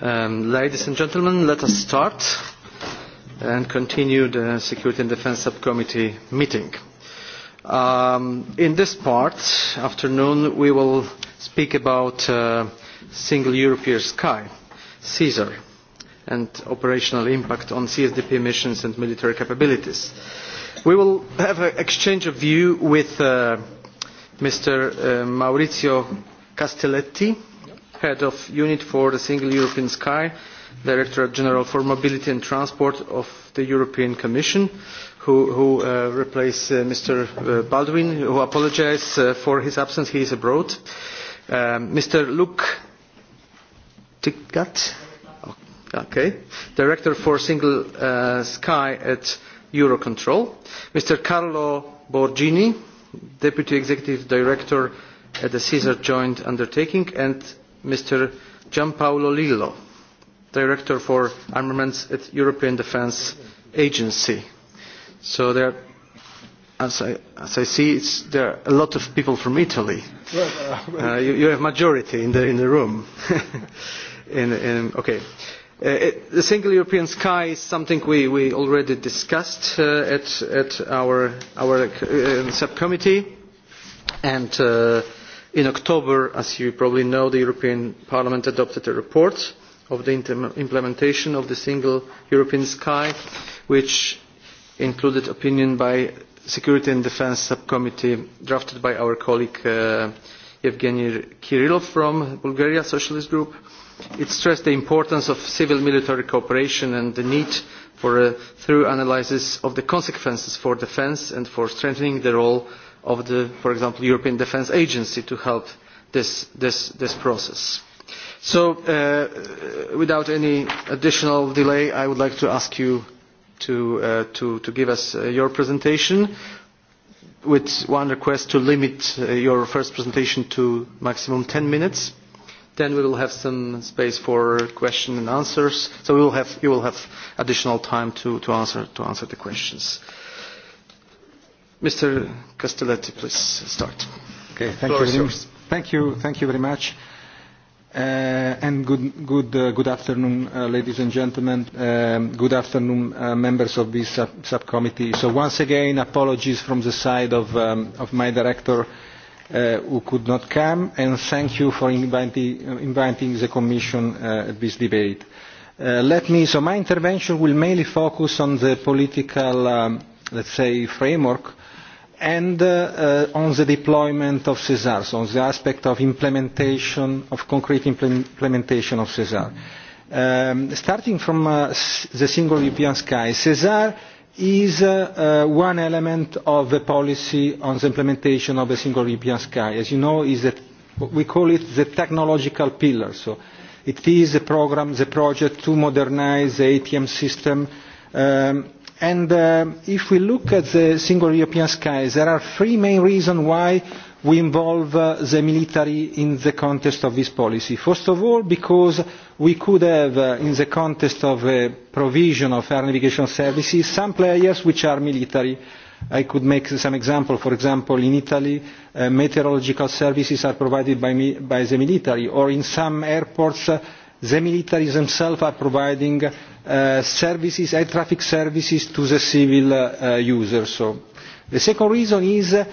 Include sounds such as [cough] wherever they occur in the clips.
Um, ladies and gentlemen, let us start and continue the Security and Defense Subcommittee meeting. Um, in this part, afternoon, we will speak about uh, Single European Sky, CSER, and operational impact on CSDP missions and military capabilities. We will have an exchange of view with uh, Mr. Uh, Maurizio Castelletti, head of unit for the Single European Sky, Director General for Mobility and Transport of the European Commission, who, who uh, replaced uh, Mr. Uh, Baldwin, who apologized uh, for his absence. He is abroad. Um, Mr. Luke Tikat, oh, okay, Director for Single uh, Sky at Eurocontrol. Mr. Carlo Borgini, Deputy Executive Director at the Caesar Joint Undertaking, and Mr. Gianpaolo Lillo, Director for Armaments at the European Defence Agency. as I, see, it's, there are a lot of people from Italy. Uh, you, have a majority in the, room. [laughs] Uh, the single European sky is something we, already discussed uh, at, our, subcommittee, and In October, as you probably know, the European Parliament adopted a report of the implementation of the single European sky, which included opinion by Security and Defence Subcommittee drafted by our colleague uh, Evgeny Kirilov from Bulgaria Socialist Group. It stressed the importance of civil-military cooperation and the need for a thorough analysis of the consequences for defence and for strengthening the role of the, for example, European Defence Agency to help this, this, this process. So, uh, without any additional delay, I would like to ask you to, uh, to, to give us uh, your presentation with one request to limit uh, your first presentation to maximum 10 minutes. Then we will have some space for question and answers. So we will have, you will have additional time to, to, answer, to answer the questions. Uh, Mr. Castelletti, please start. Okay, thank you. Thank you. Thank you very much. Uh, and good, good, uh, good afternoon, uh, ladies and gentlemen. Um, good afternoon, uh, members of this sub subcommittee. So once again, apologies from the side of, um, of my director uh, who could not come, and thank you for inviting, uh, inviting the Commission uh, at this debate. Uh, let me, so my intervention will mainly focus on the political, um, let's say, framework uh, and uh, on the deployment of CESAR, so on the aspect of implementation, of concrete implementation of CESAR. Um, starting from uh, the single European sky, CESAR is uh, uh, one element of the policy on the implementation of the single European sky. As you know, is that we call it the technological pillar. So it is a program, the project to modernize the ATM system um, And uh, if we look at the single European skies, there are three main reasons why we involve uh, the military in the context of this policy. First of all, because we could have, uh, in the context of uh, provision of air navigation services, some players which are military. I could make some example. For example, in Italy, uh, meteorological services are provided by, me, by the military, or in some airports, uh, the military themselves are providing uh, services, air traffic services to the civil uh, users. So the second reason is uh,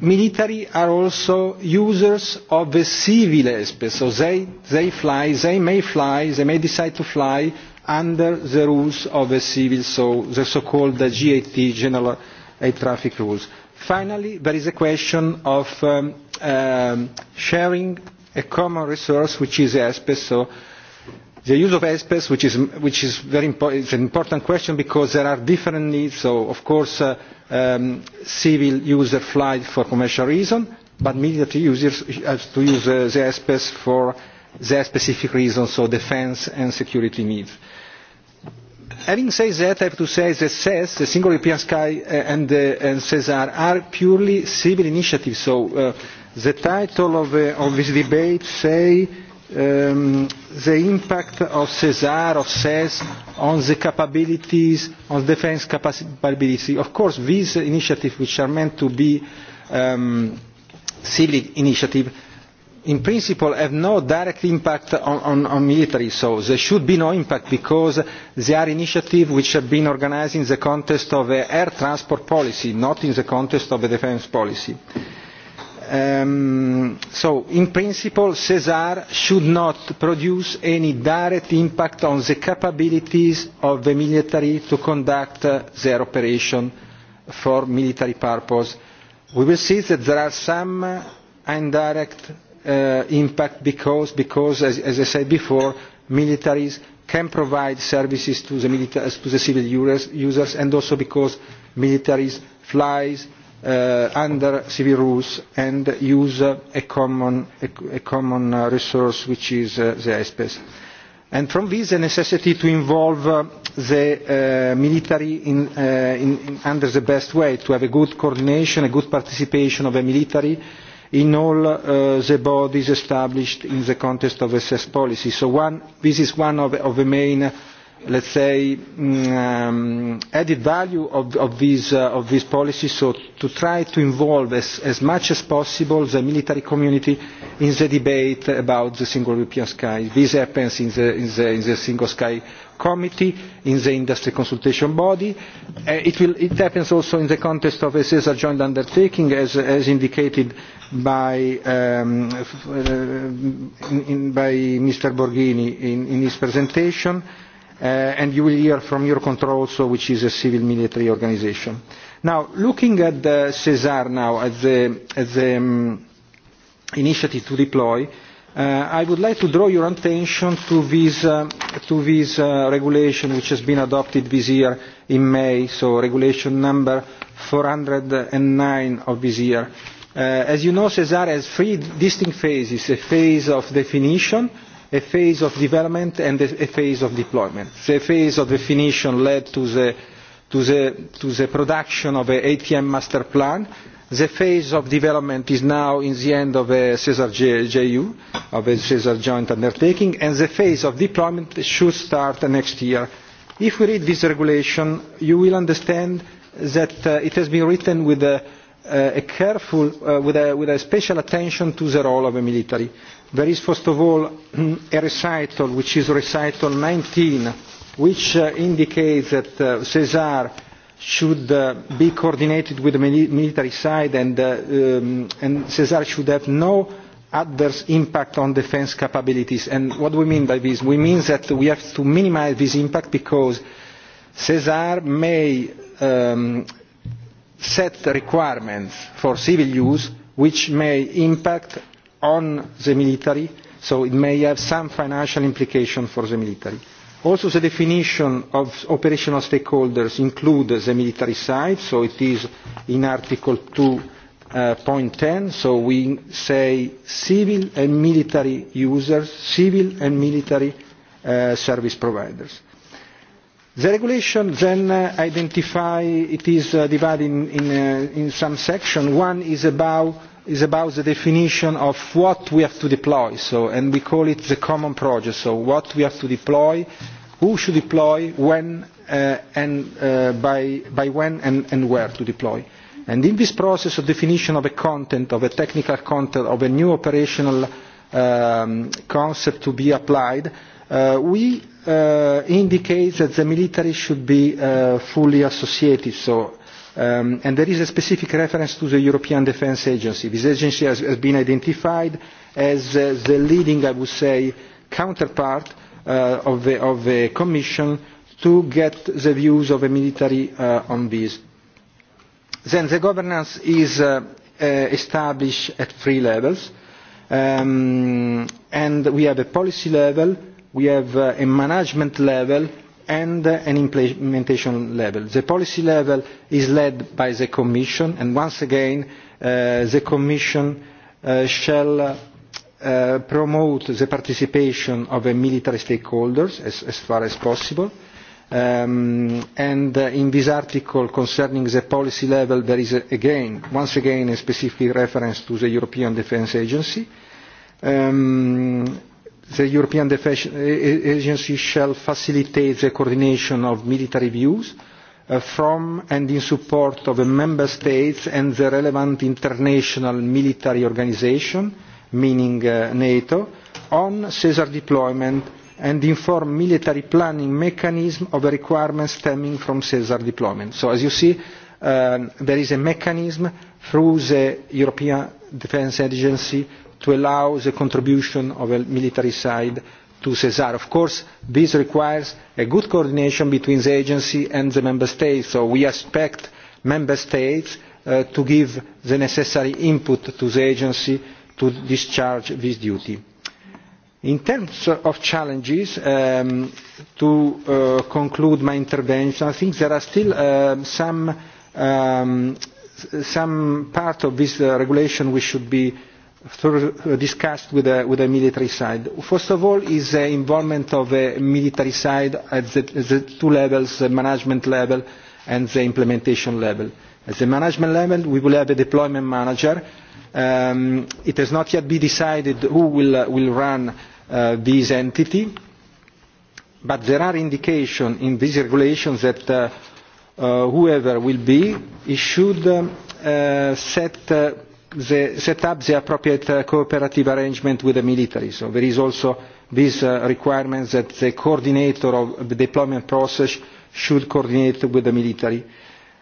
military are also users of the civil airspace. So they, they fly, they may fly, they may decide to fly under the rules of the civil, so the so-called uh, GAT, General Air Traffic Rules. Finally, there is a question of um, um, sharing a common resource which is airspace. So the use of airspace, which is, which is very impo is an important question because there are different needs. So of course, uh, um, civil users fly for commercial reasons, but military users have to use uh, the airspace for their specific reasons, so defence and security needs. Having said that, I have to say that CES, e the Single European Sky, uh, and, uh, and CESAR are purely civil initiatives. So uh, The title of, eh, of this debate say um, the impact of CESAR, of CES, on the capabilities, on defence capability. Of course, these initiatives, which are meant to be um, silly initiative, in principle have no direct impact on, on, on military, so there should be no impact because they are initiatives which have been organised in the context of air transport policy, not in the context of a defence policy. Um, so in principle sesar should not produce any direct impact on the capabilities of the military to conduct uh, their operation for military purpose. we will see that there are some uh, indirect uh, impact because, because as, as i said before militaries can provide services to the, to the civil users, users and also because militaries flies Uh, under civil rules and use a common, a, a common resource which is uh, the airspace. And from this, the necessity to involve uh, the uh, military in, uh, in, in under the best way, to have a good coordination, a good participation of the military in all uh, the bodies established in the context of SS policy. So one, this is one of, of the main let's say, mm, um, added value of, of, these, uh, of these policies, so to try to involve as, as much as possible the military community in the debate about the single European sky. This happens in the, in the, in the single sky committee, in the industry consultation body. Uh, it, will, it happens also in the context of a CESA joint undertaking, as, as indicated by, um, uh, in, in, by Mr. Borghini in, in his presentation uh, and you will hear from Eurocontrol also, which is a civil military organization. Now, looking at the CESAR now, as the, as the um, initiative to deploy, uh, I would like to draw your attention to this, uh, to this uh, regulation which has been adopted this year in May, so regulation number 409 of this year. Uh, as you know, CESAR has three distinct phases, a phase of definition, a phase of development and a phase of deployment. The phase of definition led to the, to the, to the production of an ATM master plan. The phase of development is now in the end of a CESAR JU, of a CESAR joint undertaking, and the phase of deployment should start next year. If we read this regulation, you will understand that uh, it has been written with a, uh, a careful, uh, with, a, with a special attention to the role of the military There is first of all [clears throat] a recital, which is recital 19, which uh, indicates that uh, Cesar should uh, be coordinated with the military side and, uh, um, and Cesar should have no adverse impact on defence capabilities. And what do we mean by this? We mean that we have to minimise this impact because Cesar may um, set requirements for civil use which may impact on the military, so it may have some financial implication for the military. Also the definition of operational stakeholders includes the military side, so it is in Article 2.10. Uh, so we say civil and military users, civil and military uh, service providers. The regulation then uh, identify, it is uh, divided in, in, uh, in some section. One is about is about the definition of what we have to deploy, so, and we call it the common project, so what we have to deploy, who should deploy, when, uh, and uh, by, by when and, and where to deploy. And in this process of definition of a content, of a technical content, of a new operational um, concept to be applied, uh, we uh, indicate that the military should be uh, fully associated, so Um, and there is a specific reference to the European Defence Agency. This agency has, has been identified as uh, the leading, I would say, counterpart uh, of, the, of the Commission to get the views of the military uh, on this. Then the governance is uh, uh, established at three levels. Um, and we have a policy level, we have uh, a management level, and an implementation level. The policy level is led by the Commission, and once again, uh, the Commission uh, shall uh, promote the participation of the military stakeholders as, far as possible. Um, and in this article concerning the policy level, there is again, once again, a specific reference to the European Defence Agency. Um, the European Defence Agency shall facilitate the coordination of military views uh, from and in support of the Member States and the relevant international military organisation, meaning uh, NATO, on CESAR deployment and inform military planning mechanism of the requirements stemming from CESAR deployment. So as you see, um, there is a mechanism through the European Defence Agency to allow the contribution of a military side to CESAR. Of course, this requires a good coordination between the agency and the member states, so we expect member states uh, to give the necessary input to the agency to discharge this duty. In terms of challenges, um, to uh, conclude my intervention, I think there are still uh, some, um, some part of this uh, regulation which should be through, uh, discussed with the, with the military side. First of all is the involvement of the military side at the, the two levels, the management level and the implementation level. At the management level, we will have a deployment manager. Um, it has not yet been decided who will, uh, will run uh, this entity, but there are indications in these regulations that uh, uh, whoever will be, he should um, uh, set uh, they set up the appropriate uh, cooperative arrangement with the military. So there is also this uh, requirement that the coordinator of the deployment process should coordinate with the military.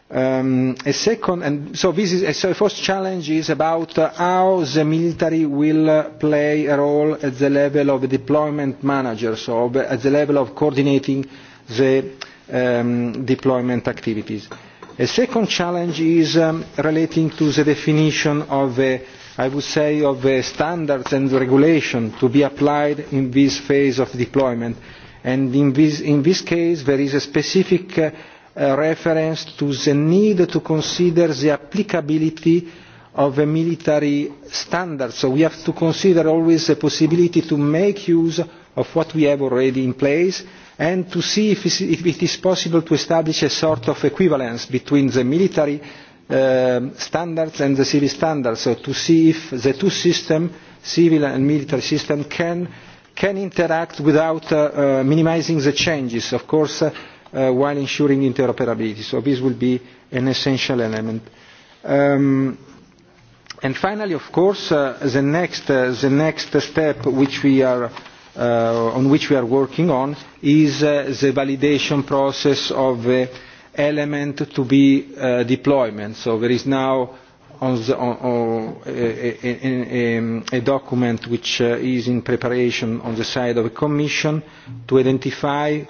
Um, a second, and so this is, so the first challenge is about uh, how the military will uh, play a role at the level of the deployment manager, so at the level of coordinating the um, deployment activities. Uh, a second challenge is um, relating to the definition of, a, I would say, of a standards and regulation to be applied in this phase of deployment. And in this, in this case, there is a specific uh, uh, reference to the need to consider the applicability of the military standards. So we have to consider always the possibility to make use of what we have already in place and to see if it is possible to establish a sort of equivalence between the military uh, standards and the civil standards, so to see if the two systems, civil and military system, can, can interact without uh, uh, minimizing the changes, of course, uh, uh, while ensuring interoperability. So this will be an essential element. Um, and finally, of course, uh, the, next, uh, the next step which we are uh, on which we are working on is uh, the validation process of the uh, element to be uh, deployment. So there is now on the, on, on, a, a, a, a document which uh, is in preparation on the side of the Commission to identify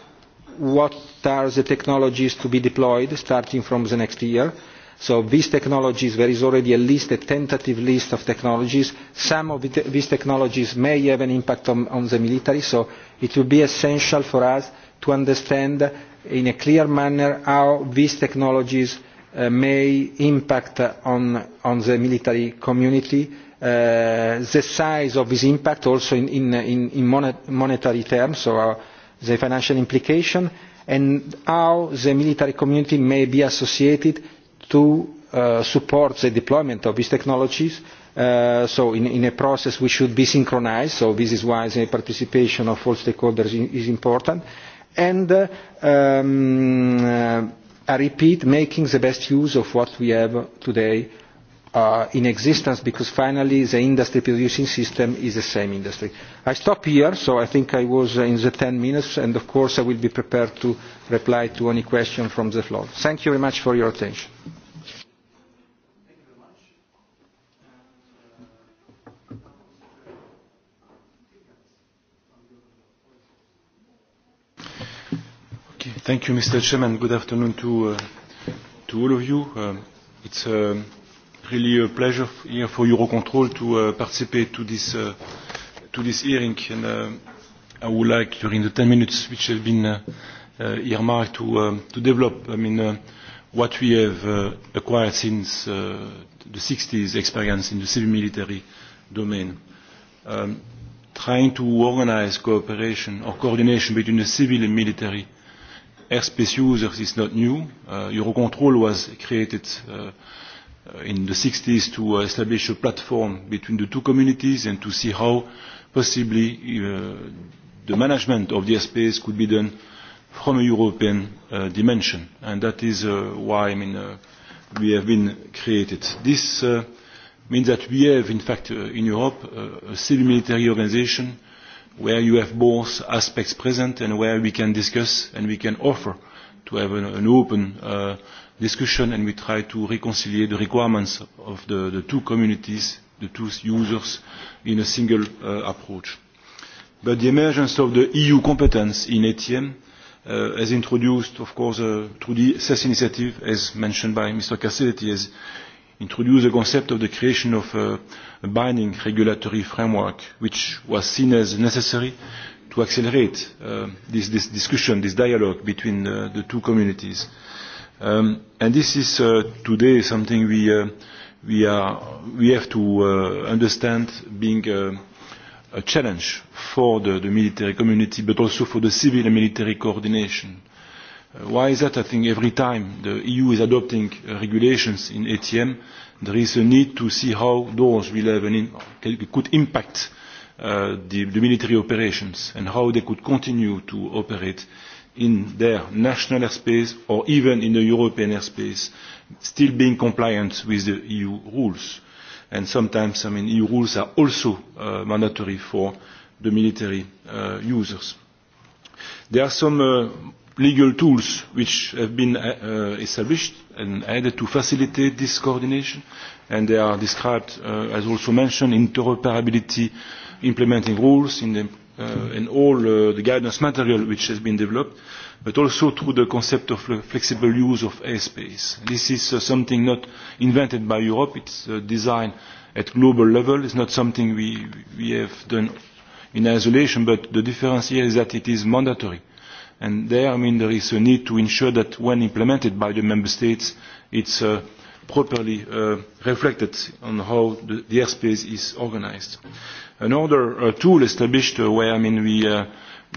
what are the technologies to be deployed starting from the next year So these technologies, there is already at least a tentative list of technologies. Some of it, these technologies may have an impact on, on the military, so it will be essential for us to understand in a clear manner how these technologies uh, may impact on, on the military community, uh, the size of this impact also in, in, in, in monet, monetary terms, so uh, the financial implication, and how the military community may be associated to uh, support the deployment of these technologies. Uh, so in, in a process we should be synchronized, so this is why the participation of all stakeholders in, is important. And uh, um, uh, I repeat, making the best use of what we have today uh, in existence because finally the industry producing system is the same industry. I stop here, so I think I was uh, in the 10 minutes, and of course I will be prepared to reply to any question from the floor. Thank you very much for your attention. thank you, Mr. Chairman. Good afternoon to, uh, to all of you. Um, it's... Uh, really a pleasure here for Eurocontrol to uh, participate to this, uh, to this hearing. And uh, I would like, during the 10 minutes which have been uh, uh, earmarked, to, uh, to develop, I mean, uh, what we have uh, acquired since uh, the 60s experience in the civil military domain. Um, trying to organize cooperation or coordination between the civil and military airspace users is not new. Uh, Eurocontrol was created uh, Uh, in the 60s to establish a platform between the two communities and to see how possibly uh, the management of the airspace could be done from a European uh, dimension. And that is uh, why I mean, uh, we have been created. This uh, means that we have, in fact, uh, in Europe, uh, a civil military organization where you have both aspects present and where we can discuss and we can offer to have an, an open uh, discussion and we try to reconcile the requirements of the, the two communities, the two users, in a single uh, approach. But the emergence of the EU competence in ATM uh, has introduced, of course, uh, through the CES initiative, as mentioned by Mr. Cassidy, has introduced the concept of the creation of a, a binding regulatory framework, which was seen as necessary to accelerate uh, this, this discussion, this dialogue between uh, the two communities. Um, and this is uh, today something we, uh, we, are, we have to uh, understand being uh, a challenge for the, the military community, but also for the civil and military coordination. Uh, why is that? I think every time the EU is adopting uh, regulations in ATM, there is a need to see how those will have an in, could impact uh, the, the military operations and how they could continue to operate in their national airspace or even in the European airspace, still being compliant with the EU rules. And sometimes, I mean, EU rules are also uh, mandatory for the military uh, users. There are some uh, legal tools which have been uh, uh, established and added to facilitate this coordination, and they are described, uh, as also mentioned, interoperability implementing rules, in the uh, and all uh, the guidance material which has been developed, but also through the concept of flexible use of airspace. This is uh, something not invented by Europe, it's uh, designed at global level. It's not something we, we have done in isolation, but the difference here is that it is mandatory. And there, I mean, there is a need to ensure that when implemented by the member states, it's uh, properly uh, reflected on how the, the airspace is organized. Mm Another tool established uh, where I mean, we, uh,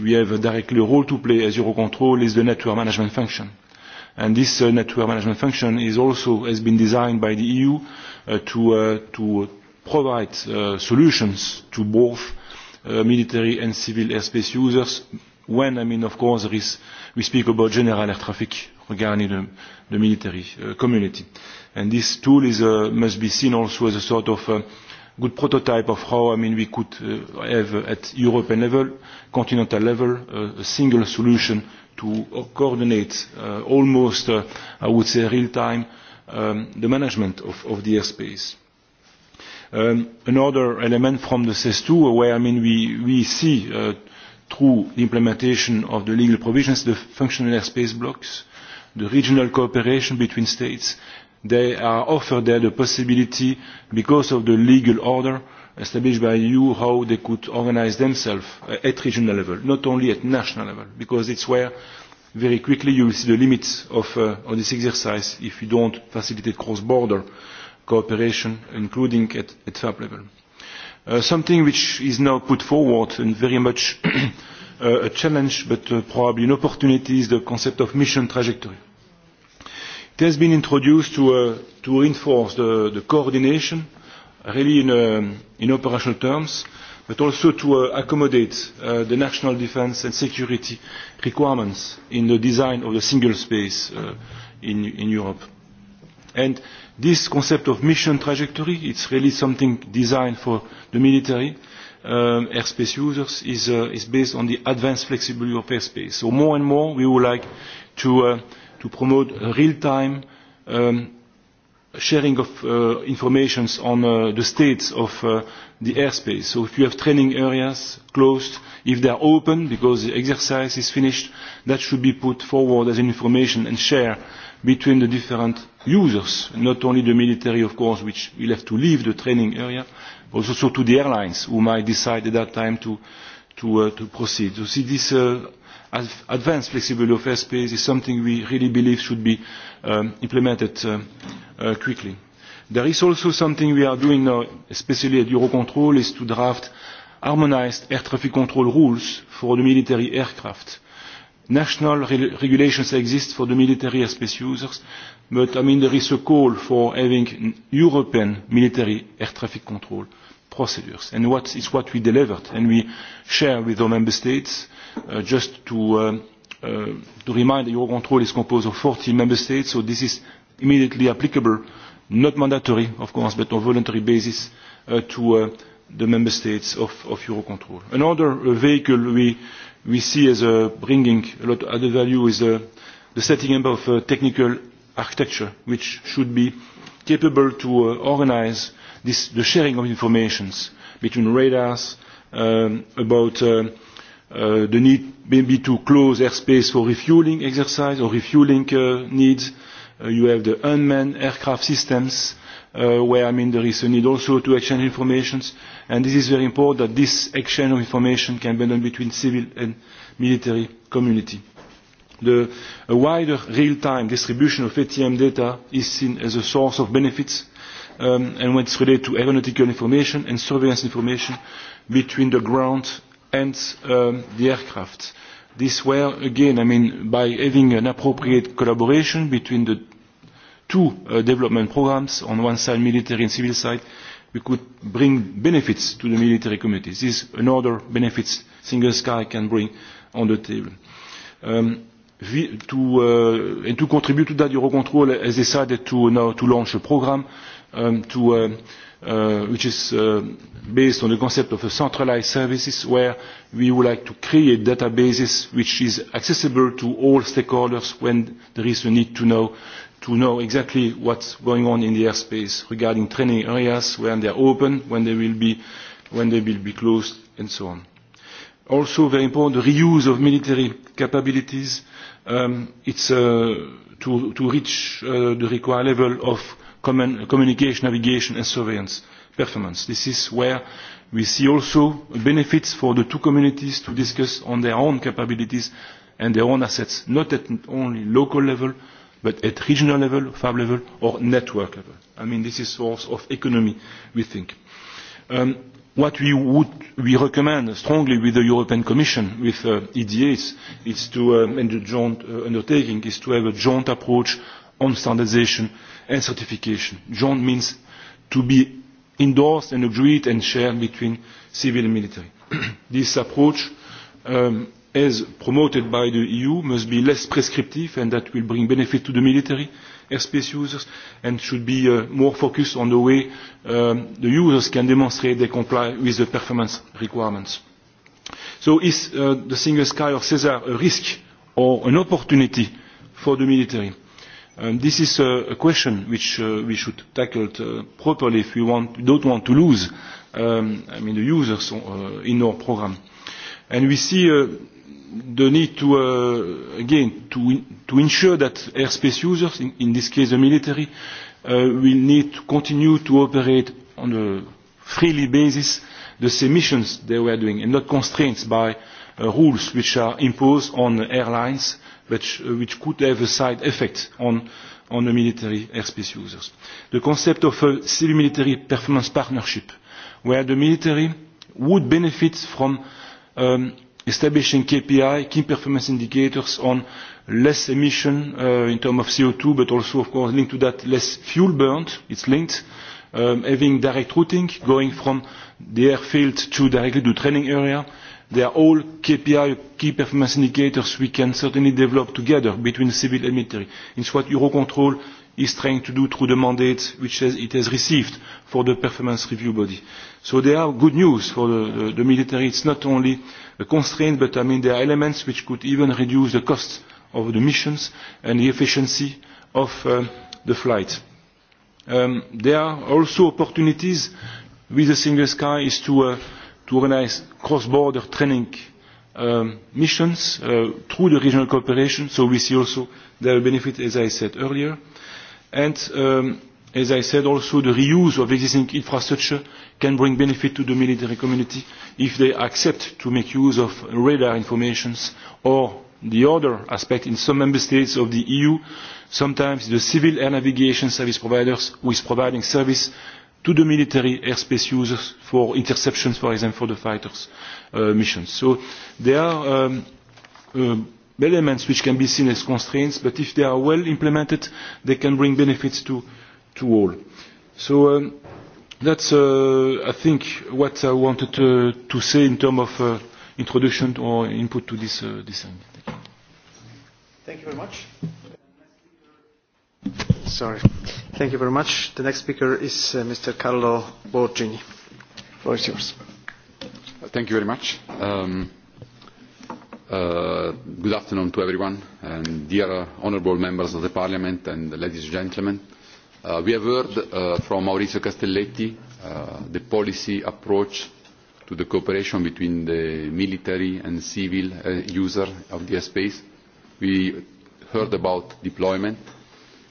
we have directly direct role to play as Eurocontrol is the network management function. And this uh, network management function is also has been designed by the EU to, to provide solutions to both military and civil airspace users when, I mean, of course, there is, we speak about general air traffic regarding the, the military uh, community. And this tool is, uh, must be seen also as a sort of uh, good prototype of how I mean, we could uh, have uh, at European level, continental level, uh, a single solution to uh, coordinate uh, almost, uh, I would say, real time, um, the management of, of the airspace. Um, another element from the CES2, where I mean, we, we see uh, through the implementation of the legal provisions, the functional airspace blocks, the regional cooperation between states, they are offered there the possibility, because of the legal order established by you, how they could organize themselves at regional level, not only at national level, because it's where very quickly you will see the limits of, uh, of this exercise if you don't facilitate cross-border cooperation, including at, at FAB level. Uh, something which is now put forward and very much [coughs] uh, a challenge, but uh, probably an opportunity, is the concept of mission trajectory it has been introduced to, uh, to reinforce the, the coordination really in, uh, in operational terms but also to uh, accommodate uh, the national defence and security requirements in the design of the single space uh, in, in Europe. And this concept of mission trajectory, it's really something designed for the military um, airspace users, is, uh, is based on the advanced flexibility of airspace. So more and more we would like to uh, to promote uh, real-time um, sharing of uh, information on uh, the states of uh, the airspace. So if you have training areas closed, if they are open because the exercise is finished, that should be put forward as information and share between the different users, not only the military, of course, which will have to leave the training area, but also to the airlines who might decide at that time to, to, uh, to proceed. So see, this uh, advanced flexibility of airspace is something we really believe should be um, implemented uh, uh, quickly. There is also something we are doing now, especially at Eurocontrol, is to draft harmonized air traffic control rules for the military aircraft. National re regulations exist for the military airspace users, but I mean there is a call for having European military air traffic control procedures, and what is what we delivered, and we share with our member states Uh, just to, uh, uh, to remind that Eurocontrol is composed of 40 member states, so this is immediately applicable, not mandatory, of course, but on voluntary basis uh, to uh, the member states of, of Eurocontrol. Another uh, vehicle we, we see as uh, bringing a lot of added value is uh, the setting up of uh, technical architecture, which should be capable to uh, organize this, the sharing of information between radars um, about uh, Uh, the need maybe to close airspace for refueling exercise or refueling uh, needs. Uh, you have the unmanned aircraft systems, uh, where I mean there is a need also to exchange information. And this is very important that this exchange of information can be done between civil and military community. The a wider real-time distribution of ATM data is seen as a source of benefits, um, and when it's related to aeronautical information and surveillance information between the ground and um, the aircraft. This were, again, I mean, by having an appropriate collaboration between the two uh, development programs, on one side military and civil side, we could bring benefits to the military communities. This is another benefit single sky can bring on the table. Um, to, uh, and to contribute to that, Eurocontrol has decided to now to launch a program um, to uh, Uh, which is uh, based on the concept of a centralized services where we would like to create databases which is accessible to all stakeholders when there is a need to know to know exactly what's going on in the airspace regarding training areas when they are open, when they will be, when they will be closed, and so on. Also, very important, the reuse of military capabilities. Um, it's uh, to, to reach uh, the required level of common communication, navigation and surveillance performance. This is where we see also benefits for the two communities to discuss on their own capabilities and their own assets, not at only local level, but at regional level, FAB level or network level. I mean, this is source of economy, we think. Um, what we would we recommend strongly with the European Commission, with uh, EDAs, is to, um, and the joint uh, undertaking, is to have a joint approach on standardization and certification. Joint means to be endorsed and agreed and shared between civil and military. [clears throat] this approach, um, as promoted by the EU, must be less prescriptive and that will bring benefit to the military airspace users and should be uh, more focused on the way um, the users can demonstrate they comply with the performance requirements. So is uh, the single sky or CESAR a risk or an opportunity for the military? Um, this is a, a question which uh, we should tackle uh, properly if we want, don't want to lose um, I mean the users uh, in our program. And we see uh, the need to, uh, again, to, to ensure that airspace users, in, in this case the military, uh, will need to continue to operate on a freely basis the same missions they were doing and not constraints by uh, rules which are imposed on airlines uh, which, uh, which could have a side effect on, on the military airspace users. The concept of a civil-military performance partnership, where the military would benefit from um, establishing KPI, key performance indicators on less emission uh, in terms of CO2, but also, of course, linked to that, less fuel burned, It's linked. Um, having direct routing, going from the airfield to directly to training area, they are all KPI, key performance indicators we can certainly develop together between civil and military. It's what Eurocontrol is trying to do through the mandate which has, it has received for the performance review body. So they are good news for the, the, the military. It's not only a constraint, but I mean there are elements which could even reduce the cost of the missions and the efficiency of uh, the flight. Um, there are also opportunities with the single sky is to uh, to organize cross-border training um, missions uh, through the regional cooperation. So we see also their benefit, as I said earlier. And um, as I said, also the reuse of existing infrastructure can bring benefit to the military community if they accept to make use of radar informations or the other aspect in some member states of the EU, sometimes the civil air navigation service providers who is providing service to the military airspace users for interceptions, for example, for the fighters' uh, missions. So there are um, uh, elements which can be seen as constraints, but if they are well implemented, they can bring benefits to, to all. So um, that's, uh, I think, what I wanted to, to say in terms of uh, introduction or input to this, uh, this Thank you very much. Sorry. Thank you very much. The next speaker is uh, Mr. Carlo Borgini. The floor is yours. Thank you very much. Um, uh, good afternoon to everyone, and dear uh, honourable members of the Parliament and ladies and gentlemen. Uh, we have heard uh, from Maurizio Castelletti uh, the policy approach to the cooperation between the military and civil uh, user of the airspace. We heard about deployment,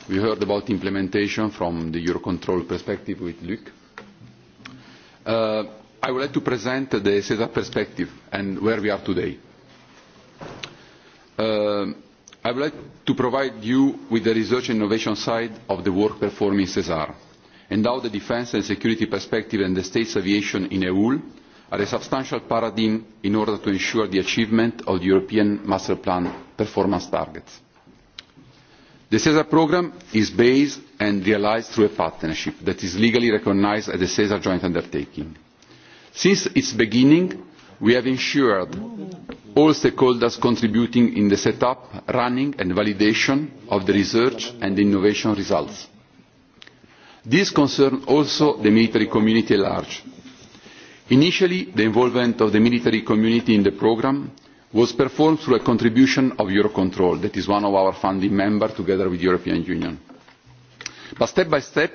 We heard about implementation from the Eurocontrol perspective with Luc. Uh, I would like to present the SESA perspective and where we are today. Uh, I would like to provide you with the research and innovation side of the work performed in CESAR and how the defence and security perspective and the state's aviation in EUL are a substantial paradigm in order to ensure the achievement of the European Master Plan performance targets the cesar programme is based and realised through a partnership that is legally recognised as the cesar joint undertaking. since its beginning we have ensured all stakeholders contributing in the set up running and validation of the research and innovation results. this concerns also the military community at large. initially the involvement of the military community in the programme was performed through a contribution of eurocontrol that is one of our founding members together with the european union. but step by step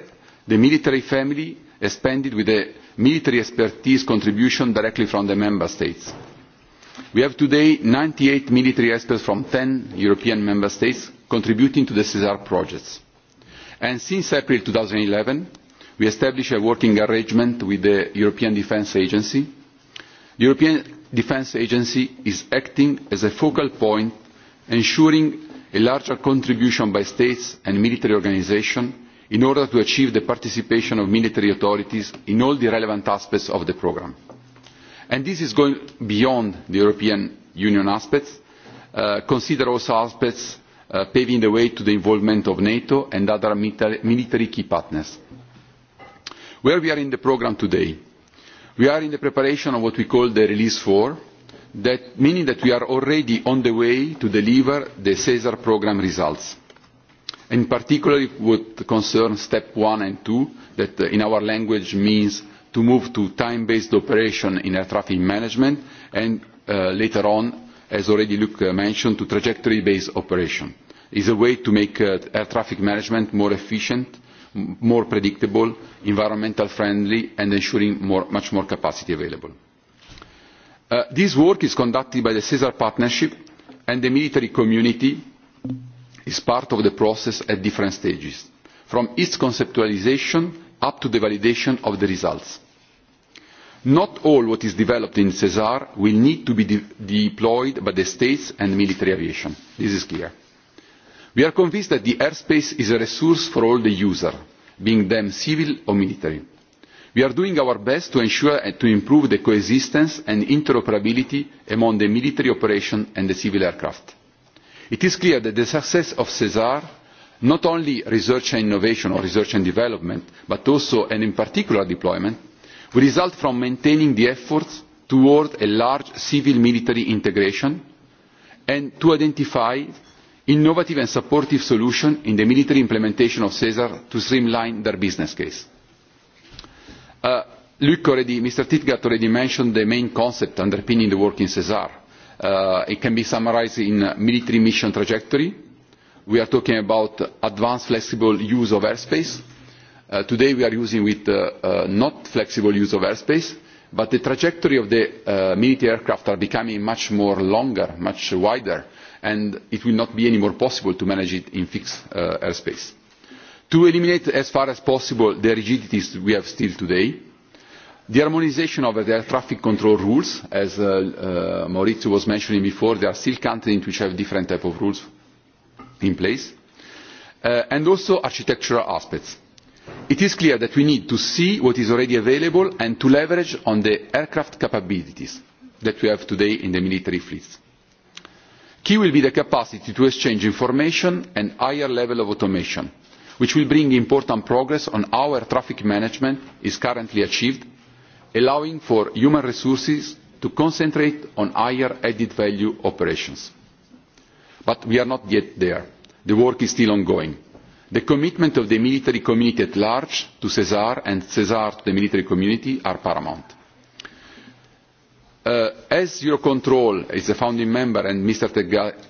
the military family expanded with a military expertise contribution directly from the member states. we have today ninety eight military experts from ten european member states contributing to the cesar projects and since april two thousand and eleven we established a working arrangement with the european defence agency. the european defence agency is acting as a focal point ensuring a larger contribution by states and military organisations in order to achieve the participation of military authorities in all the relevant aspects of the programme. And this is going beyond the European Union aspects. Uh, consider also aspects uh, paving the way to the involvement of NATO and other military key partners. Where we are in the programme today, we are in the preparation of what we call the release four that, meaning that we are already on the way to deliver the cesar programme results in particular what concerns step one and two that uh, in our language means to move to time based operation in air traffic management and uh, later on as already luc uh, mentioned to trajectory based operation is a way to make uh, air traffic management more efficient more predictable, environmental friendly and ensuring more, much more capacity available. Uh, this work is conducted by the CESAR partnership and the military community is part of the process at different stages, from its conceptualization up to the validation of the results. Not all what is developed in CESAR will need to be de deployed by the states and military aviation. This is clear we are convinced that the airspace is a resource for all the users be they civil or military. we are doing our best to ensure and eh, to improve the coexistence and interoperability among the military operations and the civil aircraft. it is clear that the success of sesar not only research and innovation or research and development but also and in particular deployment will result from maintaining the efforts towards a large civil military integration and to identify innovative and supportive solution in the military implementation of CESAR to streamline their business case. Uh, Luke already, Mr. Titgat already mentioned the main concept underpinning the work in CESAR. Uh, it can be summarized in military mission trajectory. We are talking about advanced flexible use of airspace. Uh, today we are using with uh, uh, not flexible use of airspace, but the trajectory of the uh, military aircraft are becoming much more longer, much wider, and it will not be any more possible to manage it in fixed uh, airspace. To eliminate as far as possible the rigidities we have still today, the harmonisation of the air traffic control rules, as uh, uh, Maurizio was mentioning before, there are still countries which have different type of rules in place, uh, and also architectural aspects. It is clear that we need to see what is already available and to leverage on the aircraft capabilities that we have today in the military fleets key will be the capacity to exchange information and higher level of automation which will bring important progress on how air traffic management is currently achieved allowing for human resources to concentrate on higher added value operations. but we are not yet there. the work is still ongoing. the commitment of the military community at large to cesar and cesar to the military community are paramount. Uh, as eurocontrol is a founding member and mr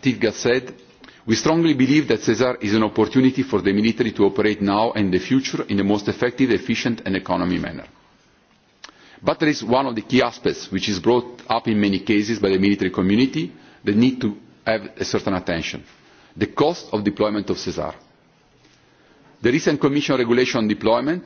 tiedgas said we strongly believe that sesar is an opportunity for the military to operate now and in the future in the most effective efficient and economic manner. but there is one of the key aspects which is brought up in many cases by the military community that needs to have a certain attention the cost of deployment of sesar. the recent commission regulation on deployment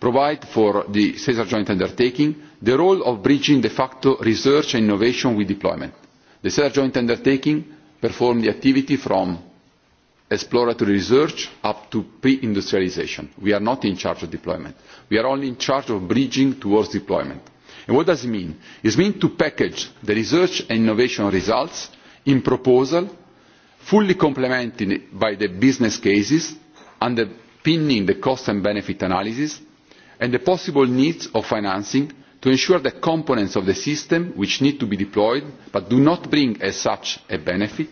provides for the sesar joint undertaking the role of bridging de facto research and innovation with deployment. The third joint undertaking performed the activity from exploratory research up to pre industrialisation We are not in charge of deployment. We are only in charge of bridging towards deployment. And what does it mean? It means to package the research and innovation results in proposal, fully complemented by the business cases, underpinning the cost and benefit analysis, and the possible needs of financing to ensure that components of the system which need to be deployed but do not bring as such a benefit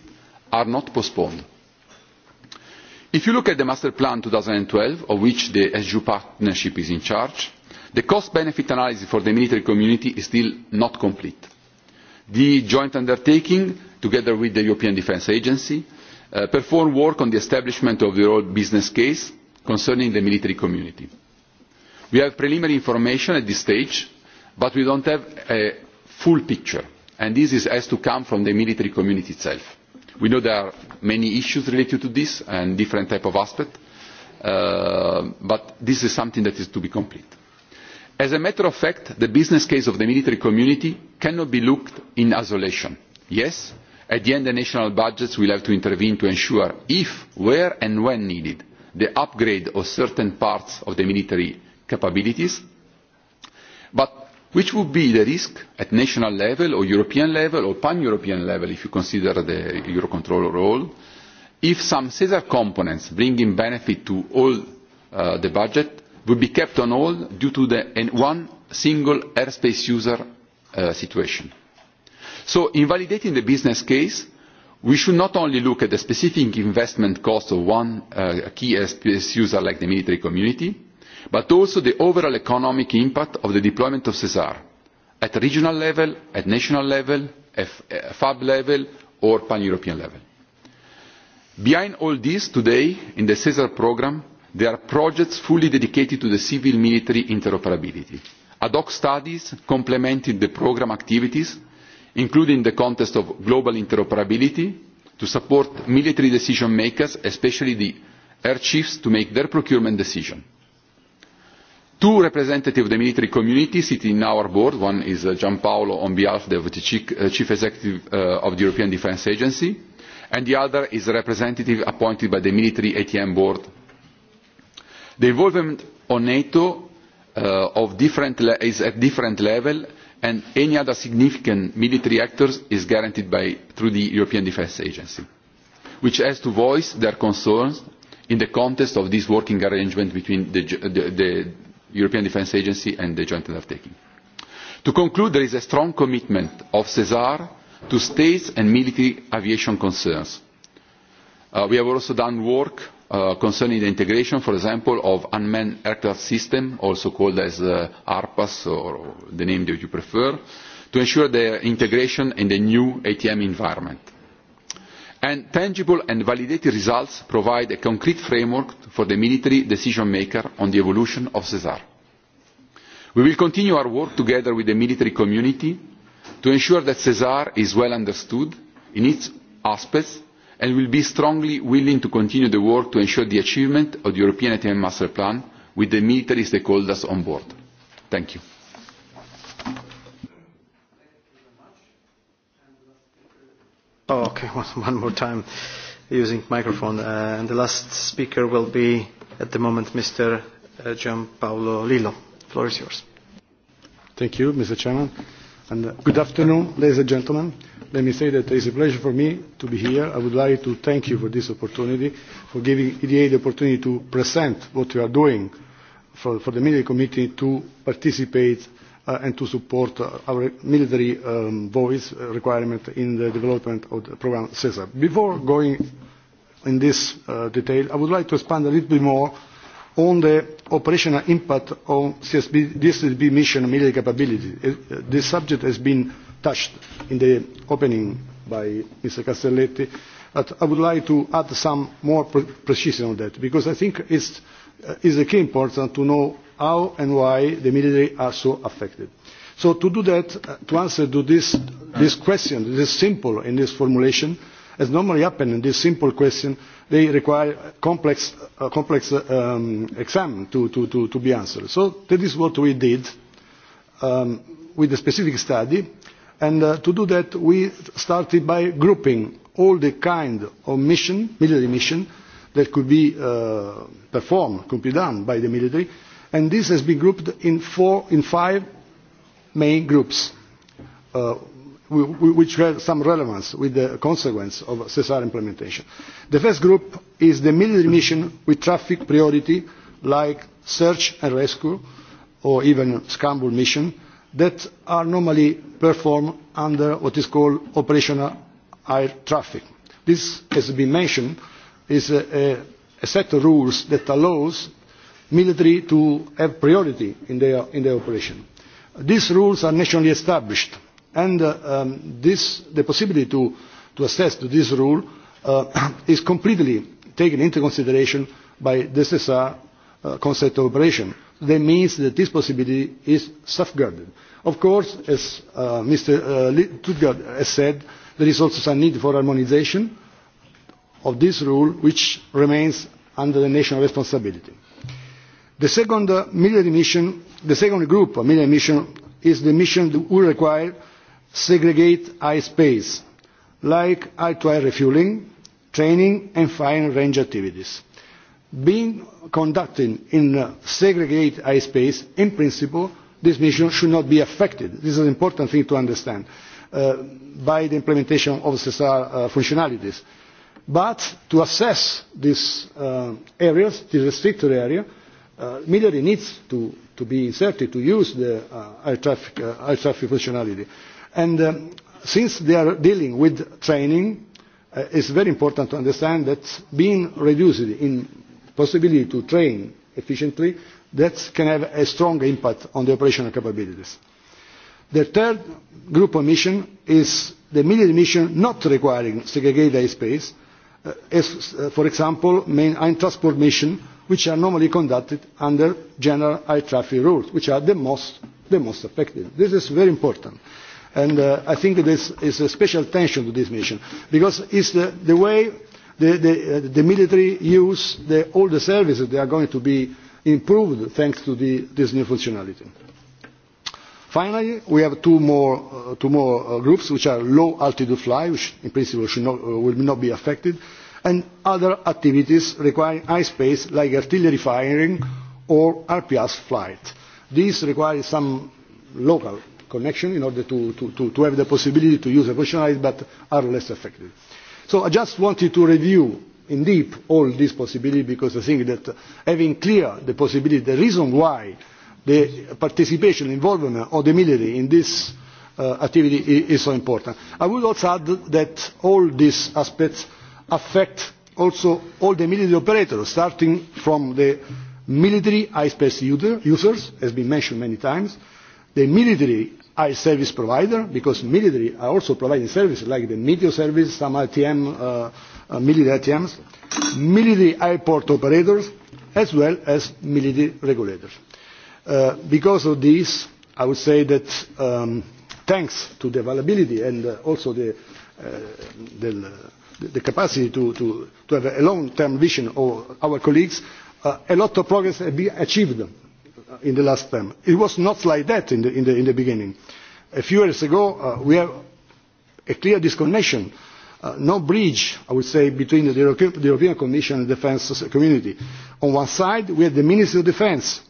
are not postponed. if you look at the master plan two thousand and twelve of which the sgu partnership is in charge the cost benefit analysis for the military community is still not complete. the joint undertaking together with the european defence agency uh, performed work on the establishment of the overall business case concerning the military community. we have preliminary information at this stage but we do not have a full picture and this has to come from the military community itself. we know there are many issues related to this and different types of aspects uh, but this is something that is to be complete. as a matter of fact the business case of the military community cannot be looked at in isolation. yes at the end the national budgets will have to intervene to ensure if where and when needed the upgrade of certain parts of the military capabilities which would be the risk at national level or European level or pan-European level if you consider the Eurocontrol role, if some CESAR components bringing benefit to all uh, the budget would be kept on hold due to the one single airspace user uh, situation. So in validating the business case, we should not only look at the specific investment cost of one uh, key airspace user like the military community, but also the overall economic impact of the deployment of cesar at regional level at national level at eh, fab level or pan european level. behind all this today in the cesar programme there are projects fully dedicated to the civil military interoperability ad hoc studies complementing the programme activities including the context of global interoperability to support military decision makers especially the air chiefs to make their procurement decisions two representatives of the military community sit in our board. One is uh, Gianpaolo on behalf of the chief, uh, chief executive uh, of the European Defence Agency, and the other is a representative appointed by the military ATM board. The involvement on NATO uh, of different le- is at different level, and any other significant military actors is guaranteed by, through the European Defence Agency, which has to voice their concerns in the context of this working arrangement between the, the, the, European Defence Agency and the joint undertaking. To conclude, there is a strong commitment of CESAR to states and military aviation concerns. Uh, we have also done work uh, concerning the integration, for example, of unmanned aircraft system, also called as uh, ARPAS or the name that you prefer, to ensure their integration in the new ATM environment and tangible and validated results provide a concrete framework for the military decision maker on the evolution of cesar. we will continue our work together with the military community to ensure that cesar is well understood in its aspects and will be strongly willing to continue the work to ensure the achievement of the european atm master plan with the military stakeholders on board. thank you. Oh, okay, [laughs] one, one more time using microphone. Uh, and the last speaker will be at the moment Mr. Uh, Gian Paolo Lillo. floor is yours. Thank you, Mr. Chairman. And uh, good afternoon, ladies and gentlemen. Let me say that it is a pleasure for me to be here. I would like to thank you for this opportunity, for giving EDA the opportunity to present what we are doing for, for the Media Committee to participate uh, and to support uh, our military um, voice requirement in the development of the program CESAR. Before going in this uh, detail, I would like to expand a little bit more on the operational impact on CSB, DSB mission military capability. Uh, this subject has been touched in the opening by Mr. Castelletti, but I would like to add some more pre precision on that because I think it's, uh, it's key important to know how and why the military are so affected. So to do that, uh, to answer to this, this question, this simple in this formulation, as normally happens in this simple question, they require complex, uh, complex um, exam to, to, to, to be answered. So that is what we did um, with a specific study. And uh, to do that, we started by grouping all the kind of mission, military mission, that could be uh, performed, could be done by the military, and this has been grouped in, four, in five main groups, uh, which have some relevance with the consequence of CSR implementation. The first group is the military mission with traffic priority, like search and rescue, or even scramble mission, that are normally performed under what is called operational air traffic. This, as has been mentioned, is a, a, a set of rules that allows military to have priority in their, in their operation. These rules are nationally established and uh, um, this, the possibility to, to assess to this rule uh, [coughs] is completely taken into consideration by the SSR uh, concept of operation. That means that this possibility is safeguarded. Of course, as uh, Mr. Uh, Tutgard has said, there is also some need for harmonization of this rule, which remains under the national responsibility The second uh, military mission, the second group of military missions, is the mission that will require segregated air space, like air-to-air refuelling, training and fire range activities. Being conducted in uh, segregated air space, in principle, this mission should not be affected. This is an important thing to understand uh, by the implementation of CSR functionalities. But to assess these areas, the restricted area, uh, Military needs to, to be inserted to use the uh, air, traffic, uh, air traffic functionality. And um, since they are dealing with training, uh, it's very important to understand that being reduced in possibility to train efficiently, that can have a strong impact on the operational capabilities. The third group of mission is the military mission not requiring segregated airspace, uh, as, uh, for example, main air transport mission which are normally conducted under general air traffic rules, which are the most, the most effective. This is very important. And uh, I think this is a special attention to this mission, because it's the, the way the, the, uh, the military use the, all the services that are going to be improved thanks to the, this new functionality. Finally, we have two more, uh, two more uh, groups, which are low altitude fly, which in principle should not, uh, will not be affected and other activities requiring high space like artillery firing or RPS flight. These require some local connection in order to, to, to, to have the possibility to use evolutionized but are less effective. So I just wanted to review in deep all these possibilities because I think that having clear the possibility, the reason why the participation, involvement of the military in this uh, activity is, is so important. I would also add that all these aspects affect also all the military operators, starting from the military iSpace user, users, has been mentioned many times, the military i service provider because military are also providing services like the meteor service, some ITM, uh, uh, military ITMs, military airport operators, as well as military regulators. Uh, because of this, I would say that um, thanks to the availability and uh, also the, uh, the uh, the capacity to, to, to have a long-term vision of our colleagues, uh, a lot of progress has been achieved in the last term. It was not like that in the, in the, in the beginning. A few years ago, uh, we have a clear disconnection, uh, no bridge, I would say, between the European, the European Commission and the defence community. On one side, we have the Ministry of Defence.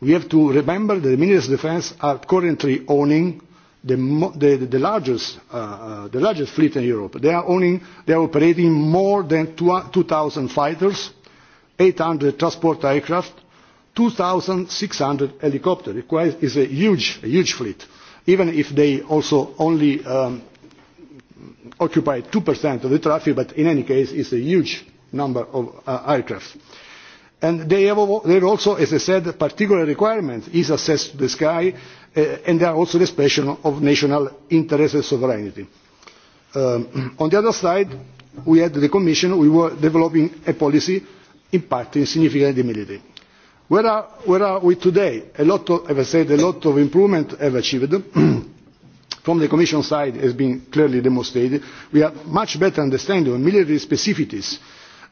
We have to remember that the Ministry of Defence are currently owning the, the, the, largest, uh, uh, the largest fleet in Europe. They are, owning, they are operating more than 2,000 fighters, 800 transport aircraft, 2,600 helicopters. It is a huge, a huge fleet, even if they also only um, occupy 2% of the traffic, but in any case, it's a huge number of uh, aircraft. And they have, also, as I said, particular requirements is access to the sky, uh, and they are also the expression of national interest and sovereignty. Um, [clears throat] on the other side, we had the Commission, we were developing a policy impacting significantly military. Where are, where are we today? A lot of, as I said, a lot of improvement have achieved. [clears throat] From the Commission side has been clearly demonstrated. We have much better understanding of military specificities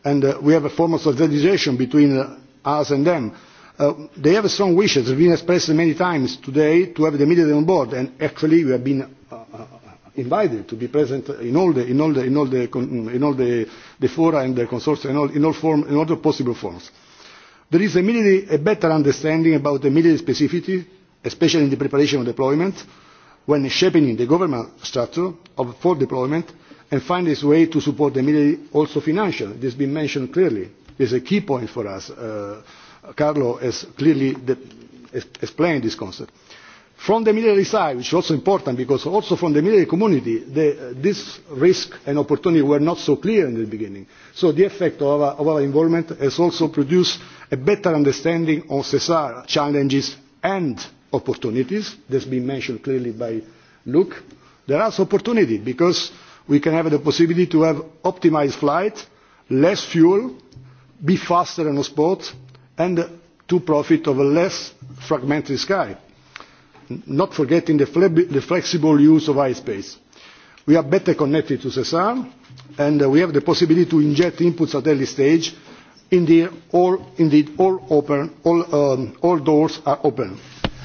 and uh, we have a form of standardisation between uh, us and them Uh, they have strong wishes, have been expressed many times today, to have the media on board, and actually we have been uh, uh, uh invited to be present in all the, in all the, in all the, mm, in all the, the fora and the consortia, in all, in all, form, in all the possible forms. There is immediately a better understanding about the military specificity, especially in the preparation of deployment, when shaping the government structure of, for deployment, and find its way to support the military also financially. This has been mentioned clearly. This is a key point for us. Uh, Carlo has clearly explained this concept. From the military side, which is also important because also from the military community, this risk and opportunity were not so clear in the beginning. So the effect of our, of our involvement has also produced a better understanding of CESAR challenges and opportunities. has been mentioned clearly by Luke. There are opportunities because we can have the possibility to have optimized flights, less fuel, be faster on the spot, and to profit of a less fragmented sky, not forgetting the, the flexible use of iSpace. We are better connected to CESAR, and we have the possibility to inject inputs at early stage, indeed all, indeed, all, open, all, um, all doors are open.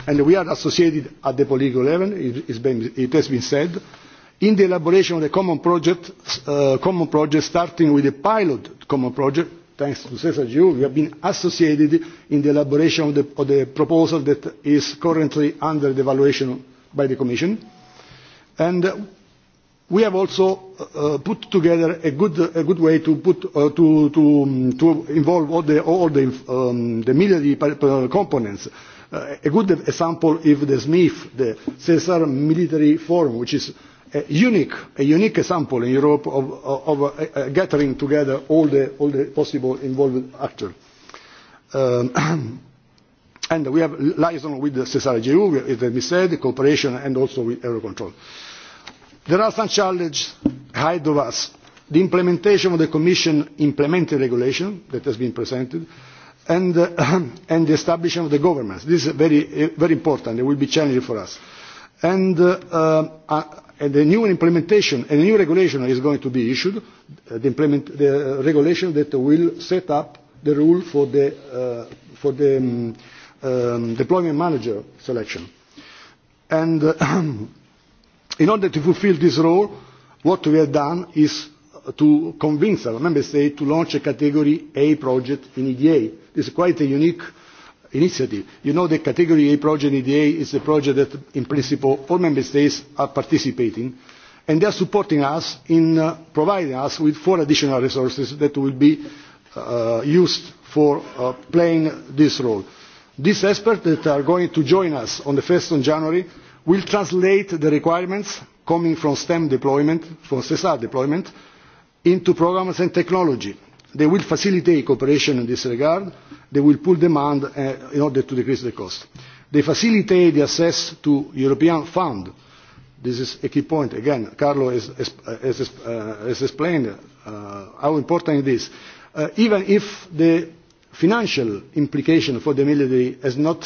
And we are associated at the political level, it, been, it has been said, in the elaboration of the common project, uh, common project starting with the pilot common project thanks to Cesar Giu, we have been associated in the elaboration of the, of the proposal that is currently under the evaluation by the Commission. And uh, we have also uh, uh, put together a good, a good way to, put, uh, to, to, um, to involve all the, all the, um, the military uh, components. Uh, a good example is the SMIF, the Cesar Military Forum, which is unique, a unique example in Europe of, of, of uh, gathering together all the, all the possible involved actors. Um, [clears throat] and we have liaison with Cesare Giroux, as we said, cooperation and also with Eurocontrol. There are some challenges ahead of us. The implementation of the Commission implementing regulation that has been presented, and, uh, [clears throat] and the establishment of the governments. This is very, very important. It will be challenging for us. And uh, uh, and a new implementation and a new regulation is going to be issued, uh, the, implement, the uh, regulation that will set up the rule for the, uh, for the um, um, deployment manager selection. And uh, [clears throat] in order to fulfill this role, what we have done is uh, to convince our member states to launch a category A project in EDA. This is quite a unique uh, initiative. You know the category A project in EDA is a project that in principle all member states are participating and they are supporting us in uh, providing us with four additional resources that will be uh, used for uh, playing this role. These experts that are going to join us on the 1st of January will translate the requirements coming from STEM deployment, from CESAR deployment, into programmes and technology. They will facilitate cooperation in this regard they will pull demand uh, in order to decrease the cost. They facilitate the access to European funds. This is a key point. Again, Carlo has, has, uh, has explained uh, how important it is. Uh, even if the financial implication for the military is not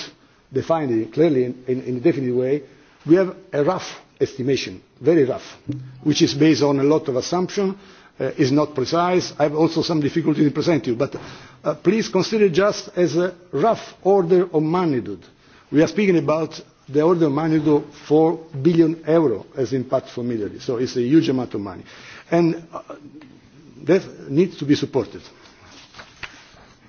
defined clearly in, in, in a definite way, we have a rough estimation, very rough, which is based on a lot of assumptions uh, is not precise. I have also some difficulty in presenting you, but uh, please consider just as a rough order of magnitude. We are speaking about the order of magnitude of 4 billion euro as impact for Middle East. So it's a huge amount of money. And uh, that needs to be supported.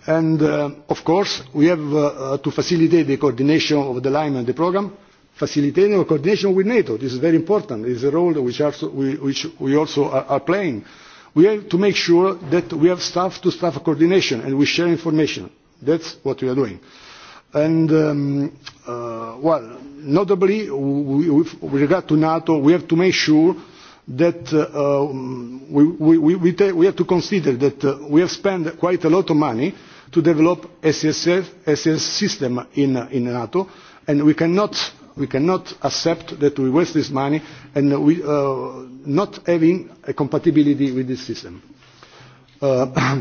And uh, of course, we have uh, uh, to facilitate the coordination of the line and the program, facilitating the coordination with NATO. This is very important. It's a role which, also, we, which we also are, are playing. Uh, We have to make sure that we have staff-to-staff coordination and we share information. that is what we are doing. And, um, uh, well, notably, with regard to NATO, we have to make sure that uh, um, we, we, we, we have to consider that uh, we have spent quite a lot of money to develop SSF, SS system in, in NATO, and we cannot We cannot accept that we waste this money and we, uh, not having a compatibility with this system. Uh,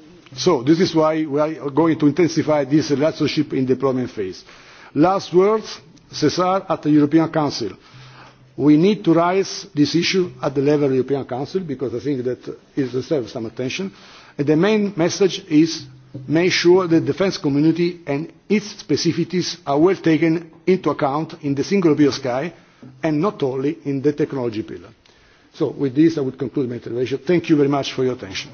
[clears throat] so this is why we are going to intensify this relationship in deployment phase. Last words, Cesar at the European Council. We need to raise this issue at the level of the European Council because I think that it deserves some attention. And the main message is make sure that the defence community and its specificities are well taken into account in the single view sky and not only in the technology pillar. So with this I would conclude my intervention. Thank you very much for your attention.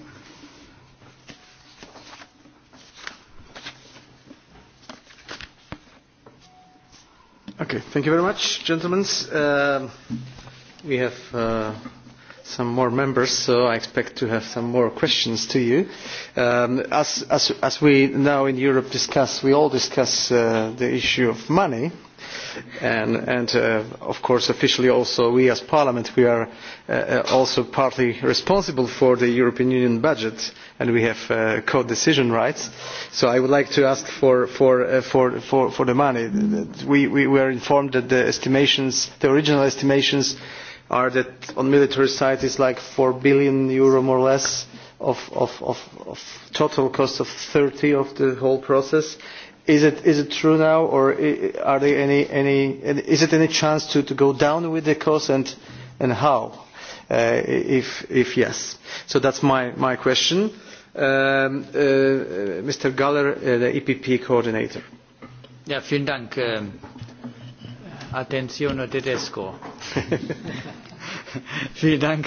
Okay, thank you very much, gentlemen. Uh, we have uh, some more members, so I expect to have some more questions to you. Um, as, as, as we now in Europe discuss, we all discuss uh, the issue of money, and, and uh, of course officially also we as Parliament, we are uh, uh also partly responsible for the European Union budget, and we have uh, co-decision rights. So I would like to ask for, for, uh, for, for, for the money. We, we were informed that the estimations, the original estimations, are that on military side is like 4 billion euro more or less of, of, of, of total cost of 30 of the whole process. Is it, is it true now or are there any, any, is it any chance to, to go down with the cost and, and how? Uh, if, if yes. So that's my, my question. Um, uh, uh Mr. Galler, uh, the EPP coordinator. Yeah, vielen Dank. Ähm, Attenzione no tedesco. [laughs] Vielen Dank.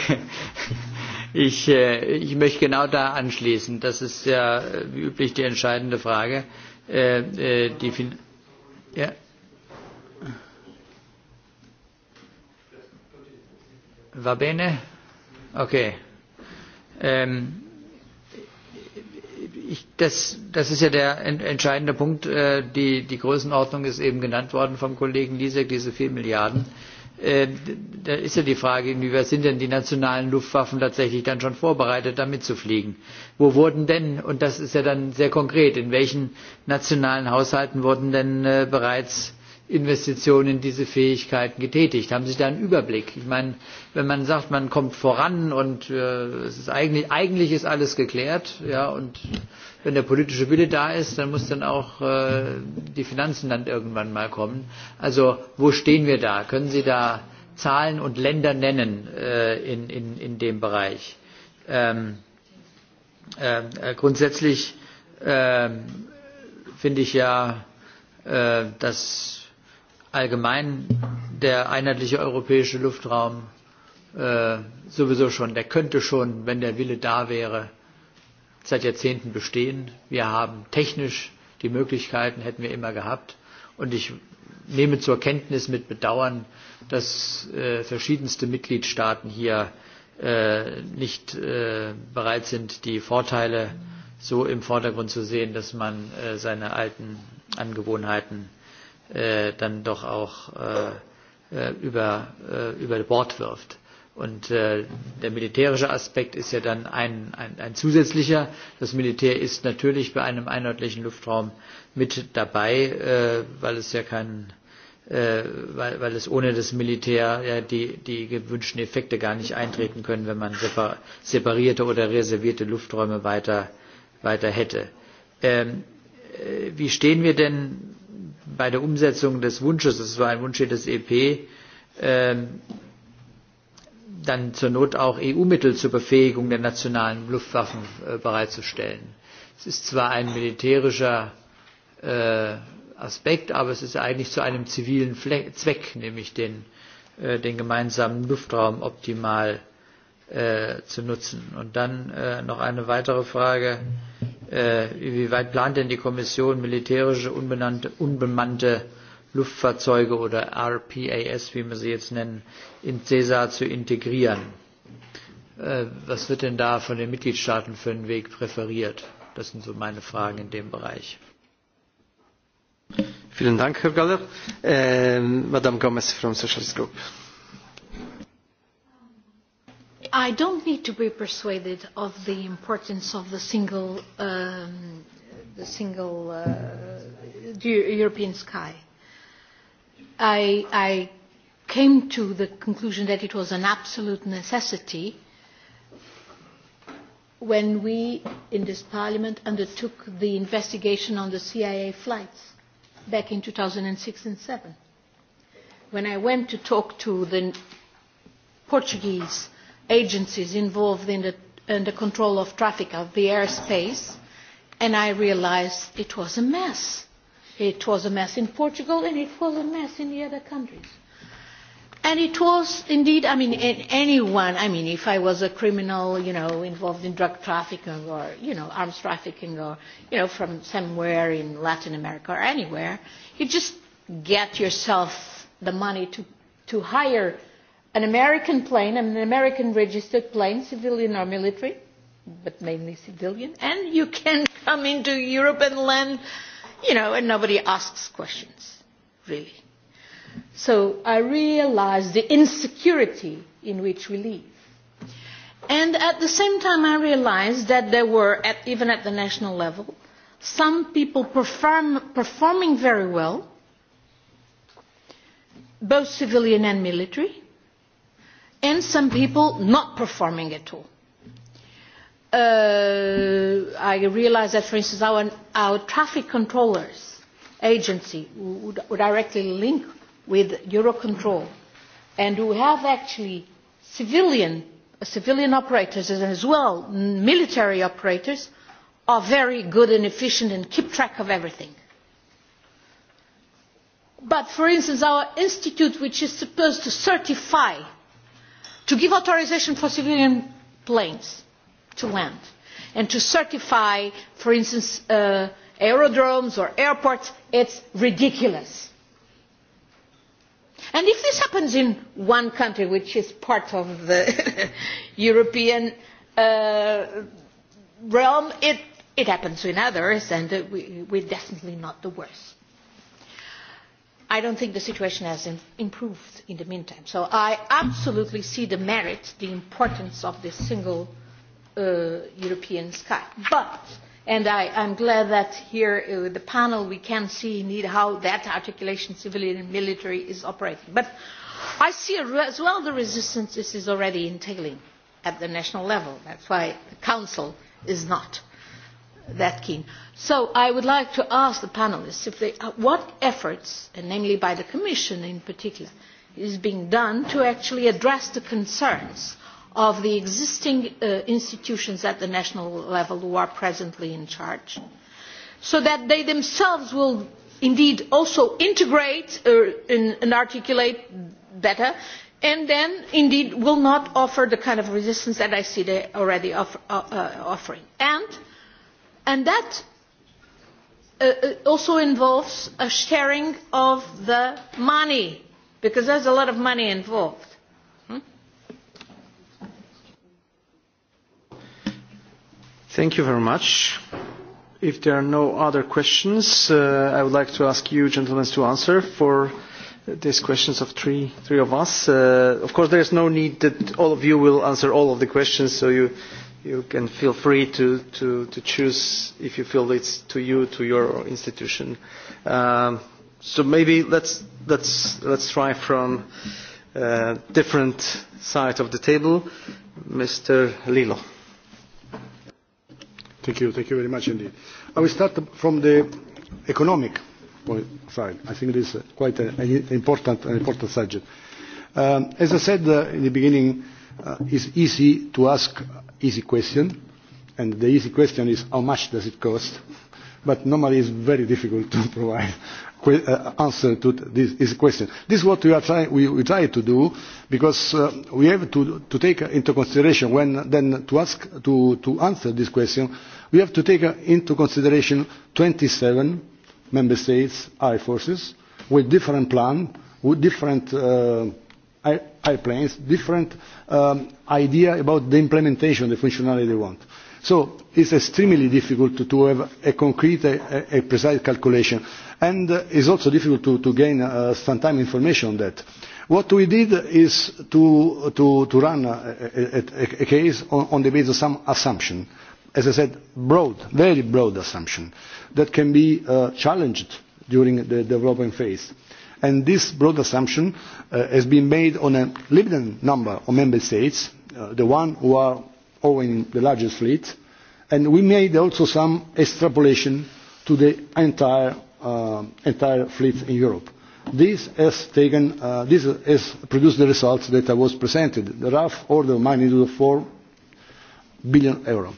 Ich, äh, ich möchte genau da anschließen. Das ist ja wie üblich die entscheidende Frage. Äh, äh die fin ja. Va bene? Okay. Ähm, ich, das, das ist ja der entscheidende Punkt. Äh, die, die Größenordnung ist eben genannt worden vom Kollegen Lisek, diese vier Milliarden. Äh, da ist ja die Frage, inwieweit sind denn die nationalen Luftwaffen tatsächlich dann schon vorbereitet, damit zu fliegen? Wo wurden denn, und das ist ja dann sehr konkret, in welchen nationalen Haushalten wurden denn äh, bereits Investitionen in diese Fähigkeiten getätigt? Haben Sie da einen Überblick? Ich meine, wenn man sagt, man kommt voran und äh, es ist eigentlich, eigentlich ist alles geklärt, ja, und wenn der politische Wille da ist, dann muss dann auch äh, die Finanzen dann irgendwann mal kommen. Also wo stehen wir da? Können Sie da Zahlen und Länder nennen äh, in, in, in dem Bereich? Ähm, äh, äh grundsätzlich äh, finde ich ja, äh, dass allgemein der einheitliche europäische Luftraum äh, sowieso schon, der könnte schon, wenn der Wille da wäre, seit Jahrzehnten bestehen. Wir haben technisch die Möglichkeiten, hätten wir immer gehabt. Und ich nehme zur Kenntnis mit Bedauern, dass äh, verschiedenste Mitgliedstaaten hier äh, nicht äh, bereit sind, die Vorteile so im Vordergrund zu sehen, dass man äh, seine alten Angewohnheiten äh, äh, dann doch auch äh, äh, über, äh, über Bord wirft. Und äh, der militärische Aspekt ist ja dann ein, ein, ein zusätzlicher. Das Militär ist natürlich bei einem einheitlichen Luftraum mit dabei, äh, weil es ja kein äh, weil, weil es ohne das Militär ja, die, die gewünschten Effekte gar nicht eintreten können, wenn man separierte oder reservierte Lufträume weiter, weiter hätte. Ähm, äh, wie stehen wir denn bei der Umsetzung des Wunsches, das war ein Wunsch des EP, äh, dann zur Not auch EU-Mittel zur Befähigung der nationalen Luftwaffen äh, bereitzustellen. Es ist zwar ein militärischer äh, Aspekt, aber es ist eigentlich zu einem zivilen Zweck, nämlich den, äh, den gemeinsamen Luftraum optimal äh, zu nutzen. Und dann äh, noch eine weitere Frage. Äh, wie weit plant denn die Kommission militärische unbenannte, unbemannte Luftfahrzeuge oder RPAS, wie man sie jetzt nennen, in CESAR zu integrieren? Äh, was wird denn da von den Mitgliedstaaten für einen Weg präferiert? Das sind so meine Fragen in dem Bereich. Vielen Dank, Herr Galler. Ähm, Madame Gomez from Socialist Group. I don't need to be persuaded of the importance of the single, um, the single uh, European sky. I, I came to the conclusion that it was an absolute necessity when we in this parliament undertook the investigation on the CIA flights back in 2006 and 2007. When I went to talk to the Portuguese agencies involved in the, in the control of traffic of the airspace, and I realized it was a mess. It was a mess in Portugal, and it was a mess in the other countries. And it was indeed, I mean, anyone, I mean, if I was a criminal, you know, involved in drug trafficking or, you know, arms trafficking or, you know, from somewhere in Latin America or anywhere, you just get yourself the money to, to hire an american plane an american registered plane civilian or military but mainly civilian and you can come into europe and land you know and nobody asks questions really so i realise the insecurity in which we live and at the same time i realise that there were at, even at the national level some people perform, performing very well both civilian and military and some people not performing at all. Uh, I realize that, for instance, our, our traffic controllers agency, who directly link with Eurocontrol, and who have actually civilian, civilian operators and as well military operators, are very good and efficient and keep track of everything. But, for instance, our institute, which is supposed to certify to give authorization for civilian planes to land and to certify for instance uh, aerodromes or airports it's ridiculous and if this happens in one country which is part of the [laughs] european uh, realm it, it happens in others and uh, we, we're definitely not the worst i do not think the situation has improved in the meantime so i absolutely see the merit the importance of this single uh, european sky but and i am glad that here uh, with the panel we can see indeed how that articulation civilian and military is operating but i see as well the resistance this is already entailing at the national level that is why the council is not that keen. So I would like to ask the panelists if uh, what efforts, and namely by the Commission in particular, is being done to actually address the concerns of the existing uh, institutions at the national level who are presently in charge, so that they themselves will indeed also integrate uh, and articulate better and then indeed will not offer the kind of resistance that I see they already offering. And and that uh, uh, also involves a sharing of the money because there's a lot of money involved. Hmm? Thank you very much. If there are no other questions, uh, I would like to ask you, gentlemen, to answer for these questions of three, three of us. Uh, of course, there is no need that all of you will answer all of the questions, so you you can feel free to, to, to choose if you feel it's to you, to your institution. Um, so maybe let's, let's, let's try from uh, different side of the table. Mr. Lilo. Thank you. Thank you very much indeed. I will start from the economic side. I think this is quite an important, an important subject. Um, as I said uh, in the beginning, uh, it's easy to ask easy question, and the easy question is how much does it cost? But normally it's very difficult to [laughs] provide uh, answer to this, this question. This is what we, are try, we, we try to do because uh, we have to, to take into consideration when then to ask to, to answer this question, we have to take into consideration 27 member states air forces with different plan, with different uh, airplanes different um, idea about the implementation, the functionality they want. So it's extremely difficult to, to have a concrete, a, a precise calculation. And uh, it's also difficult to, to gain uh, some time information on that. What we did is to, to, to run a, a, a case on, on the basis of some assumption. As I said, broad, very broad assumption that can be uh, challenged during the development phase and this broad assumption uh, has been made on a limited number of member states, uh, the ones who are owning the largest fleet, and we made also some extrapolation to the entire, uh, entire fleet in Europe. This has, taken, uh, this has produced the results that I was presented, the rough order of magnitude of 4 billion euro.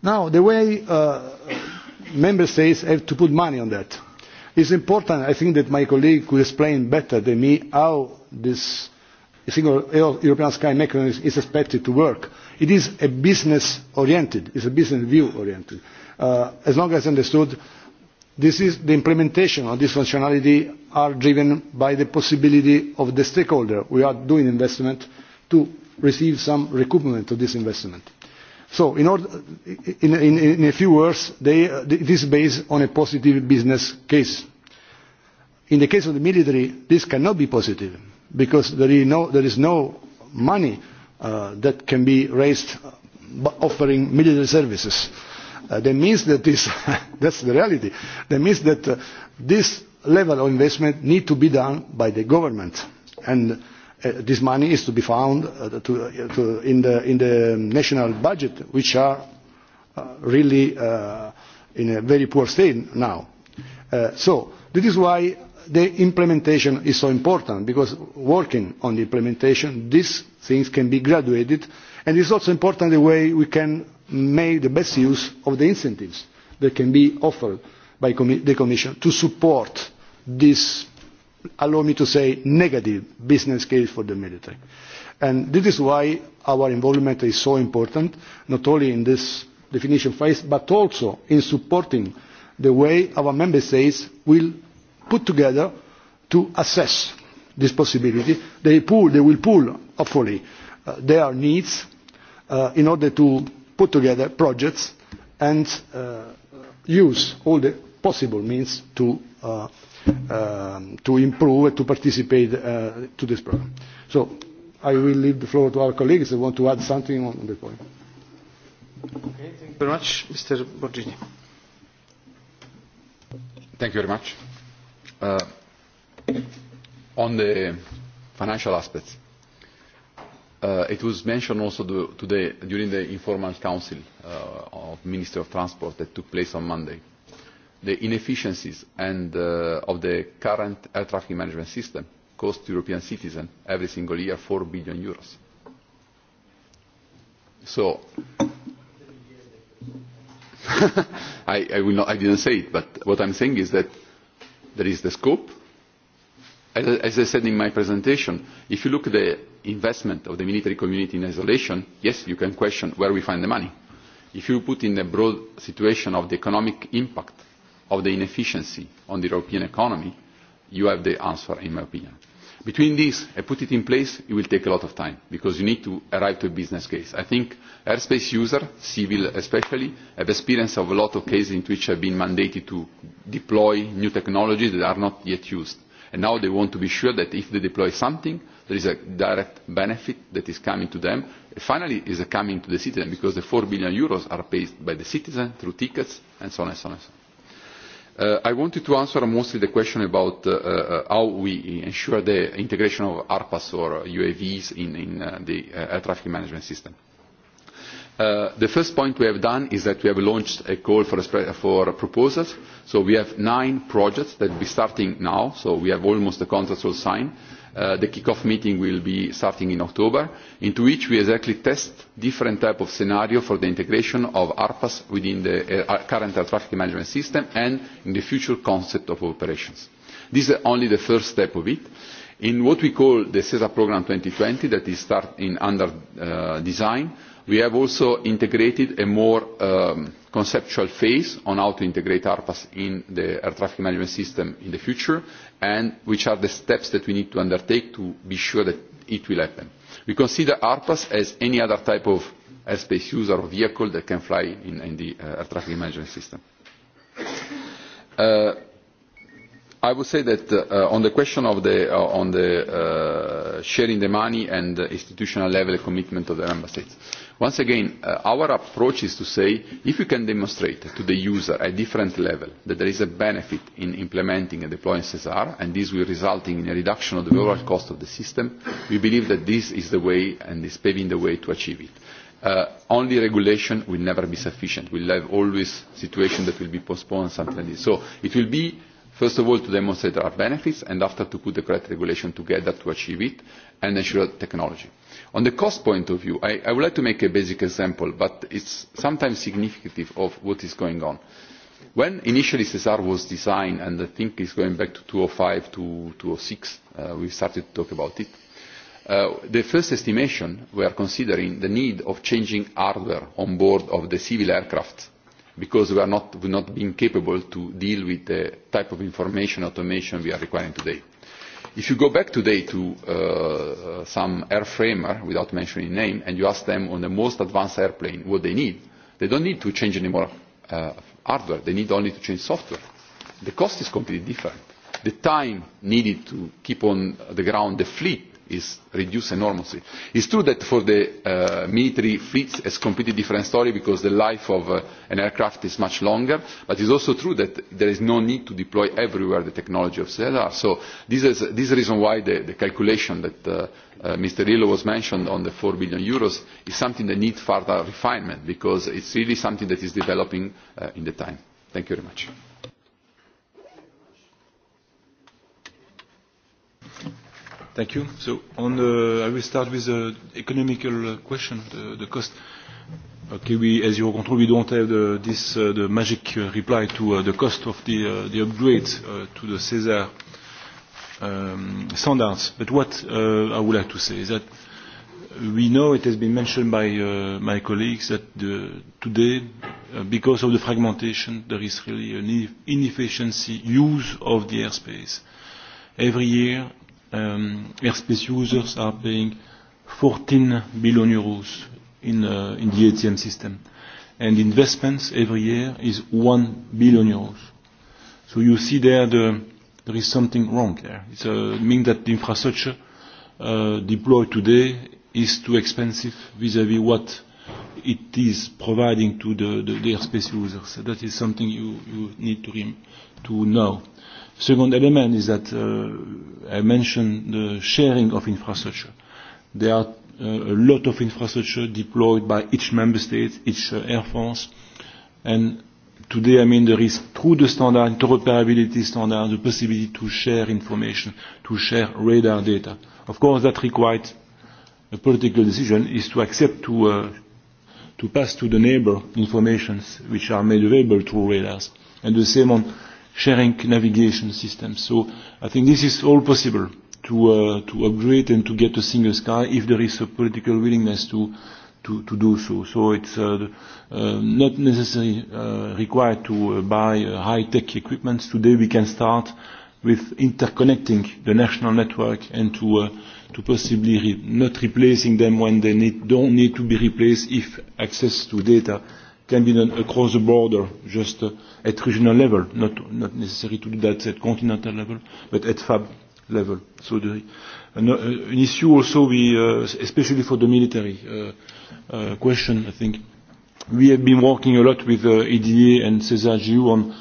Now, the way uh, member states have to put money on that it is important i think that my colleague could explain better than me how this single european sky mechanism is expected to work. it is a business oriented it is a business view oriented. Uh, as long as i understood the implementation of this functionality is driven by the possibility of the stakeholder we are doing investment to receive some recoupment of this investment. So in, a few words, it is based on a positive business case in the case of the military this cannot be positive because there is no, there is no money uh, that can be raised uh, by offering military services. Uh, that means that this [laughs] that's the reality. That means that uh, this level of investment needs to be done by the government, and uh, this money is to be found uh, to, uh, to in the in the national budget, which are uh, really uh, in a very poor state now. Uh, so this is why the implementation is so important because working on the implementation these things can be graduated and it is also important the way we can make the best use of the incentives that can be offered by the commission to support this allow me to say negative business case for the military. And this is why our involvement is so important not only in this definition phase but also in supporting the way our member states will put together to assess this possibility. They, pool, they will pool, hopefully, uh, their needs uh, in order to put together projects and uh, use all the possible means to, uh, um, to improve and to participate uh, to this program. So I will leave the floor to our colleagues I want to add something on the point. Okay, thank you very much. Mr. Borgini. Thank you very much. Uh, on the financial aspects, uh, it was mentioned also today during the informal council uh, of Minister of Transport that took place on Monday. The inefficiencies and, uh, of the current air traffic management system cost European citizens every single year 4 billion euros. So [laughs] I, I, will not, I didn't say it, but what I'm saying is that there is the scope. As, I said in my presentation, if you look at the investment of the military community in isolation, yes, you can question where we find the money. If you put in the broad situation of the economic impact of the inefficiency on the European economy, you have the answer, in my opinion. Between these and put it in place, it will take a lot of time because you need to arrive to a business case. I think airspace users, civil especially, have experience of a lot of cases in which have been mandated to deploy new technologies that are not yet used. And now they want to be sure that if they deploy something, there is a direct benefit that is coming to them. And finally, is coming to the citizen because the 4 billion euros are paid by the citizen through tickets and so on and so on. And so on. Uh, i wanted to answer mostly the question about uh, uh how we ensure the integration of arpas or uavs in, in uh, the uh, air traffic management system. Uh, the first point we have done is that we have launched a call for, a, for proposals. so we have nine projects that will be starting now. so we have almost the contracts all signed Uh, the kick-off meeting will be starting in October, into which we exactly test different type of scenario for the integration of ARPAs within the uh, uh, current air traffic management system and in the future concept of operations. This is only the first step of it. In what we call the CESA programme 2020, that is start in under uh, design, we have also integrated a more um, conceptual phase on how to integrate ARPAS in the air traffic management system in the future and which are the steps that we need to undertake to be sure that it will happen. We consider ARPAS as any other type of airspace user or vehicle that can fly in, in the uh, air traffic management system. Uh, I would say that uh, on the question of the, uh, on the uh, sharing the money and the institutional level commitment of the member states, Once again, uh, our approach is to say if you can demonstrate to the user at different level that there is a benefit in implementing and deploying CESAR, and this will result in a reduction of the overall cost of the system, we believe that this is the way and is paving the way to achieve it. Uh, only regulation will never be sufficient. We'll have always situation that will be postponed, something like this. So it will be first of all to demonstrate our benefits and after to put the correct regulation together to achieve it and ensure technology from the cost point of view I, would like to give a basic example but it is sometimes significant of what is going on. when initially sesar was designed and i think it is going back to two thousand oh and five two thousand oh and six when uh, we started to talk about it uh, the first estimation were considering the need of changing hardware on board of the civil aircraft because we are not, not being capable to deal with the type of information automation we are requiring today If you go back today to uh, some airframer, without mentioning name, and you ask them on the most advanced airplane what they need, they don't need to change any more uh, hardware. They need only to change software. The cost is completely different. The time needed to keep on the ground the fleet is reduced enormously. It's true that for the uh, military fleets it's a completely different story because the life of uh, an aircraft is much longer but it's also true that there is no need to deploy everywhere the technology of cedar so this is, this is the reason why the, the calculation that uh, uh mr Lillo was mentioned on the 4 billion euros is something that needs further refinement because it's really something that is developing uh, in the time. thank you very much. Thank you. So on the, I will start with the economical question, the, the cost. Okay, we, as you control, we don't have the, this, uh, the magic uh, reply to uh, the cost of the, uh, the upgrades uh, to the CESAR um, standards. But what uh, I would like to say is that we know it has been mentioned by uh, my colleagues that the, today, uh, because of the fragmentation, there is really an inefficiency use of the airspace. Every year, um, airspace users are paying 14 billion euros in, uh, in the ATM system. And investments every year is 1 billion euros. So you see there the, there is something wrong there. It uh, means that the infrastructure uh, deployed today is too expensive vis-à-vis -vis what it is providing to the, the, the airspace users. So that is something you, you need to, rem to know. Second element is that uh, I mentioned the sharing of infrastructure. There are uh, a lot of infrastructure deployed by each member state, each uh, air force, and today, I mean, there is through the standard, interoperability standard, the possibility to share information, to share radar data. Of course, that requires a political decision is to accept to, uh, to pass to the neighbor informations which are made available through radars. And the same on sharing navigation system. So I think this is all possible to, uh, to upgrade and to get a single sky if there is a political willingness to, to, to do so. So it's uh, uh, not necessarily uh, required to uh, buy uh, high-tech equipment. Today we can start with interconnecting the national network and to, uh, to possibly re not replacing them when they need, don't need to be replaced if access to data can be done across the border, just uh, at regional level, not, not necessary to do that at continental level, but at FAB level. So the, an, uh, no, uh, an issue also, we, uh, especially for the military uh, uh, question, I think, we have been working a lot with uh, EDA and CESAR-GU on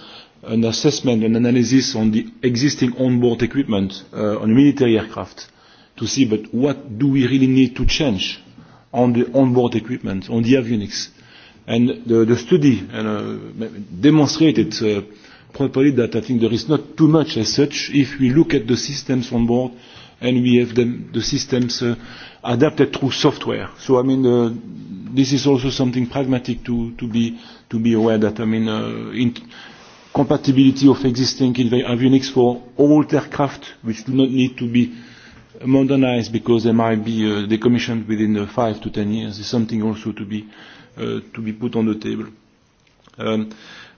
an assessment, an analysis on the existing onboard equipment uh, on a military aircraft to see but what do we really need to change on the onboard equipment, on the avionics and the, the study and uh, demonstrated uh, properly that I think there is not too much as such if we look at the systems on board and we have them, the systems uh, adapted through software. So I mean, uh, this is also something pragmatic to, to, be, to be aware that I mean, uh, in compatibility of existing avionics for all aircraft which do not need to be modernized because they might be uh, decommissioned within uh, five to ten years is something also to be uh, to be put on the table. Um,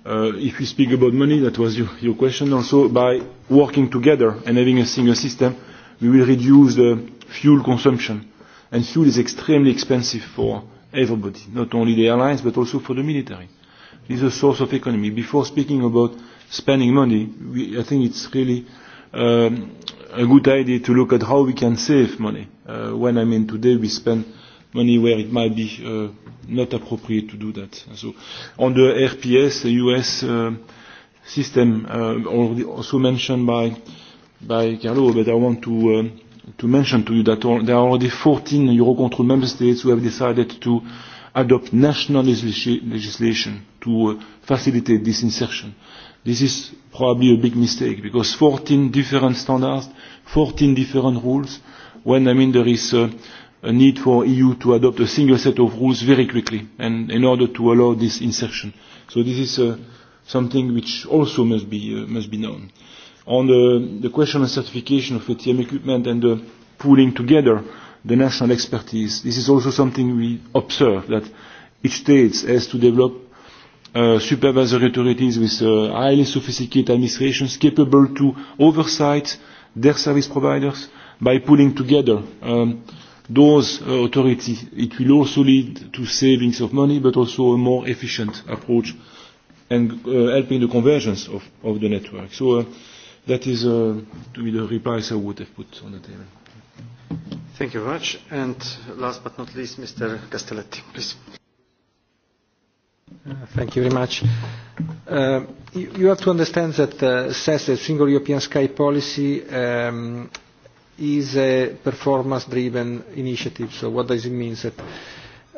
uh, if we speak about money, that was your, your question also, by working together and having a single system, we will reduce the fuel consumption. And fuel is extremely expensive for everybody, not only the airlines, but also for the military. This is a source of economy. Before speaking about spending money, we, I think it's really um, a good idea to look at how we can save money. Uh, when I mean today we spend money where it might be uh, not appropriate to do that. So on the RPS, the US uh, system, uh, already also mentioned by, by Carlo, but I want to, uh, to mention to you that all, there are already 14 Eurocontrol member states who have decided to adopt national legislation to uh, facilitate this insertion. This is probably a big mistake because 14 different standards, 14 different rules, when I mean there is uh, a need for EU to adopt a single set of rules very quickly and in order to allow this insertion. So this is uh, something which also must be, uh, must be known. On the, the question of certification of ATM equipment and the pooling together the national expertise, this is also something we observe that each state has to develop uh, supervisory authorities with uh, highly sophisticated administrations capable to oversight their service providers by pulling together um, those uh, authorities. It will also lead to savings of money, but also a more efficient approach and uh, helping the convergence of, of the network. So uh, that is, uh, to me, the replies I would have put on the table. Thank you very much. And last but not least, Mr. Castelletti, please. Uh, thank you very much. Uh, you, you have to understand that uh, since the single European sky policy um, is a performance-driven initiative. So what does it mean? That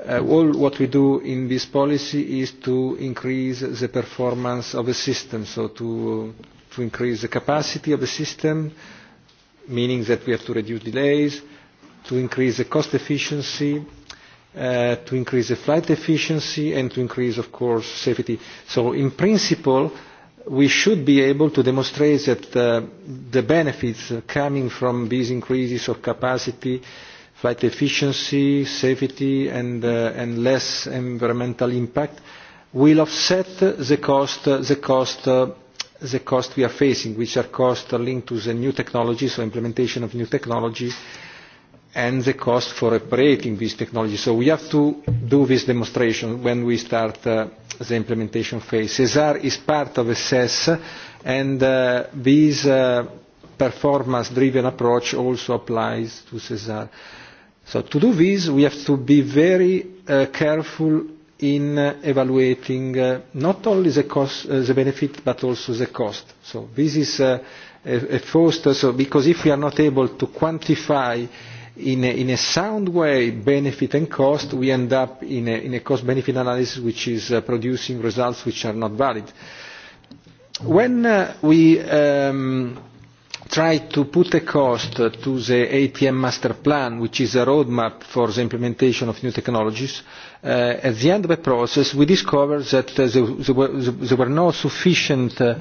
uh, all what we do in this policy is to increase the performance of the system, so to, to increase the capacity of the system, meaning that we have to reduce delays, to increase the cost efficiency, uh, to increase the flight efficiency, and to increase, of course, safety. So in principle, we should be able to demonstrate that uh, the benefits coming from these increases of capacity, flight efficiency, safety, and, uh, and less environmental impact will offset the cost, uh, the, cost, uh, the cost we are facing, which are costs linked to the new technologies, so implementation of new technology, and the cost for operating this technology. So we have to do this demonstration when we start uh, the implementation phase. CESAR is part of SES e and uh, this uh, performance-driven approach also applies to CESAR. So to do this, we have to be very uh, careful in uh, evaluating uh, not only the cost, uh, the benefit, but also the cost. So this is uh, a, a first, so because if we are not able to quantify uh, in a, in a sound way, benefit and cost, we end up in a, in a cost-benefit analysis which is uh, producing results which are not valid. When uh, we um, try to put a cost to the ATM master plan, which is a roadmap for the implementation of new technologies, uh, at the end of the process, we discovered that uh, there, there, were, there were no sufficient uh,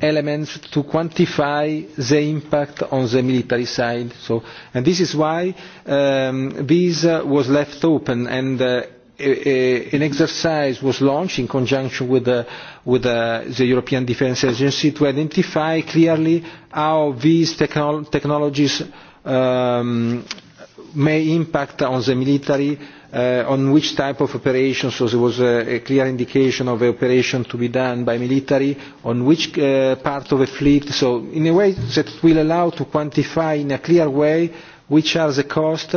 elements to quantify the impact on the military side. So, and this is why um, this uh, was left open and uh, a, a, an exercise was launched in conjunction with, the, with the, the European Defence Agency to identify clearly how these technologies um, may impact on the military uh, Uh, on which type of operation, so there was a, a clear indication of the operation to be done by military, on which uh, part of the fleet, so in a way that will allow to quantify in a clear way which are the costs,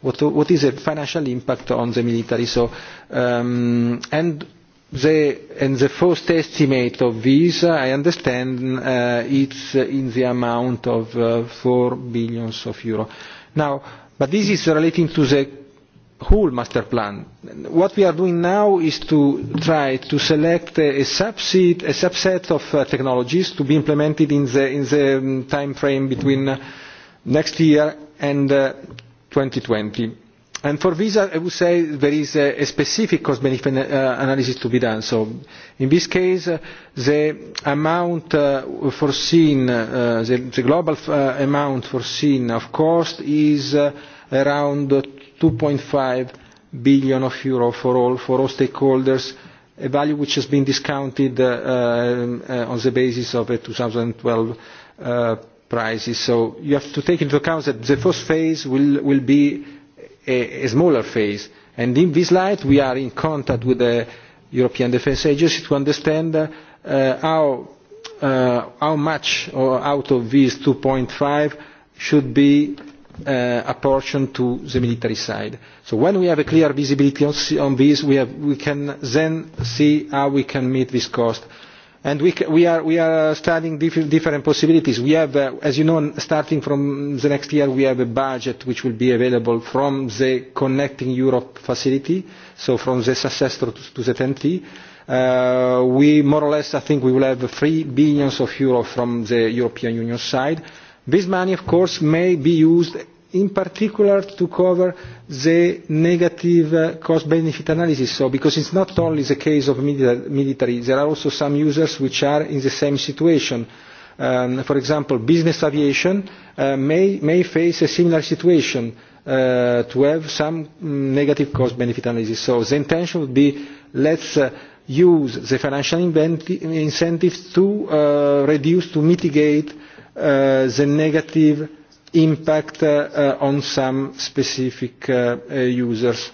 what, what is the financial impact on the military. So, um, and the, and the first estimate of this, I understand, uh, it's in the amount of uh, 4 billion of euro. Now, but this is relating to the whole master plan. What we are doing now is to try to select a subset, a subset of uh, technologies to be implemented in the, in the um, time frame between uh, next year and uh, 2020. And for this I would say there is a, a specific cost-benefit uh, analysis to be done. So in this case, uh, the amount uh, foreseen, uh, the, the global uh, amount foreseen of cost is uh, around 2.5 billion of euro for all, for all stakeholders, a value which has been discounted uh, uh, on the basis of the 2012 uh, prices. So you have to take into account that the first phase will, will be a, a smaller phase. And in this light, we are in contact with the European Defence Agency to understand uh, how, uh, how much or out of these 2.5 should be uh, apportioned to the military side. So when we have a clear visibility on, on this, we, have, we can then see how we can meet this cost. And we, we, are, we are studying diff different possibilities. We have, uh, as you know, starting from the next year, we have a budget which will be available from the Connecting Europe facility, so from the successor to, to the TNT. Uh, we more or less, I think, we will have three billions of euros from the European Union side Uh, This money, of course, may be used in particular to cover the negative uh, cost-benefit analysis. So, because it's not only the case of military, there are also some users which are in the same situation. Um, for example, business aviation uh, may, may face a similar situation uh, to have some mm, negative cost-benefit analysis. So the intention would be let's uh, use the financial incentives to uh, reduce, to mitigate Uh, the negative impact uh, on some specific uh, users.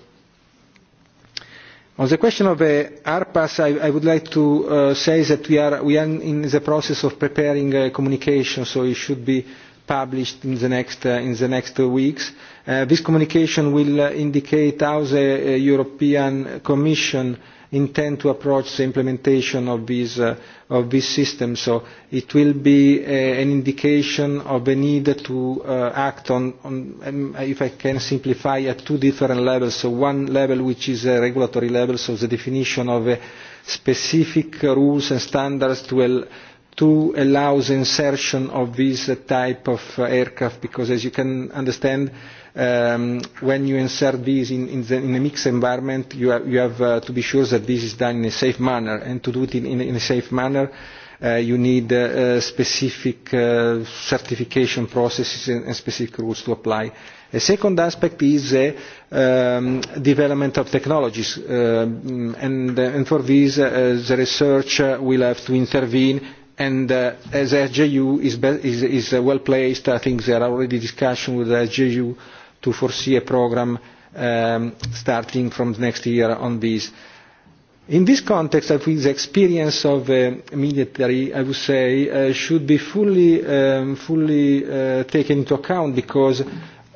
On the question of the ARPAs, I, I would like to uh, say that we are, we are in the process of preparing a communication, so it should be published in the next, uh, in the next uh, weeks. Uh, this communication will uh, indicate how the uh, European Commission uh, intend to approach the implementation of these, uh, of this system. So it will be a, an indication of the need to uh, act on, on um, if I can simplify, at two different levels. So one level which is a regulatory level, so the definition of a specific rules and standards to al to allow the insertion of this type of uh, aircraft because as you can understand um, when you insert these in, in, the, in a mixed environment, you, are, you have uh, to be sure that this is done in a safe manner. And to do it in, in, in a safe manner, uh, you need uh, uh specific uh, certification processes and, and specific rules to apply. A second aspect is the um, development of technologies, uh, and, uh, and for this uh, the research uh, will have to intervene and uh, as SJU is, is, is uh, well placed, I think there are already discussions with SJU to foresee a program um, starting from next year on this. In this context, I think the experience of uh, military, I would say, uh, should be fully, um, fully uh, taken into account because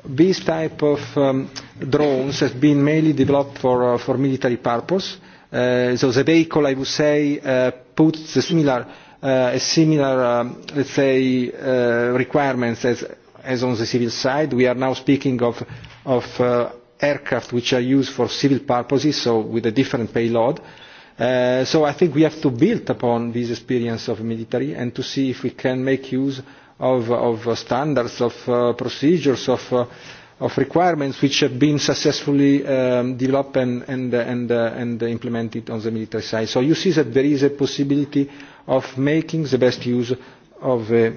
this type of um, drones has been mainly developed for, uh, for military purpose. Uh, so the vehicle, I would say, uh, puts a similar, uh, a similar um, let's say, uh, requirements as as on the civil side. We are now speaking of, of uh, aircraft which are used for civil purposes, so with a different payload. Uh, so I think we have to build upon this experience of military and to see if we can make use of, of uh, standards, of uh, procedures, of, uh, of requirements which have been successfully um, developed and, and, uh, and, uh, and implemented on the military side. So you see that there is a possibility of making the best use of uh,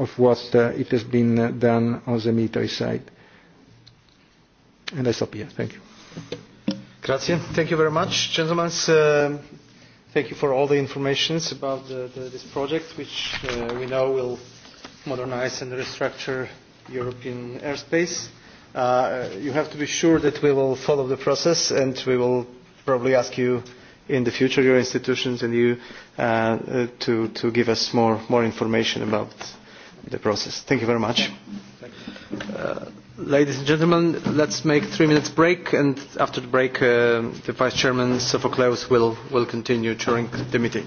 of what uh, it has been done on the military side. And I stop here. Thank you. Grazie. Thank you very much, gentlemen. Uh, thank you for all the information about the, the, this project, which uh, we know will modernize and restructure European airspace. Uh, you have to be sure that we will follow the process and we will probably ask you in the future, your institutions and you, uh, uh, to, to give us more, more information about the process. Thank you very much. Uh, ladies and gentlemen, let's make three minutes break, and after the break, uh, the Vice Chairman Sophocles will, will continue during the meeting.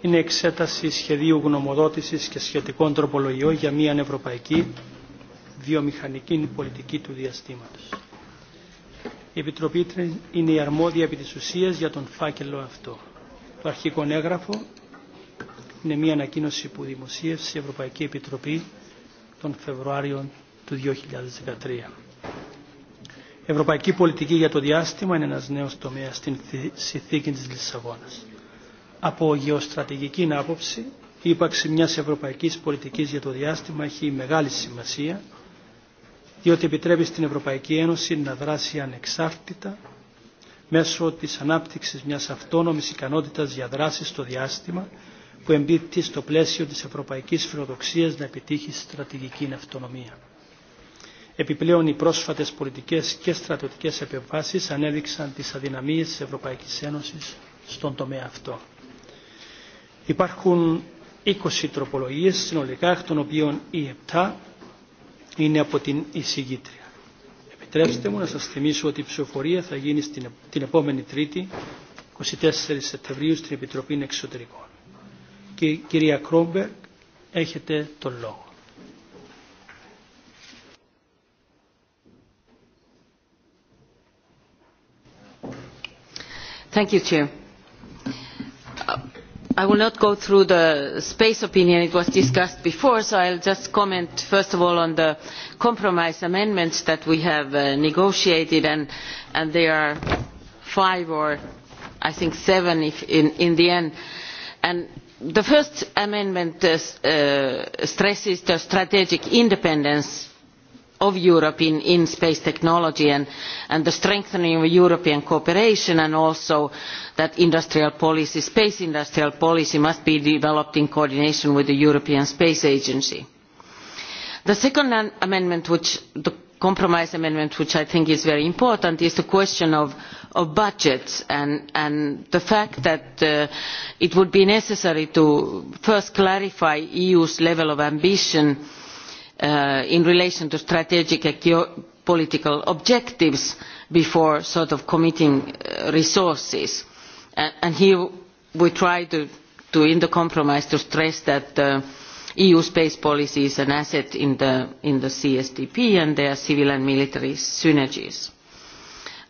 είναι εξέταση σχεδίου γνωμοδότησης και σχετικών τροπολογιών για μια ευρωπαϊκή βιομηχανική πολιτική του διαστήματος. Η Επιτροπή είναι η αρμόδια επί της ουσίας για τον φάκελο αυτό. Το αρχικό έγγραφο είναι μια ανακοίνωση που δημοσίευσε η Ευρωπαϊκή Επιτροπή τον Φεβρουάριο του 2013. Ευρωπαϊκή πολιτική για το διάστημα είναι ένας νέος τομέας στην συνθήκη της Λισαβόνας. Από γεωστρατηγική άποψη, η ύπαρξη μια ευρωπαϊκή πολιτική για το διάστημα έχει μεγάλη σημασία, διότι επιτρέπει στην Ευρωπαϊκή Ένωση να δράσει ανεξάρτητα μέσω τη ανάπτυξη μια αυτόνομη ικανότητα για δράση στο διάστημα που εμπίπτει στο πλαίσιο τη ευρωπαϊκή φιλοδοξία να επιτύχει στρατηγική αυτονομία. Επιπλέον, οι πρόσφατε πολιτικέ και στρατιωτικέ επεμβάσει ανέδειξαν τι αδυναμίε τη Ευρωπαϊκή Ένωση στον τομέα αυτό. Υπάρχουν 20 τροπολογίε, συνολικά, εκ των οποίων οι 7 είναι από την εισηγήτρια. Επιτρέψτε μου να σα θυμίσω ότι η ψηφοφορία θα γίνει στην, την επόμενη Τρίτη, 24 Σεπτεμβρίου, στην Επιτροπή Εξωτερικών. Και, κυρία Κρόμπερ, έχετε τον λόγο. Thank you, Chair i will not go through the space opinion it was discussed before so i will just comment first of all on the compromise amendments that we have uh, negotiated and, there are five or i think seven in, the end. And the first amendment uh, uh, stresses the strategic independence of europe in, space technology and, the strengthening of european cooperation and also that industrial policy, space industrial policy must be developed in coordination with the european space agency. the second amendment which, the compromise amendment which i think is very important is the question of, budgets and, the fact that uh, it would be necessary to first clarify the eu's level of ambition Uh, in relation to strategic and geopolitical objectives before sort of committing uh, resources. And, and here we try to, to, in the compromise, to stress that uh, EU space policy is an asset in the, in the CSDP and their civil and military synergies.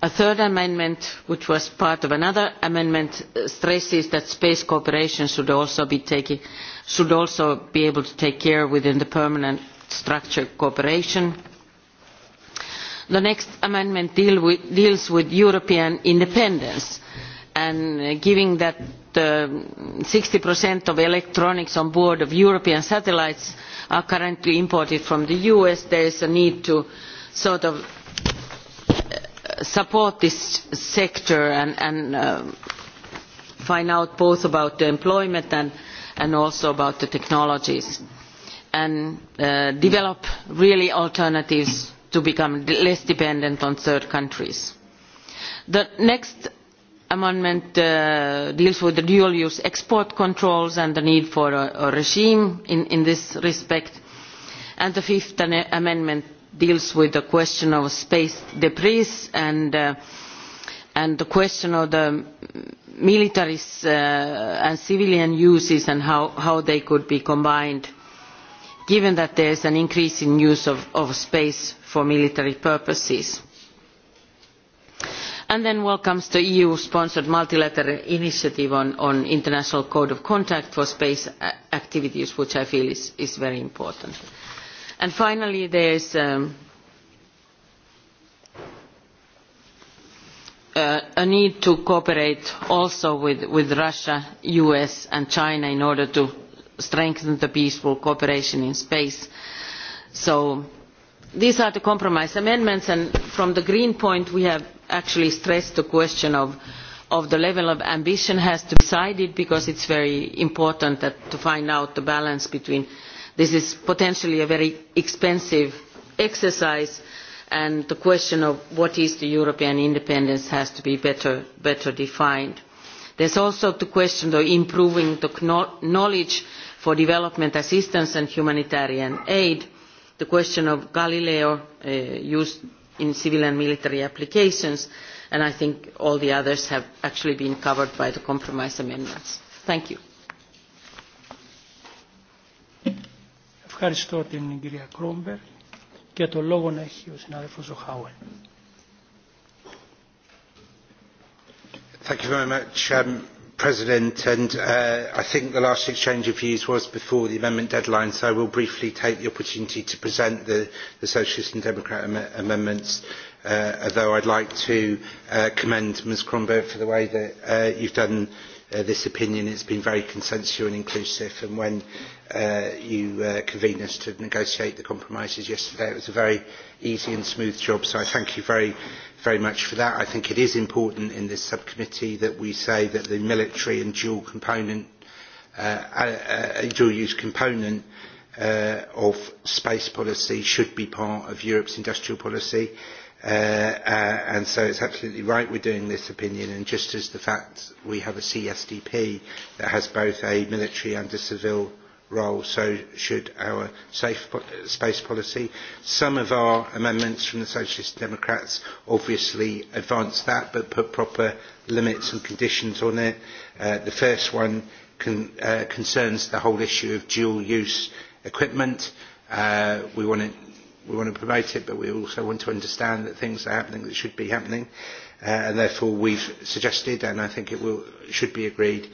A third amendment, which was part of another amendment, uh, stresses that space cooperation should also be, taking, should also be able to take care within the permanent structured cooperation. the next amendment deals with european independence and given that uh, sixty of electronics on board of european satellites are currently imported from the us there is a need to sort of uh, support this sector and, uh, find out both about the employment and also about the technologies and uh, develop really alternatives to become less dependent on third countries. the next amendment uh, deals with the dual use export controls and the need for a, a regime in, in this respect and the fifth amendment deals with the question of space debris and, uh, and the question of the military uh, and civilian uses and how, how they could be combined given that there is an increase in use of, space for military purposes and then welcomes the eu sponsored multilateral initiative on an international code of conduct for space activities which i feel is, very important. And finally there is um, uh, a need to cooperate also with, russia the us and china in order to strengthen the peaceful cooperation in space. so these are the compromise amendments and from the green point we have actually stressed the question of, of the level of ambition has to be decided because it is very important that, to find out the balance between this is potentially a very expensive exercise and the question of what is the european independence has to be better, better defined. there is also the question of improving the knowledge for development assistance and humanitarian aid, the question of Galileo uh, use in civil and military applications, and I think all the others have actually been covered by the compromise amendments. Thank you. Ευχαριστώ την κυρία Κρόμπερ και το λόγο να έχει ο συνάδελφος Ζωχάουεν. Thank you very much. Um, President, uh, I think the last exchange of views was before the amendment deadline, so I will briefly take the opportunity to present the, the Socialist and Democrat am amendments, uh, although I'd like to uh, commend Ms Kronberg for the way that uh, you've done uh, this opinion. It's been very consensual and inclusive, and when uh, you uh, convened us to negotiate the compromises yesterday, it was a very easy and smooth job, so I thank you very much very much for that. I think it is important in this subcommittee that we say that the military and dual component, uh, uh, uh, dual use component uh, of space policy should be part of Europe's industrial policy. Uh, uh, and so it's absolutely right we're doing this opinion and just as the fact we have a CSDP that has both a military and a civil role, so should our safe po space policy. Some of our amendments from the Socialist Democrats obviously advance that, but put proper limits and conditions on it. Uh, the first one con uh, concerns the whole issue of dual-use equipment. Uh, we want to we want to promote it, but we also want to understand that things are happening that should be happening, uh, and therefore we've suggested, and I think it will, should be agreed,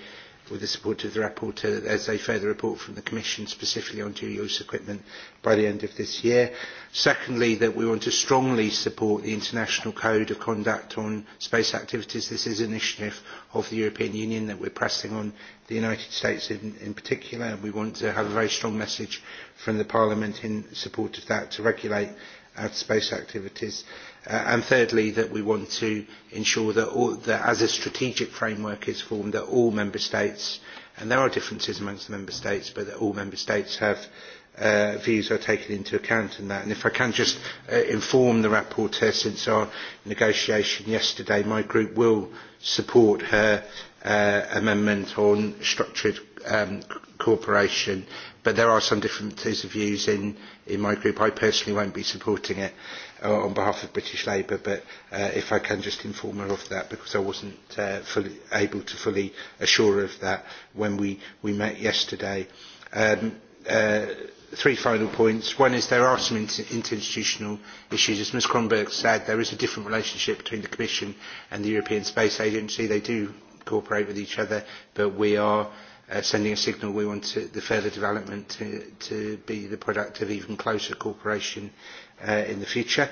with the support of the rapporteur as a further report from the Commission specifically on dual use equipment by the end of this year. Secondly, that we want to strongly support the International Code of Conduct on Space Activities. This is an initiative of the European Union that we're pressing on the United States in, in particular. and We want to have a very strong message from the Parliament in support of that to regulate our space activities. Uh, and thirdly, that we want to ensure that, all, that as a strategic framework is formed, that all member states, and there are differences amongst the member states, but that all member states have uh, views are taken into account in that. And if I can just uh, inform the rapporteur, since our negotiation yesterday, my group will support her uh, amendment on structured um, cooperation but there are some differences of views in, in my group. I personally won't be supporting it uh, on behalf of British Labour, but uh, if I can just inform her of that, because I wasn't uh, fully able to fully assure her of that when we, we met yesterday. Um, uh, three final points. One is there are some interinstitutional issues. As Ms Kronberg said, there is a different relationship between the Commission and the European Space Agency. They do cooperate with each other, but we are Uh, sending a signal we want to, the further development to, to be the product of even closer cooperation uh, in the future.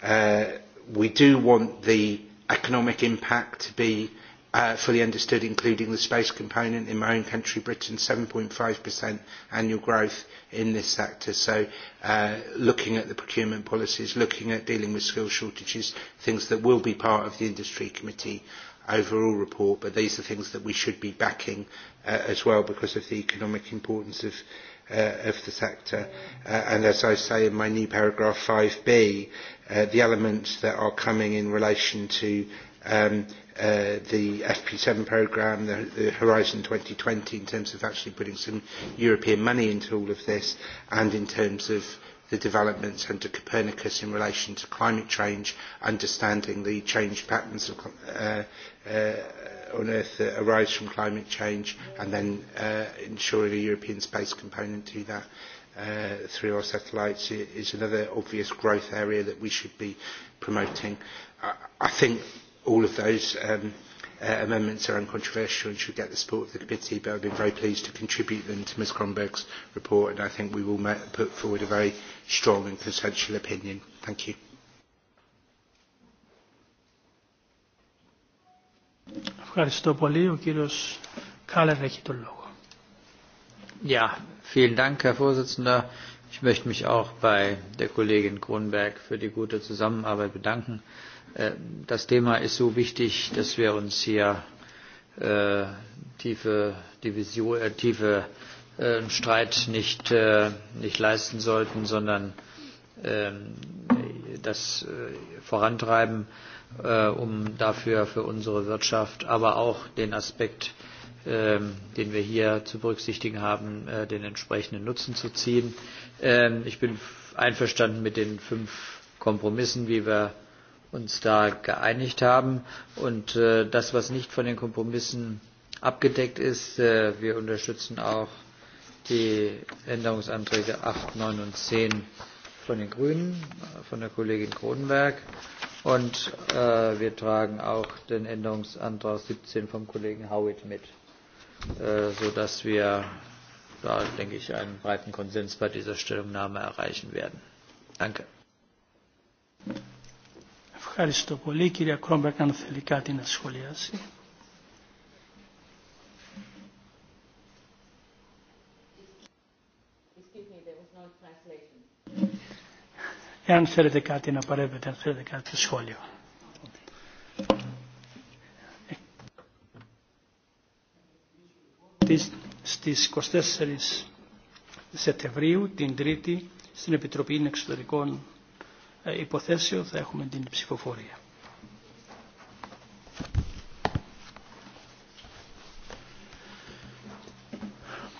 Uh, we do want the economic impact to be uh, fully understood, including the space component in my own country, Britain, 7.5% annual growth in this sector. So uh, looking at the procurement policies, looking at dealing with skill shortages, things that will be part of the industry committee overall report, but these are things that we should be backing uh, as well because of the economic importance of, uh, of the sector. Uh, and as I say in my new paragraph 5b, uh, the elements that are coming in relation to um, uh, the FP7 programme, the, the Horizon 2020, in terms of actually putting some European money into all of this, and in terms of the developments under Copernicus in relation to climate change, understanding the changed patterns of, uh, uh, on Earth that arise from climate change, and then uh, ensuring a European space component to that uh, through our satellites is another obvious growth area that we should be promoting. I, I think all of those um, uh, amendments are uncontroversial and should get the support of the committee, but I've been very pleased to contribute them to Ms Cronberg's report, and I think we will put forward a very strong and consensual opinion. Thank you. Ευχαριστώ πολύ. Ο κύριος Κάλερ έχει τον λόγο. Ja, vielen Dank, Herr Vorsitzender. Ich möchte mich auch bei der Kollegin Kronberg für die gute Zusammenarbeit bedanken. Äh, das Thema ist so wichtig, dass wir uns hier äh, tiefe, Division, äh, tiefe äh, Streit nicht, äh, nicht leisten sollten, sondern äh, das äh, vorantreiben, äh, um dafür für unsere Wirtschaft, aber auch den Aspekt, äh, den wir hier zu berücksichtigen haben, äh, den entsprechenden Nutzen zu ziehen. Äh, ich bin einverstanden mit den fünf Kompromissen, wie wir uns da geeinigt haben. Und äh, das, was nicht von den Kompromissen abgedeckt ist, äh, wir unterstützen auch die Änderungsanträge 8, 9 und 10 von den Grünen, von der Kollegin Kronenberg. Und äh, wir tragen auch den Änderungsantrag 17 vom Kollegen Howitt mit, äh, sodass wir da, denke ich, einen breiten Konsens bei dieser Stellungnahme erreichen werden. Danke. Ευχαριστώ πολύ. Κυρία Κρόμπερκ, αν θέλει κάτι να σχολιάσει. Εάν θέλετε κάτι να παρέμβετε, αν θέλετε κάτι σχόλιο. Στις 24 Σεπτεμβρίου, την Τρίτη, στην Επιτροπή Εξωτερικών υποθέσεων θα έχουμε την ψηφοφορία.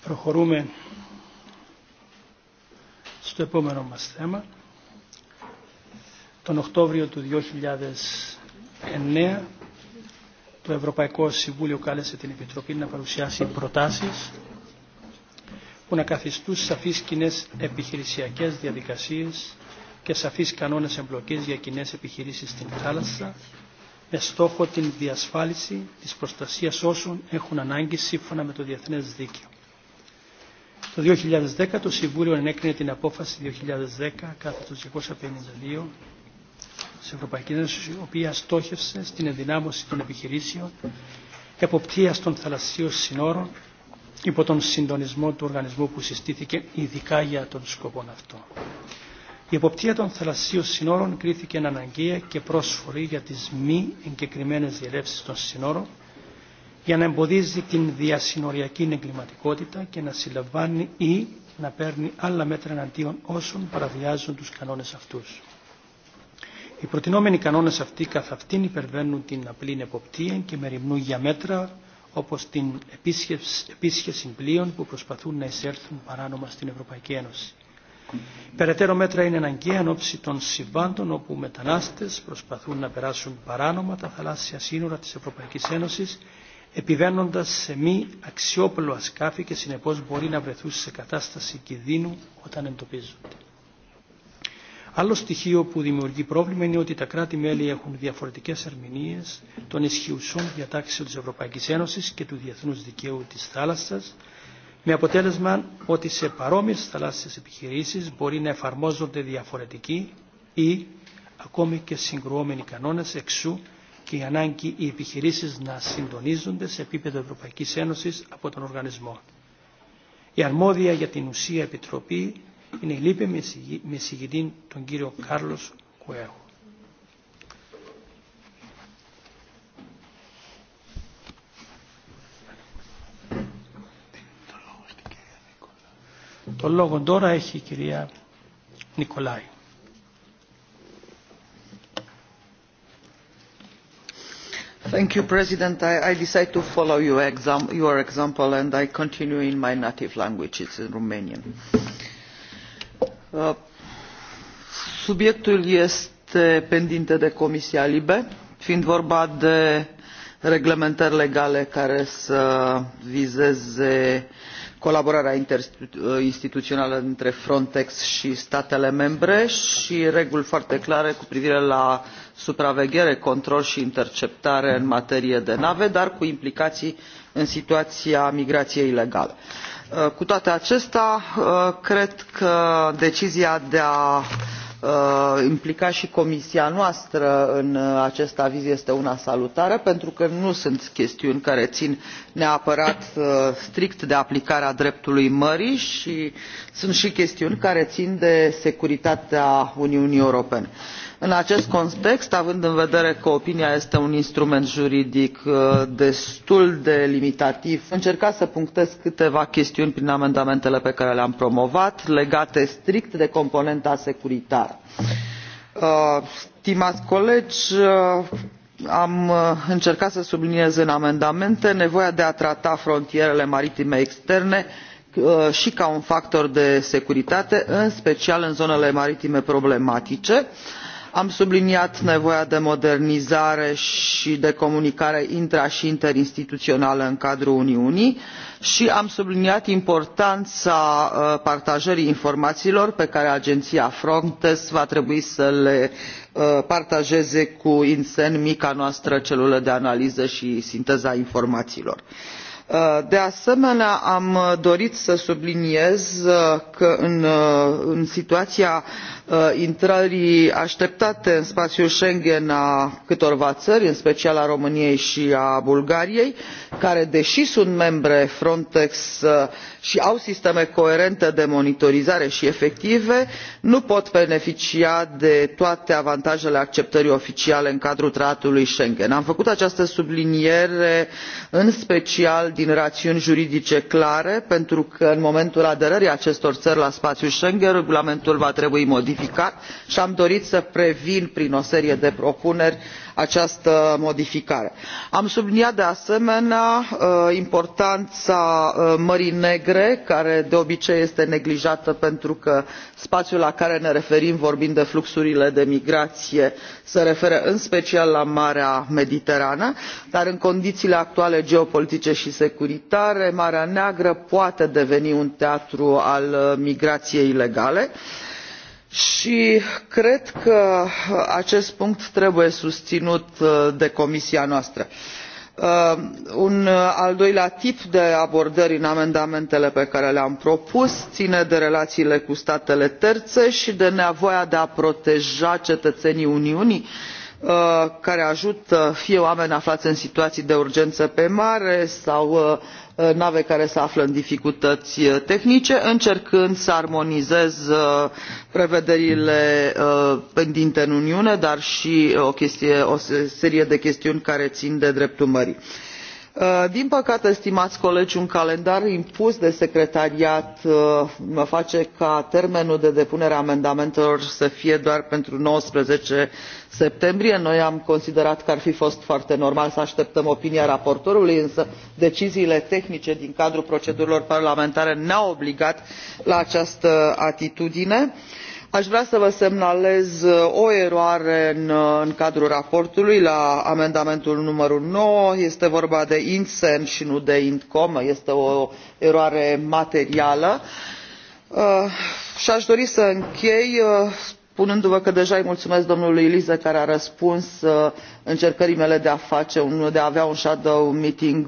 Προχωρούμε στο επόμενο μας θέμα. Τον Οκτώβριο του 2009 το Ευρωπαϊκό Συμβούλιο κάλεσε την Επιτροπή να παρουσιάσει προτάσεις που να καθιστούν σαφείς κοινέ επιχειρησιακές διαδικασίες και σαφείς κανόνες εμπλοκής για κοινέ επιχειρήσεις στην θάλασσα με στόχο την διασφάλιση της προστασίας όσων έχουν ανάγκη σύμφωνα με το Διεθνές Δίκαιο. Το 2010 το Συμβούλιο ενέκρινε την απόφαση 2010 κάθε το 252 της Ευρωπαϊκής Ένωσης, η οποία στόχευσε στην ενδυνάμωση των επιχειρήσεων εποπτείας των θαλασσίων συνόρων υπό τον συντονισμό του οργανισμού που συστήθηκε ειδικά για τον σκοπό αυτό. Η εποπτεία των θαλασσίων συνόρων κρίθηκε αναγκαία και πρόσφορη για τις μη εγκεκριμένες διελεύσεις των συνόρων, για να εμποδίζει την διασυνοριακή εγκληματικότητα και να συλλαμβάνει ή να παίρνει άλλα μέτρα εναντίον όσων παραβιάζουν τους κανόνες αυτούς. Οι προτινόμενοι κανόνες αυτοί καθ' αυτήν υπερβαίνουν την απλή εποπτεία και μεριμνούν για μέτρα όπως την επίσχεση πλοίων που προσπαθούν να εισέλθουν παράνομα στην Ευρωπαϊκή Ένωση. Περαιτέρω μέτρα είναι αναγκαία εν ώψη των συμβάντων όπου μετανάστες προσπαθούν να περάσουν παράνομα τα θαλάσσια σύνορα της Ευρωπαϊκής Ένωσης επιβαίνοντας σε μη αξιόπλο ασκάφη και συνεπώς μπορεί να βρεθούν σε κατάσταση κινδύνου όταν εντοπίζονται. Άλλο στοιχείο που δημιουργεί πρόβλημα είναι ότι τα κράτη-μέλη έχουν διαφορετικές ερμηνείες των ισχυουσών διατάξεων της Ευρωπαϊκής Ένωσης και του διεθνούς δικαίου της θάλασσας, με αποτέλεσμα ότι σε παρόμοιες θαλάσσιες επιχειρήσεις μπορεί να εφαρμόζονται διαφορετικοί ή ακόμη και συγκρουόμενοι κανόνες εξού και η ανάγκη οι επιχειρήσεις να συντονίζονται σε επίπεδο Ευρωπαϊκής Ένωσης από τον οργανισμό. Η αρμόδια για την ουσία Επιτροπή είναι η λύπη με εισηγητή τον κύριο Κάρλος Κουέου. Το λόγο τώρα έχει η κυρία Νικολάη. Thank you, President. I, I decide to follow your, exam, your example and I continue in my native language, it's in Romanian. Uh, subiectul este pendinte de Comisia Libe, fiind vorba de reglementări legale care să vizeze uh, colaborarea interinstituională dintre frontex i statele membre i reguli foarte clare cu privire la supraveghere control i interceptare în materie de nave dar cu implicaii în situaia migraiei ilegale. cu toate acestea cred că decizia de a Uh, implica și comisia noastră în uh, acest aviz este una salutară pentru că nu sunt chestiuni care țin neapărat uh, strict de aplicarea dreptului mării și sunt și chestiuni care țin de securitatea uniunii europene în acest context având în vedere că opinia este un instrument juridic uh, destul de limitativ am încercat să punctez câteva chestiuni prin amendamentele pe care le am promovat legate strict de componenta securitară. Uh, stimați colegi uh, am încercat să subliniez în amendamente nevoia de a trata frontierele maritime externe și ca un factor de securitate în special în zonele maritime problematice și am subliniat nevoia de modernizare și de comunicare intra și interinstituțională în cadrul uniunii și am subliniat importanța uh, partajării informațiilor pe care agenția frontex va trebui să le uh, partajeze cu insen mica noastră celulă de analiză și sinteză a informațiilor. Eh, de asemenea am dorit să subliniez că în, eh, în situația eh, intrării așteptate în spațiul schengen a câtorva țări în special a româniei și a bulgariei care deși sunt membre frontex și au sisteme coerente de monitorizare și efective nu pot beneficia de toate avantajele acceptării oficiale în cadrul tratatului schengen. am făcut această subliniere în special din rațiuni juridice clare pentru că în momentul aderării acestor țări la spațiul schengen regulamentul va trebui modificat și am dorit să previn prin o serie de propuneri această modificare. am subliniat de asemenea uh, importanța uh, mării negre care de obicei este neglijată pentru că spațiul la care ne referim vorbind de fluxurile de migrație se referă în special la marea mediterană dar în condițiile actuale geopolitice și securitare marea neagră poate deveni un teatru al uh, migrației ilegale și și cred că acest punct trebuie susținut uh, de comisia noastră. Uh, un uh, al doilea tip de abordări în amendamentele pe care le am propus ține de relațiile cu statele terțe și de nevoia de a proteja cetățenii uniunii care ajută fie oameni aflați în situații de urgență pe mare sau Uh, nave care se află în dificultăți uh, tehnice încercând să armonizez uh, prevederile pendinte în uniune dar și o, o serie de chestiuni care țin de dreptul mării. Uh, din păcate stimați colegi un calendar impus de secretariat mă uh, face ca termenul de depunere a amendamentelor să fie doar pentru nouăsprezece septembrie. noi am considerat că ar fi fost foarte normal să așteptăm opinia raportorului însă deciziile tehnice din cadrul procedurilor parlamentare ne au obligat la această atitudine și aș vrea să vă semnalez uh, o eroare uh, în, cadrul raportului la amendamentul numărul nouă este vorba de intsem și nu de intcom este o eroare materială uh, și aș dori să închei spunându vă că deja îi mulțumesc domnului liese care a răspuns încercării mele de a, de a avea un shadow meeting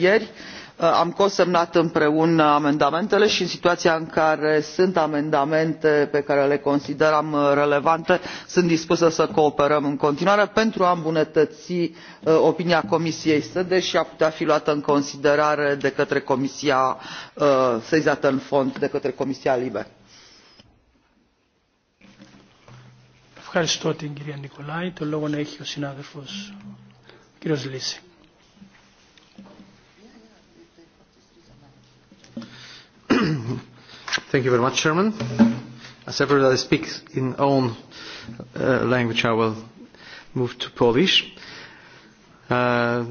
ieri și Uh, am cosemnat împreună amendamentele și în situația în care sunt amendamente pe care le considerăm relevante sunt dispusă să cooperăm în continuare pentru a îmbunătăți uh, opinia comisiei sede și a putea fi luată în considerare de către comisia uh, sesizată în fond de către comisia libe. Thank you very much, Chairman. As everybody speaks in own uh, language, I will move to Polish. Uh,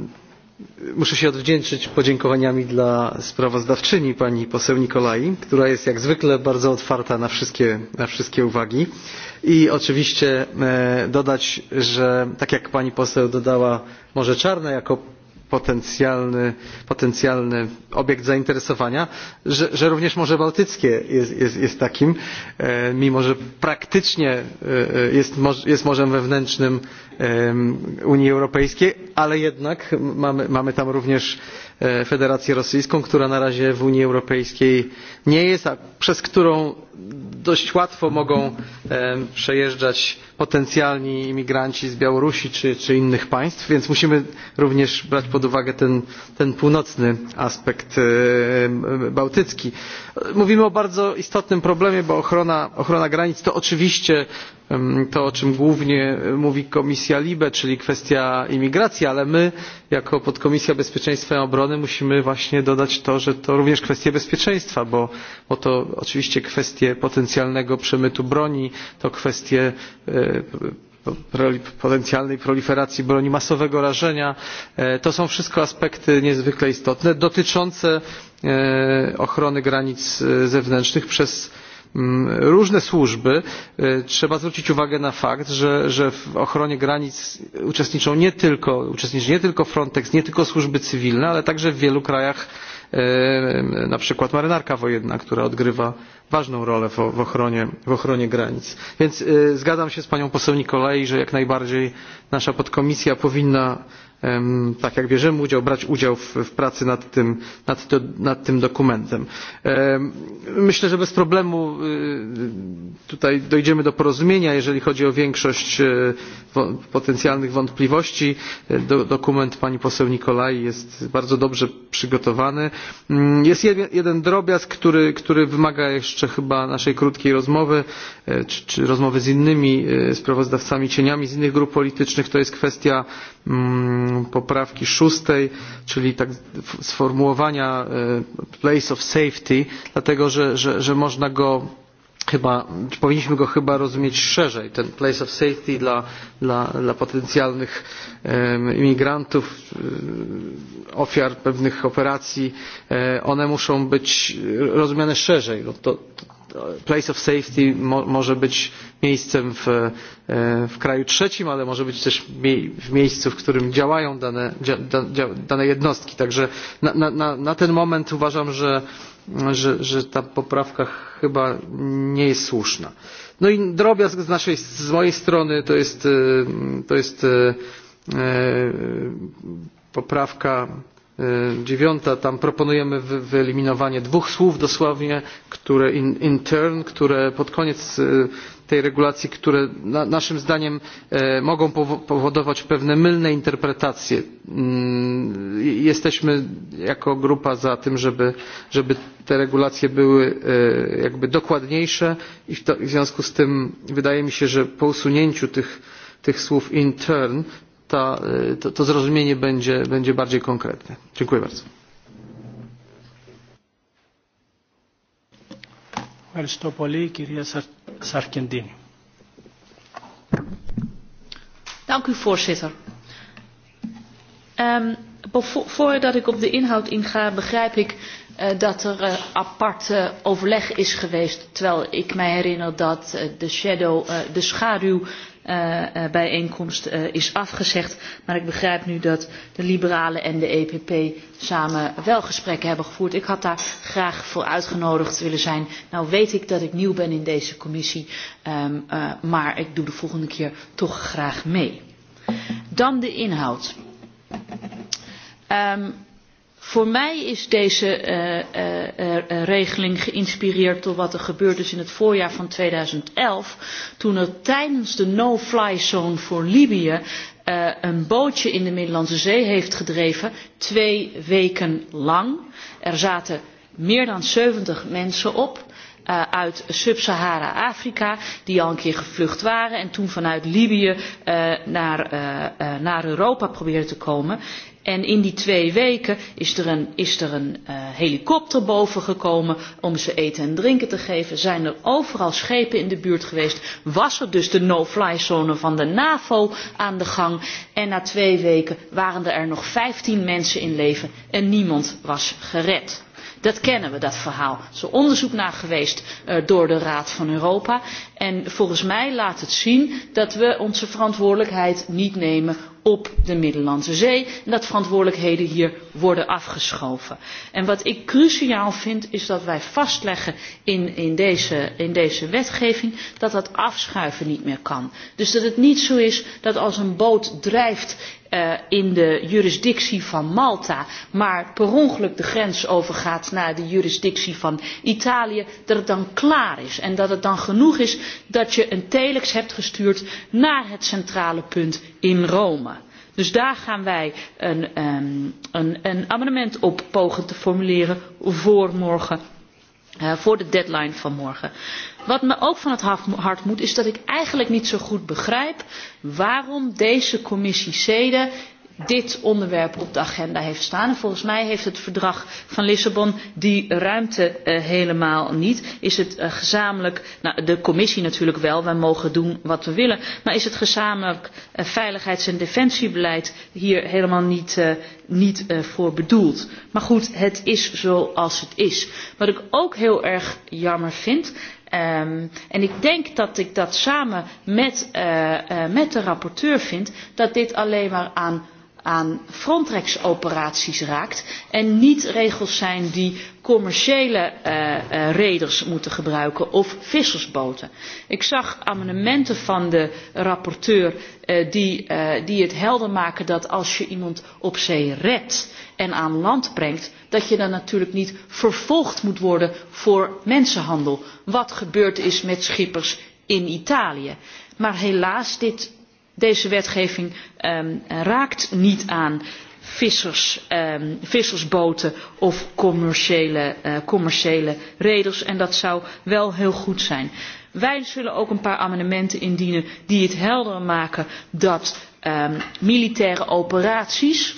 Muszę się odwdzięczyć podziękowaniami dla sprawozdawczyni pani poseł Nikolai, która jest jak zwykle bardzo otwarta na wszystkie, na wszystkie uwagi. I oczywiście e, dodać, że tak jak pani poseł dodała Morze Czarne jako potencjalny, potencjalny obiekt zainteresowania, że, że również Morze Bałtyckie jest, jest, jest takim, e, mimo że praktycznie e, e, jest, jest morzem wewnętrznym Unii Europejskiej, ale jednak mamy, mamy tam również Federację Rosyjską, która na razie w Unii Europejskiej nie jest, a przez którą dość łatwo mogą przejeżdżać potencjalni imigranci z białorusi czy, czy innych państw więc musimy również brać pod uwagę ten, ten północny aspekt e, bałtycki. mówimy o bardzo istotnym problemie bo ochrona, ochrona granic to oczywiście to o czym głównie mówi komisja libe czyli kwestia imigracji ale my jako podkomisja bezpieczeństwa i obrony musimy właśnie dodać to że to również kwestie bezpieczeństwa bo, to oczywiście kwestie potencjalnego przemytu broni to kwestie e, potencjalnej proliferacji broni masowego rażenia e, to są wszystko aspekty niezwykle istotne dotyczące e, ochrony granic zewnętrznych przez Mm, różne służby e, trzeba zwrócić uwagę na fakt że, w ochronie granic uczestniczą nie tylko, uczestniczy nie tylko frontex nie tylko służby cywilne ale także w wielu krajach e, na przykład marynarka wojenna która odgrywa ważną rolę w, w, ochronie, w ochronie granic. więc e, zgadzam się z panią poseł nicolai że jak najbardziej nasza podkomisja powinna tak jak bierzemy udział, brać udział w, w pracy nad tym, nad, to, nad tym dokumentem. Myślę, że bez problemu tutaj dojdziemy do porozumienia, jeżeli chodzi o większość potencjalnych wątpliwości. Do, dokument pani poseł Nikolaj jest bardzo dobrze przygotowany. Mm, jest jeden, jeden drobiazg, który, który wymaga jeszcze chyba naszej krótkiej rozmowy, czy, czy rozmowy z innymi sprawozdawcami cieniami z innych grup politycznych. To jest kwestia Mm, poprawki szóstej, czyli tak sformułowania e, place of safety, dlatego że, że, że można go chyba, powinniśmy go chyba rozumieć szerzej, ten place of safety dla, dla, dla potencjalnych imigrantów, e, ofiar pewnych operacji, e, one muszą być rozumiane szerzej. No to, place of safety mo, może być miejscem w, e, w kraju trzecim, ale może być też w miejscu, w którym działają dane, dzia, dane jednostki. Także na, na, na ten moment uważam, że, że, że ta poprawka chyba nie jest słuszna. No i drobiazg z, naszej, z mojej strony to jest, e, to jest e, poprawka E, dziewiąta tam proponujemy wyeliminowanie dwóch słów dosłownie które in, in turn które pod koniec e, tej regulacji które naszym zdaniem e, mogą powodować pewne mylne interpretacje. Mm, jesteśmy jako grupa za tym żeby, żeby te regulacje były jakby dokładniejsze i w, to, w związku z tym wydaje mi się że po usunięciu tych, tych słów intern ta, eh, to, to zrozumienie będzie, będzie bardziej konkretne. Dziękuję bardzo. Dank u, voorzitter. Um, voordat ik op de inhoud inga, begrijp ik uh, dat er uh, apart uh, overleg is geweest. Terwijl ik mij herinner dat uh, de, shadow, uh, de schaduw Eh, eh, bijeenkomst eh, is afgezegd. Maar ik begrijp nu dat de liberalen en de EPP samen wel gesprekken hebben gevoerd. Ik had daar graag voor uitgenodigd willen zijn. nu weet ik dat ik nieuw ben in deze commissie, ehm, maar ik doe de volgende keer toch graag mee. Dan de inhoud. Ehm, Voor mij is deze eh, eh, eh, regeling geïnspireerd door wat er gebeurd is in het voorjaar van tweeduizendelf toen er tijdens de no-fly zone voor Libië een bootje in de Middellandse Zee heeft gedreven, twee weken lang. Er zaten meer dan zeventig mensen op. uit Sub-Sahara Afrika, die al een keer gevlucht waren en toen vanuit Libië naar Europa probeerden te komen. En in die twee weken is er een, is er een uh, helikopter boven gekomen om ze eten en drinken te geven. Zijn er overal schepen in de buurt geweest. Was er dus de no-fly zone van de NAVO aan de gang. En na twee weken waren er nog 15 mensen in leven en niemand was gered. Dat kennen we, dat verhaal. Er is onderzoek naar geweest uh, door de Raad van Europa. En volgens mij laat het zien dat we onze verantwoordelijkheid niet nemen op de Middellandse Zee en dat verantwoordelijkheden hier worden afgeschoven. En wat ik cruciaal vind is dat wij vastleggen in, in, deze, in deze wetgeving dat dat afschuiven niet meer kan. Dus dat het niet zo is dat als een boot drijft Eh, in de jurisdictie van Malta, maar per ongeluk de grens overgaat naar de jurisdictie van Italië, dat het dan klaar is. En dat het dan genoeg is dat je een telex hebt gestuurd naar het centrale punt in Rome. Dus daar gaan wij een, ehm, een, een amendement op pogen te formuleren voor morgen, eh, voor de deadline van morgen. Wat me ook van het hart moet is dat ik eigenlijk niet zo goed begrijp waarom deze commissie CEDE dit onderwerp op de agenda heeft staan. En volgens mij heeft het verdrag van Lissabon die ruimte uh, helemaal niet. Is het uh, gezamenlijk, nou, de commissie natuurlijk wel, wij mogen doen wat we willen, maar is het gezamenlijk uh, veiligheids- en defensiebeleid hier helemaal niet, uh, niet uh, voor bedoeld. Maar goed, het is zoals het is. Wat ik ook heel erg jammer vind, Um, en ik denk dat ik dat samen met, uh, uh, met de rapporteur vind dat dit alleen maar aan, aan Frontex operaties raakt en niet regels zijn die commerciële uh, uh, reders moeten gebruiken of vissersboten. Ik zag amendementen van de rapporteur uh, die, uh, die het helder maken dat als je iemand op zee redt en aan land brengt, dat je dan natuurlijk niet vervolgd moet worden voor mensenhandel wat gebeurd is met schippers in italië. maar helaas dit, deze wetgeving ehm, raakt niet aan ehm, vissersboten of eh, commerciële, reders en dat zou wel heel goed zijn. wij zullen ook een paar amendementen indienen die het helder maken dat ehm, militaire operaties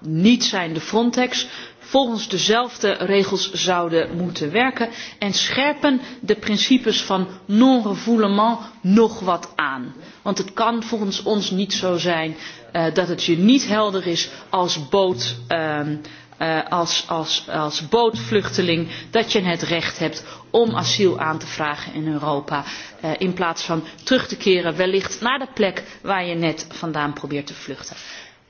niet zijn frontex volgens dezelfde regels zouden moeten werken en scherpen de principes van non refoulement nog wat aan. Want het kan volgens ons niet zo zijn eh, dat het je niet helder is als boot. Ehm, eh, als, als, als bootvluchteling dat je het recht hebt om asiel aan te vragen in Europa. Eh, in plaats van terug te keren wellicht naar de plek waar je net vandaan probeert te vluchten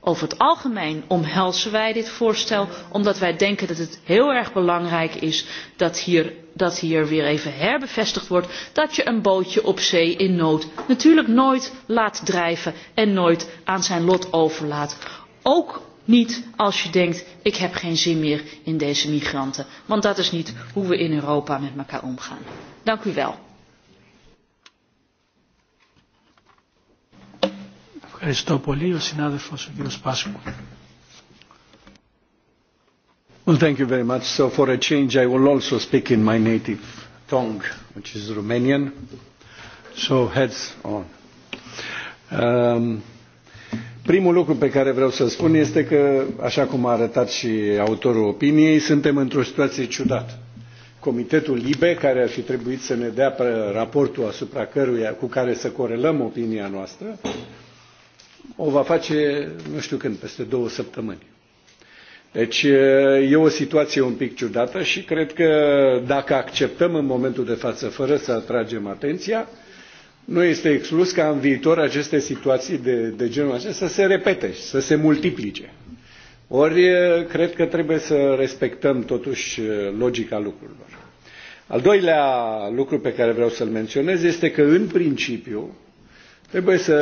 over het algemeen omhelzen wij dit voorstel omdat wij denken dat het heel erg belangrijk is dat hier, dat hier weer even herbevestigd wordt dat je een bootje op zee in nood natuurlijk nooit laat drijven en nooit aan zijn lot overlaat. Ook niet als je denkt ik heb geen zin meer in deze migranten want dat is niet hoe we in Europa met elkaar omgaan. Dank u wel. Ευχαριστώ πολύ. Ο συνάδελφος ο κύριος Πάσκου. Well, thank you very much. So for a change, I will also speak in my native tongue, which is Romanian. So heads on. Um, primul lucru pe care vreau să spun este că, așa cum a arătat și autorul opiniei, suntem într-o situație ciudată. Comitetul LIBE, care ar fi trebuit să ne dea raportul asupra căruia, cu care să corelăm opinia noastră, o va face, nu știu când, peste două săptămâni. Deci e, e o situație un pic ciudată și cred că dacă acceptăm în momentul de față fără să atragem atenția, nu este exclus ca în viitor aceste situații de, de genul acesta să se repete și să se multiplice. Ori e, cred că trebuie să respectăm totuși e, logica lucrurilor. Al doilea lucru pe care vreau să-l menționez este că în principiu Trebuie să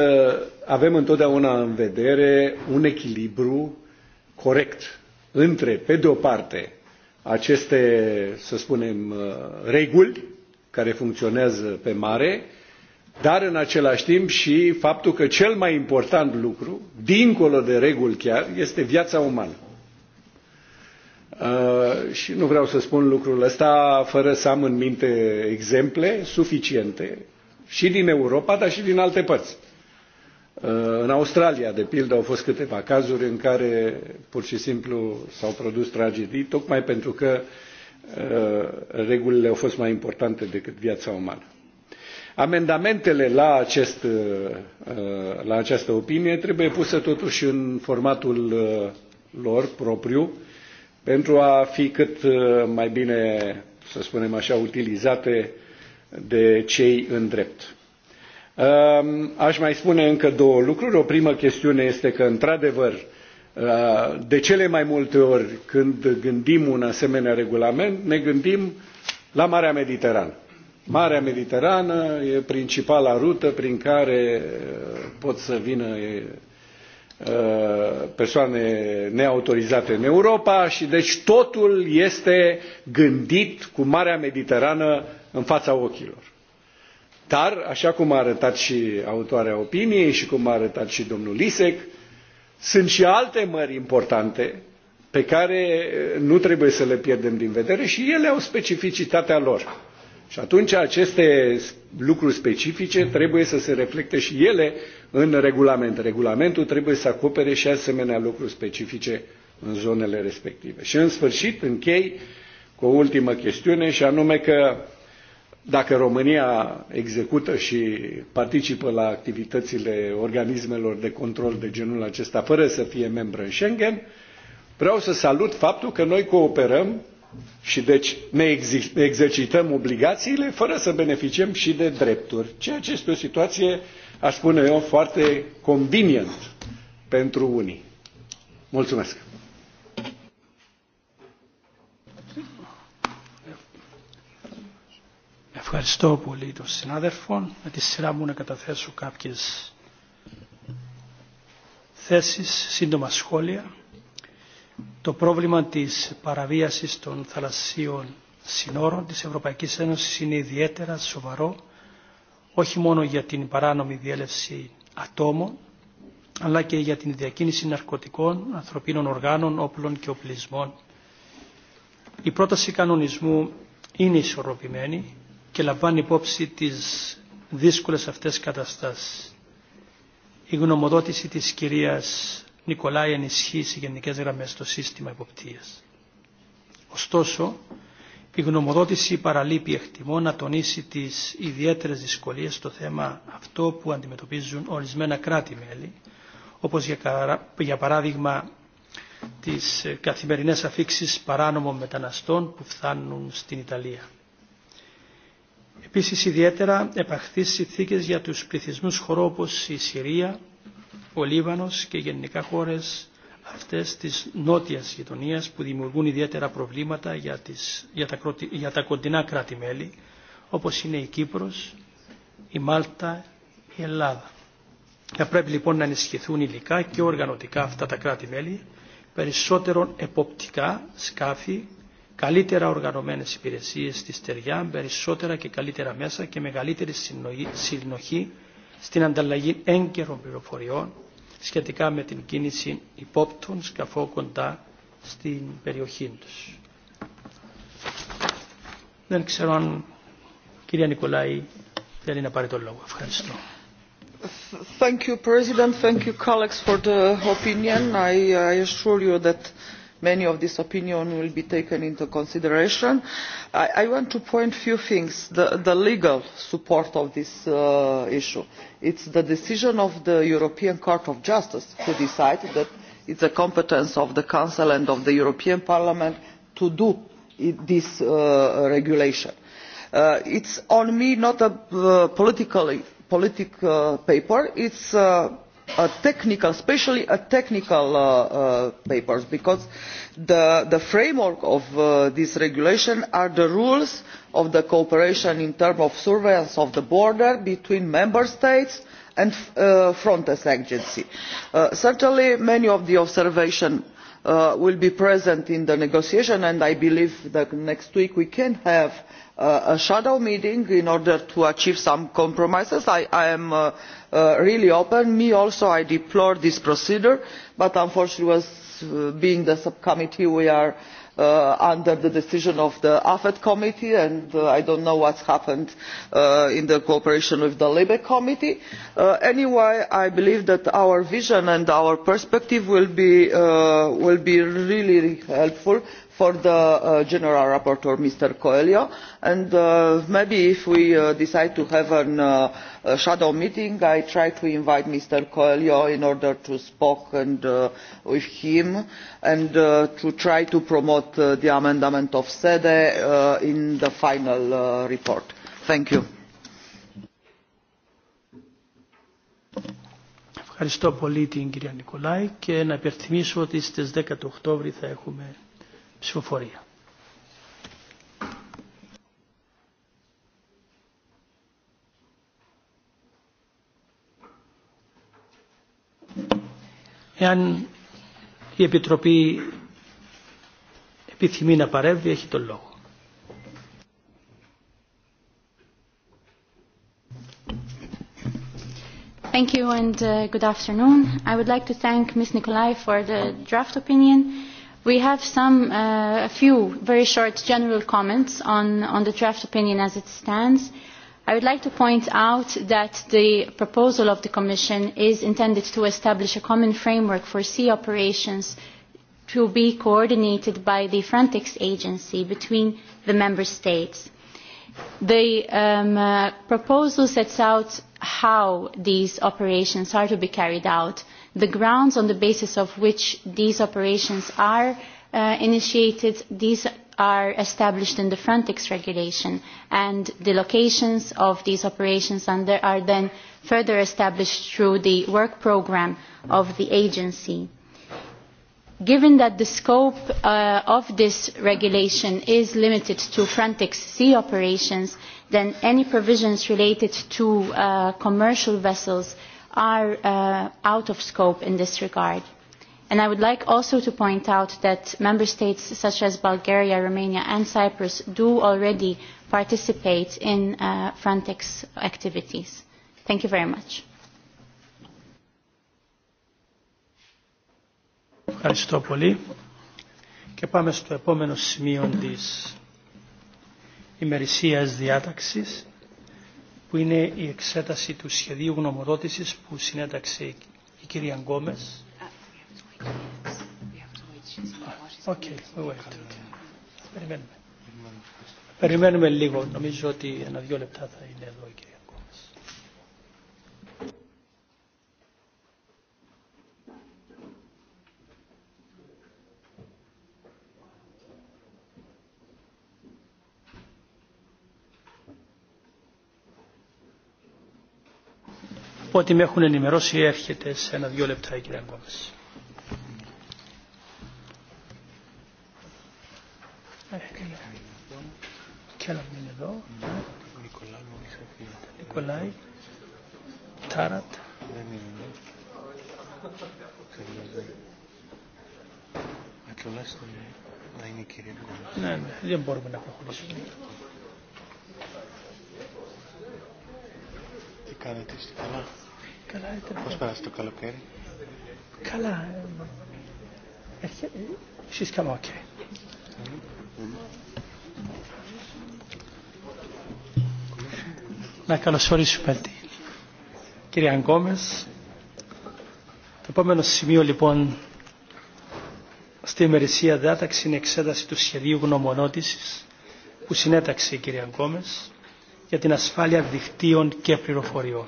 avem întotdeauna în vedere un echilibru corect între, pe de o parte, aceste, să spunem, uh, reguli care funcționează pe mare, dar în același timp și faptul că cel mai important lucru, dincolo de reguli chiar, este viața umană. Uh, și nu vreau să spun lucrul ăsta fără să am în minte exemple suficiente și din Europa, dar și din alte părți. În Australia, de pildă, au fost câteva cazuri în care pur și simplu s-au produs tragedii, tocmai pentru că uh, regulile au fost mai importante decât viața umană. Amendamentele la, acest, uh, uh, la această opinie trebuie puse totuși în formatul lor propriu pentru a fi cât mai bine, să spunem așa, utilizate de cei în drept. Aș mai spune încă două lucruri. O primă chestiune este că, într-adevăr, de cele mai multe ori când gândim un asemenea regulament, ne gândim la Marea Mediterană. Marea Mediterană e principala rută prin care pot să vină e, persoane neautorizate în Europa și deci totul este gândit cu Marea Mediterană în fața ochilor. Dar, așa cum a arătat și autoarea opiniei și cum a arătat și domnul Lisec, sunt și alte mări importante pe care eh, nu trebuie să le pierdem din vedere și ele au specificitatea lor. Și atunci aceste lucruri specifice trebuie să se reflecte și ele în regulament. Regulamentul trebuie să acopere și asemenea lucruri specifice în zonele respective. Și în sfârșit închei cu o ultimă chestiune și anume că dacă România execută și participă la activitățile organismelor de control de genul acesta fără să fie membră în Schengen, vreau să salut faptul că noi cooperăm și deci ne exercităm obligațiile fără să beneficiem și de drepturi, ceea ce este o situație, aș spune eu, foarte convenient pentru unii. Mulțumesc! Ευχαριστώ πολύ τον συνάδελφο. Με τη σειρά μου να καταθέσω κάποιες θέσεις, σύντομα σχόλια. Το πρόβλημα της παραβίασης των θαλασσίων συνόρων της Ευρωπαϊκής Ένωσης είναι ιδιαίτερα σοβαρό, όχι μόνο για την παράνομη διέλευση ατόμων, αλλά και για την διακίνηση ναρκωτικών, ανθρωπίνων οργάνων, όπλων και οπλισμών. Η πρόταση κανονισμού είναι ισορροπημένη και λαμβάνει υπόψη τις δύσκολες αυτές καταστάσεις. Η γνωμοδότηση της κυρίας Νικολάη ενισχύει σε γενικές γραμμές το σύστημα υποπτίας. Ωστόσο, η γνωμοδότηση παραλείπει εκτιμώ να τονίσει τις ιδιαίτερες δυσκολίες στο θέμα αυτό που αντιμετωπίζουν ορισμένα κράτη-μέλη, όπως για παράδειγμα τις καθημερινές αφήξεις παράνομων μεταναστών που φτάνουν στην Ιταλία. Επίση, ιδιαίτερα επαχθεί συνθήκε για του πληθυσμού χωρών όπω η Συρία, ο Λίβανο και γενικά χώρε αυτέ τη νότια γειτονία που δημιουργούν ιδιαίτερα προβλήματα για, τις, για, τα, για τα κοντινά κράτη-μέλη όπω είναι η Κύπρο, η Μάλτα, η Ελλάδα. Θα πρέπει λοιπόν να ενισχυθούν υλικά και οργανωτικά αυτά τα κράτη-μέλη, περισσότερον εποπτικά σκάφη καλύτερα οργανωμένες υπηρεσίες στη στεριά, περισσότερα και καλύτερα μέσα και μεγαλύτερη συνοχή στην ανταλλαγή έγκαιρων πληροφοριών σχετικά με την κίνηση υπόπτων σκαφό κοντά στην περιοχή τους. Δεν ξέρω αν κυρία Νικολάη θέλει να πάρει τον λόγο. Ευχαριστώ. Thank you, President. Thank you, colleagues, for the opinion. I, I assure you that many of these opinions will be taken into consideration. i, want to point out a few things the, legal support of this uh, issue it is the decision of the european court of justice to decide that it is the competence of the council and of the european parliament to do this uh, regulation. Uh, it is on me not a political politic, paper it technical especially a technical uh, uh, papers because the, framework of uh, this regulation are the rules of the cooperation in terms of surveillance of the border between member states and frontex agency. certainly many of the observations Uh, will be present in the negotiation and i believe that next week we can have uh, a shadow meeting in order to achieve some compromises. i, am uh, really open. me also i deplore this procedure but unfortunately being the subcommittee we are Uh, under the decision of the afet committee and uh, i do not know what has happened uh, in the cooperation with the libe committee. anyway i believe that our vision and our perspective will be, will be really helpful for the general rapporteur mr coelho and maybe if we decide to have an Uh, shadow meeting i tried to invite mr coelho in order to speak uh, with him and uh, to try to promote the amendment of sede e, in the final report. thank you. Ευχαριστώ πολύ την κυρία Νικολάη και να υπενθυμίσω ότι στις 10 του Οκτώβρη θα έχουμε ψηφοφορία. Εάν η Επιτροπή επιθυμεί να παρέμβει, έχει τον λόγο. Thank you and uh, good afternoon. I would like to thank Ms. Nikolai for the draft opinion. We have some, uh, a few very short general comments on, on the draft opinion as it stands. Uh, i would like to point out that the proposal of the Commission is intended to establish a common framework for sea operations to be coordinated by the Frontex agency between the member states. The um, uh, proposal sets out how these operations are to be carried out, the grounds on the basis of which these operations are uh, initiated, these are established in the Frontex regulation and the locations of these operations under are then further established through the work program of the agency. Given that the scope uh, of this regulation is limited to Frontex sea operations, then any provisions related to uh, commercial vessels are uh, out of scope in this regard. And I would like also to point out that member states such as Bulgaria, Romania and Cyprus do already participate in uh, Frontex activities. Thank you very much. που είναι η εξέταση του σχεδίου γνωμοδότησης που συνέταξε η κυρία Γκόμες Okay, we wait. Περιμένουμε. Περιμένουμε λίγο. Νομίζω ότι ένα-δυο λεπτά θα είναι εδώ η κυρία. ό,τι με έχουν ενημερώσει έρχεται σε ένα-δυο λεπτά η κυρία Γκόμες. Kelam είναι εδώ. Νικολάου είναι Νικολάη. Τάρατ. Δεν είναι. Μα τουλάχιστον να είναι κύριε Ναι, ναι, δεν μπορούμε να προχωρήσουμε. Τι κάνετε, είστε καλά. Καλά, ήταν. Πώς πέρασε το καλοκαίρι. Καλά. She's come okay. Mm-hmm. Να καλωσορίσουμε την Κύριε Αγκόμες, Το επόμενο σημείο λοιπόν στη ημερησία διάταξη είναι εξέταση του σχεδίου γνωμονότησης που συνέταξε η κυρία Γκόμες για την ασφάλεια δικτύων και πληροφοριών.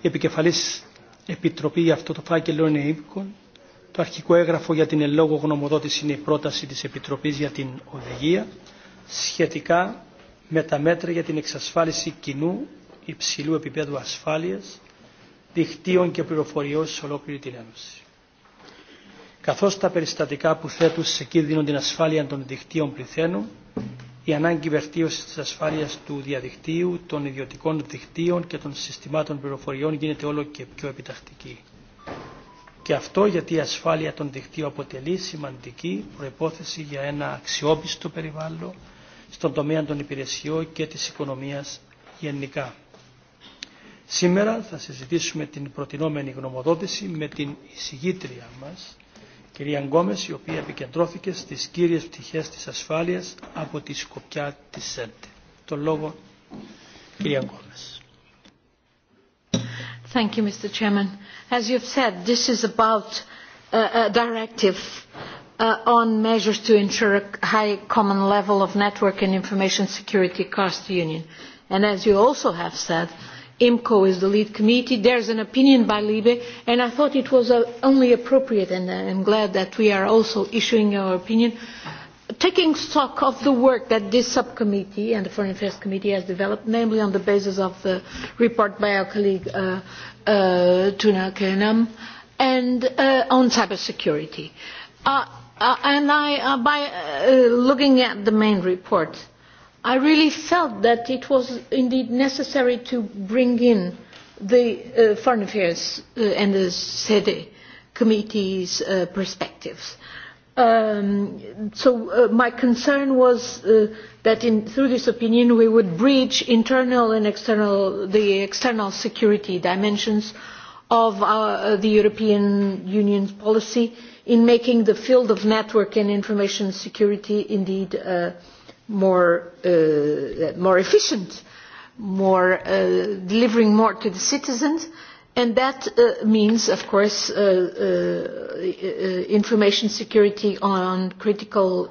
Η επικεφαλής επιτροπή για αυτό το φάκελο είναι ύπηκον Το αρχικό έγγραφο για την ελόγω γνωμοδότηση είναι η πρόταση της Επιτροπής για την Οδηγία σχετικά με τα μέτρα για την εξασφάλιση κοινού υψηλού επίπεδου ασφάλειας, δικτύων και πληροφοριών σε ολόκληρη την Ένωση. Καθώς τα περιστατικά που θέτουν σε κίνδυνο την ασφάλεια των δικτύων πληθαίνουν, η ανάγκη βελτίωση τη ασφάλεια του διαδικτύου, των ιδιωτικών δικτύων και των συστημάτων πληροφοριών γίνεται όλο και πιο επιτακτική. Και αυτό γιατί η ασφάλεια των δικτύων αποτελεί σημαντική προϋπόθεση για ένα αξιόπιστο περιβάλλον στον τομέα των υπηρεσιών και της οικονομίας γενικά. Σήμερα θα συζητήσουμε την προτινόμενη γνωμοδότηση με την εισηγήτρια μας, κυρία Γκόμες, η οποία επικεντρώθηκε στις κύριες πτυχές της ασφάλειας από τη σκοπιά της ΣΕΝΤΕ. Το λόγο, κυρία Γκόμες. Mr. president As you have said, this is about uh, a directive uh, on measures to ensure a high common level of network and information security across the union. And as you also have said, IMCO is the lead committee. there is an opinion by Libe, and I thought it was uh, only appropriate, and i am glad that we are also issuing our opinion, that taking stock of the work that this subcommittee and the Foreign Affairs Committee has developed, namely on the basis of the report by our colleague uh, uh, Tuna Kenam, and uh, on cybersecurity. Uh, uh, and I, uh, by uh, looking at the main report, I really felt that it was indeed necessary to bring in the uh, Foreign Affairs uh, and the SEDE committee's uh, perspectives. Uh, Um, so uh, my concern was uh, that in, through this opinion we would breach internal and external, the external security dimensions of our, uh, the European Union's policy in making the field of network and information security indeed uh, more, uh, more efficient, more uh, delivering more to the citizens, uh, and that uh, means of course uh, uh, information security on critical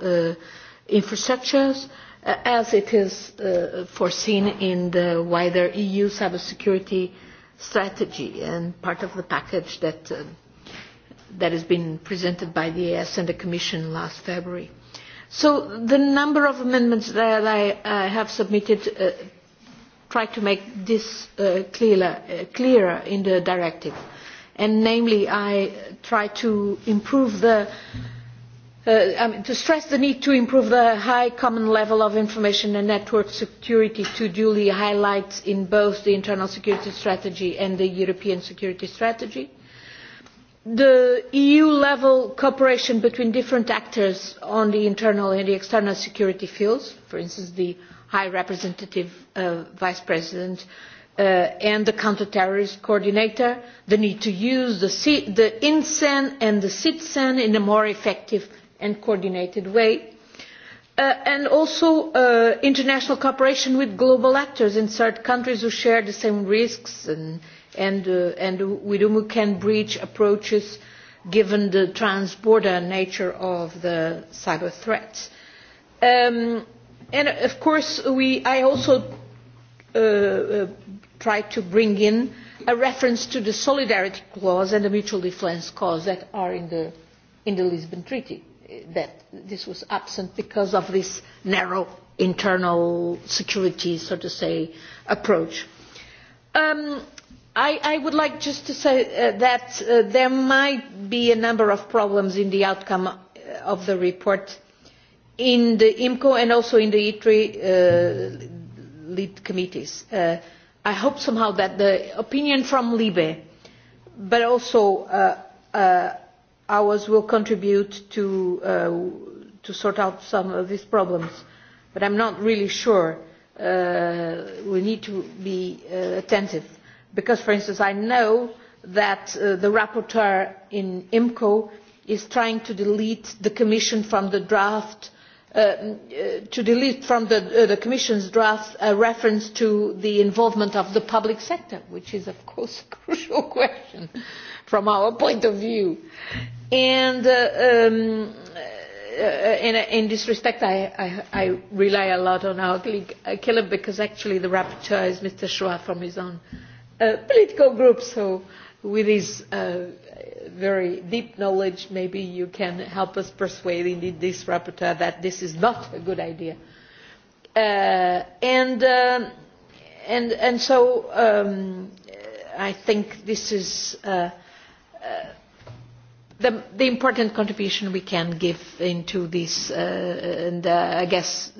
infrastructures as it is foreseen in the wider eu cyber security strategy and part of the package that has been presented by the eeas and the Commission last February. So the number of amendments that I have submitted try to make this uh, clearer, uh, clearer in the directive. And namely, I try to improve the uh, I mean, to stress the need to improve the high common level of information and network security to duly highlight in both the internal security strategy and the European security strategy. The EU level cooperation between different actors on the internal and the external security fields, for instance the High Representative uh, Vice President uh, and the counter-terrorist coordinator, the need to use the, incen and the CITSEN in a more effective and coordinated way, uh, and also international cooperation with global actors in third countries who share the same risks and, with whom we can breach approaches given the transborder nature of the cyber threats. Um, And of course, we, I also uh, uh, tried to bring in a reference to the solidarity clause and the mutual defence clause that are in the, in the Lisbon Treaty. Uh, that this was absent because of this narrow internal security, so to say, approach. Um, I, I would like just to say uh, that uh, there might be a number of problems in the outcome uh, of the report in the imco and also in the itre e uh, lead committees. Uh, i hope somehow that the opinion from libe but also uh, uh, ours will contribute to, uh, to sort out some of these problems but i'm not really sure uh, we need to be uh, attentive because for instance i know that uh, the rapporteur in imco is trying to delete the commission from the draft Uh, to delete from uh, the, commission's draft a reference to the involvement of the public sector which is of course [laughs] a crucial question from our point of view. And, uh, um, in, this respect I, rely a lot on our colleague Keller because actually the rapporteur is Mr. Schwab from his own political group so with his uh, very deep knowledge, maybe you can help us persuade indeed this rapporteur that this is not a good idea. Uh, and, uh, and, and so um, I think this is uh, uh, the, the important contribution we can give into this, uh, and uh, I guess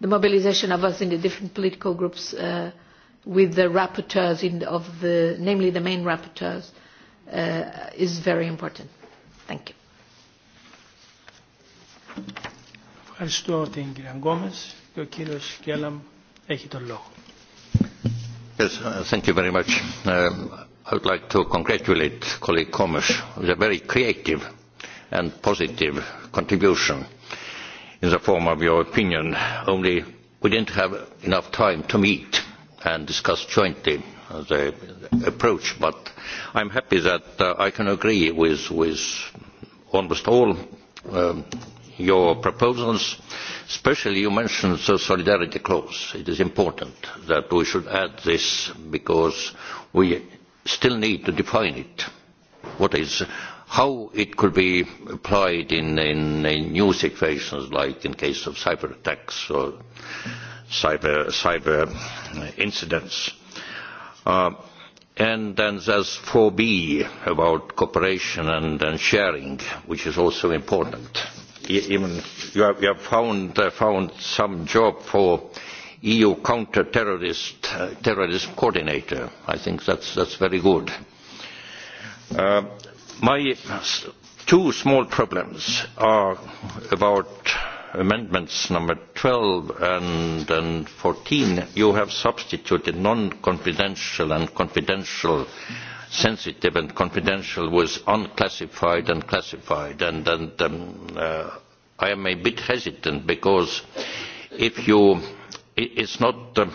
the mobilization of us in the different political groups uh, with the rapporteurs, in, of the, namely the main rapporteurs, uh, is very important. Thank you. Ευχαριστώ την κυρία Γκόμες και ο κύριος Κέλαμ έχει τον λόγο. Yes, uh, thank you very much. Um, I would like to congratulate colleague Gomes with a very creative and positive contribution in the form of your opinion. Only we didn't have enough time to meet and discuss jointly the approach. But I am happy that uh, I can agree with, with almost all um, your proposals. Especially you mentioned the solidarity clause. It is important that we should add this because we still need to define it. What is how it could be applied in, in, in new situations like in case of cyber attacks or cyber, cyber incidents. Uh, and then there's 4B about cooperation and, and sharing, which is also important. E, even you have, you have found, uh, found some job for EU counter-terrorist uh, terrorist coordinator. I think that's, that's very good. Uh, my two small problems are about amendments number 12 and, and 14, you have substituted non-confidential and confidential, sensitive and confidential with unclassified and classified. And, and um, uh, I am a bit hesitant because if you, it, it's not. Uh,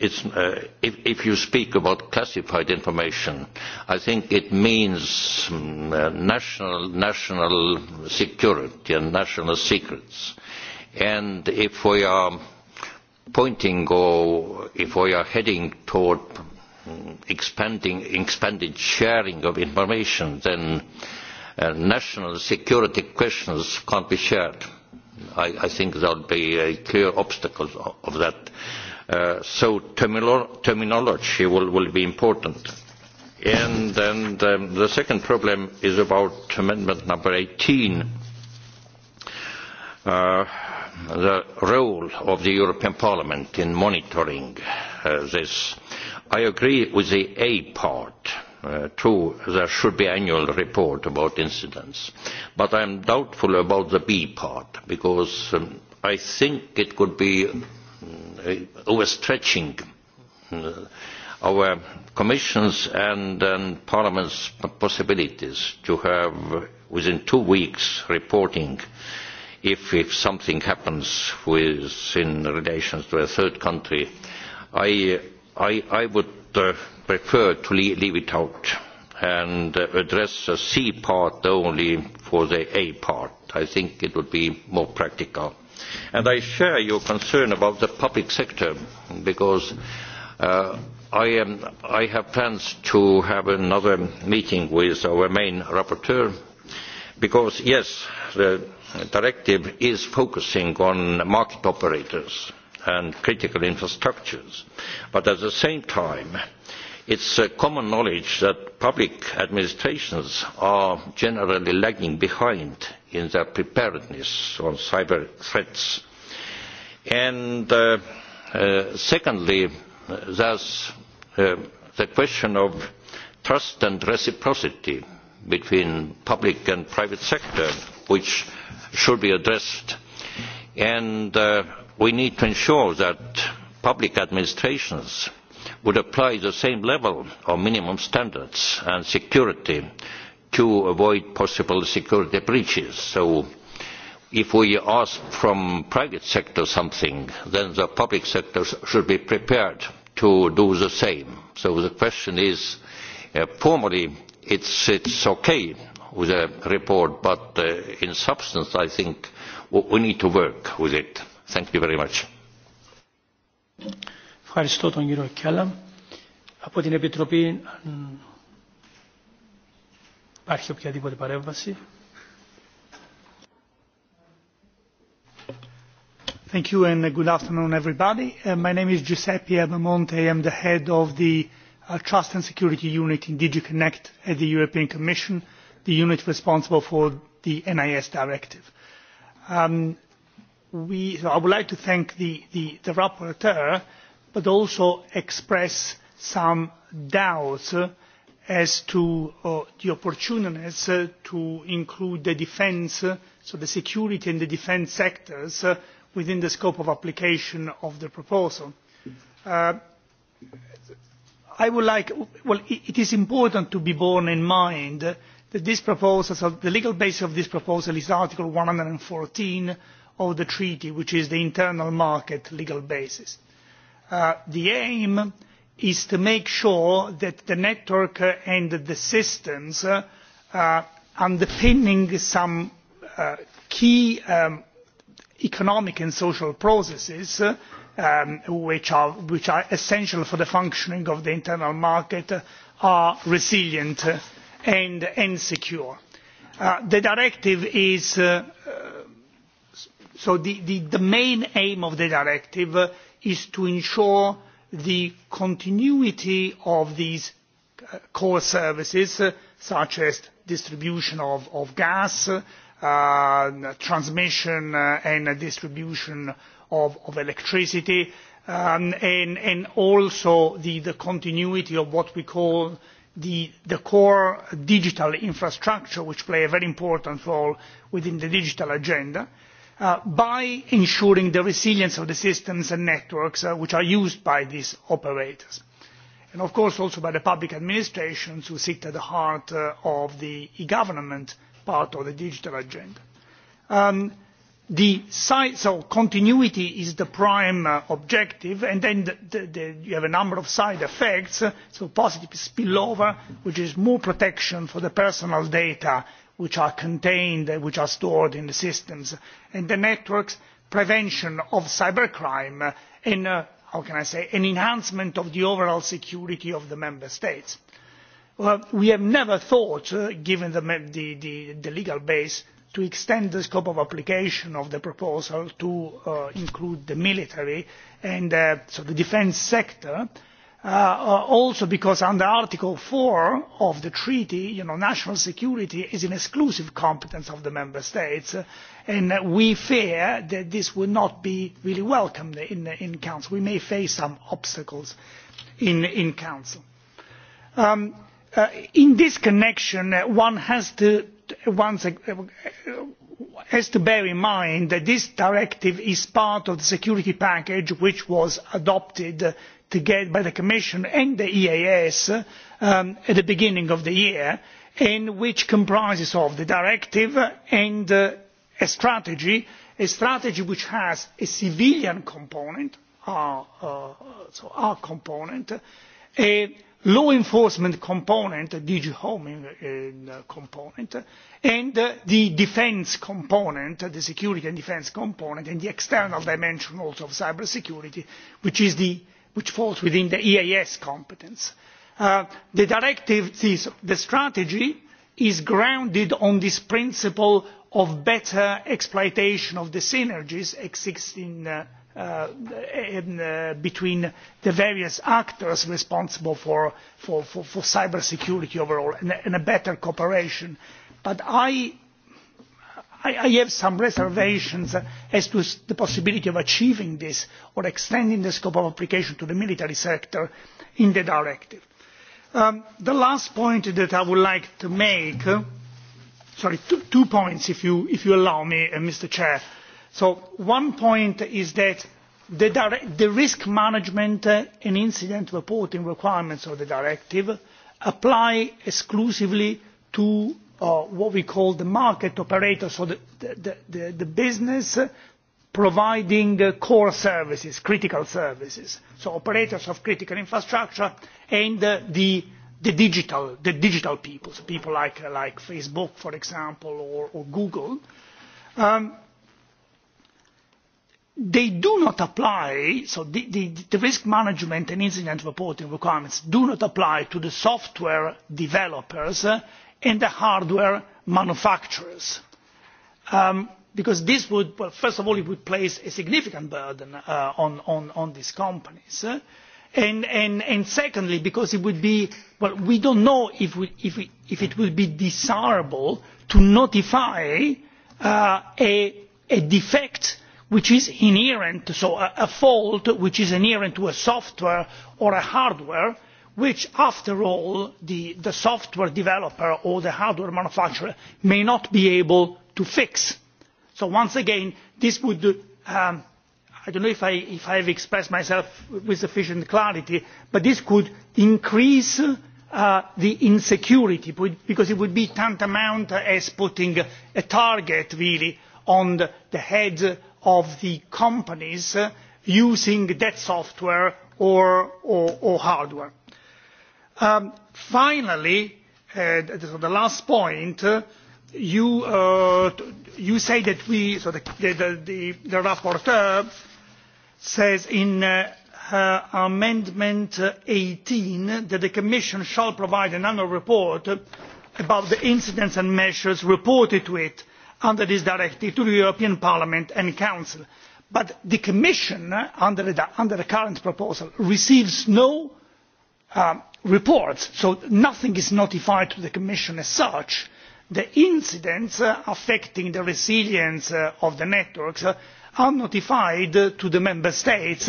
it's, uh, if, if you speak about classified information, I think it means um, uh, national, national security and national secrets and if we are pointing or if we are heading toward expanding expanded sharing of information then uh, national security questions can't be shared. I, I think there will be a clear obstacles of, of that. Uh, so terminolo terminology will, will be important. And then um, the second problem is about amendment number 18. Uh, the role of the European Parliament in monitoring uh, this. I agree with the A part. Uh, true, there should be annual report about incidents. But I am doubtful about the B part because um, I think it could be uh, overstretching our Commission's and, Parliament's possibilities to have within two weeks reporting if, something happens in relation to a third country, I, would uh, prefer to leave, it out and address the C part only for the A part. I think it would be more practical. And I share your concern about the public sector because uh, I, am, I have plans to have another meeting with our main rapporteur because yes the directive is focusing on market operators and critical infrastructures but at the same time it is common knowledge that public administrations are generally lagging behind in their preparedness on cyber threats. And uh, uh, secondly, there's uh, the question of trust and reciprocity between public and private sector, which should be addressed. And uh, we need to ensure that public administrations would apply the same level of minimum standards and security to avoid possible security breaches. So if we ask from private sector something, then the public sector should be prepared to do the same. So the question is, uh, formally, it is ok with the report, but uh, in substance, I think we need to work with it. Thank you very much. Ευχαριστώ τον κύριο Κιάλα. Από την Επιτροπή υπάρχει οποιαδήποτε παρέμβαση. Thank you and good afternoon everybody. Uh, my name is Giuseppe Abamonte. I am the head of the Trust and Security Unit in DG Connect at the European Commission, the unit responsible for the NIS directive. Um, we, so I would like to thank the, the, the rapporteur, but also express some doubts as to uh, the opportuneness uh, to include the defence, uh, so the security and the defence sectors, uh, within the scope of application of the proposal. Uh, it is important to be borne in mind that this proposal, the legal basis of this proposal is Article 114 of the treaty, which is the internal market legal basis. Uh, the aim is to make sure that the network and the systems uh, uh, underpinning some key um, economic and social processes Um, which, are, essential for the functioning of the internal market uh, are resilient and, secure. Uh, the directive is uh, so the, main aim of the directive is to ensure the continuity of these core services such as distribution of, gas transmission and distribution of, of electricity um, and, and also the, the continuity of what we call the, the core digital infrastructure, which play a very important role within the digital agenda. Uh, by ensuring the resilience of the systems and networks uh, which are used by these operators and of course also by the public administrations who sit at the heart uh, of the e government part of the digital agenda. Um, the size or continuity is the prime uh, objective and then the, the, the, you have a number of side effects uh, so positive spillover which is more protection for the personal data which are contained and uh, which are stored in the systems and the networks prevention of cybercrime uh, and uh, how can i say an enhancement of the overall security of the member states. Well, we have never thought uh, given the, the legal base to extend the scope of application of the proposal to uh, include the military and uh, so the defence sector, uh, uh, also because under Article 4 of the treaty, you know, national security is an exclusive competence of the member states, uh, and we fear that this will not be really welcomed in, in Council. We may face some obstacles in, in Council. Um, uh, in this connection, one has to once uh, has to bear in mind that this directive is part of the security package which was adopted uh, together by the commission and the eeas um, at the beginning of the year and which comprises of the directive and uh, a strategy a strategy which has a civilian component our component a law enforcement component dg home uh, component and uh, the defence component the security and defence component and the external dimension also of cybersecurity which, which falls within the eas competence. Uh, the directive this, the strategy is grounded on this principle of better exploitation of the synergies existing uh, uh, in, uh, between the various actors responsible for, for, for, for cyber security overall and, and a better cooperation. But I, I, I have some reservations as to the possibility of achieving this or extending the scope of application to the military sector in the directive. Um, the last point that I would like to make, uh, sorry, two, two points if you, if you allow me, uh, Mr. Chair so one point is that the, direct, the risk management uh, and incident reporting requirements of the directive apply exclusively to uh, what we call the market operator so the, the, the, the business providing uh, core services critical services so operators of critical infrastructure and uh, the the digital the digital people so people like like facebook for example or, or google um, they do not apply so the, the, the risk management and incident reporting requirements do not apply to the software developers uh, and the hardware manufacturers um, because this would well, first of all it would place a significant burden uh, on, on, on these companies uh, and, and, and secondly because it would be well we don't know if, we, if, we, if it would be desirable to notify uh, a, a defect which is inherent so a, fault which is inherent to a software or a hardware which after all the, software developer or the hardware manufacturer may not be able to fix. so once again this would um, i do not know if I, have expressed myself with sufficient clarity but this could increase uh, the insecurity because it would be tantamount as putting a target really on the heads of the companies uh, using that software or, or, or hardware. Um, finally, uh, so the last point, uh, you, uh, you say that we, so the, the, the, the rapporteur says in uh, her amendment 18 uh, that the Commission shall provide an annual report about the incidents and measures reported to it under this directive to the european parliament and council but the commission under the, current proposal receives no um, reports so nothing is notified to the commission as such. the incidents uh, affecting the resilience uh, of the networks uh, are notified to the member states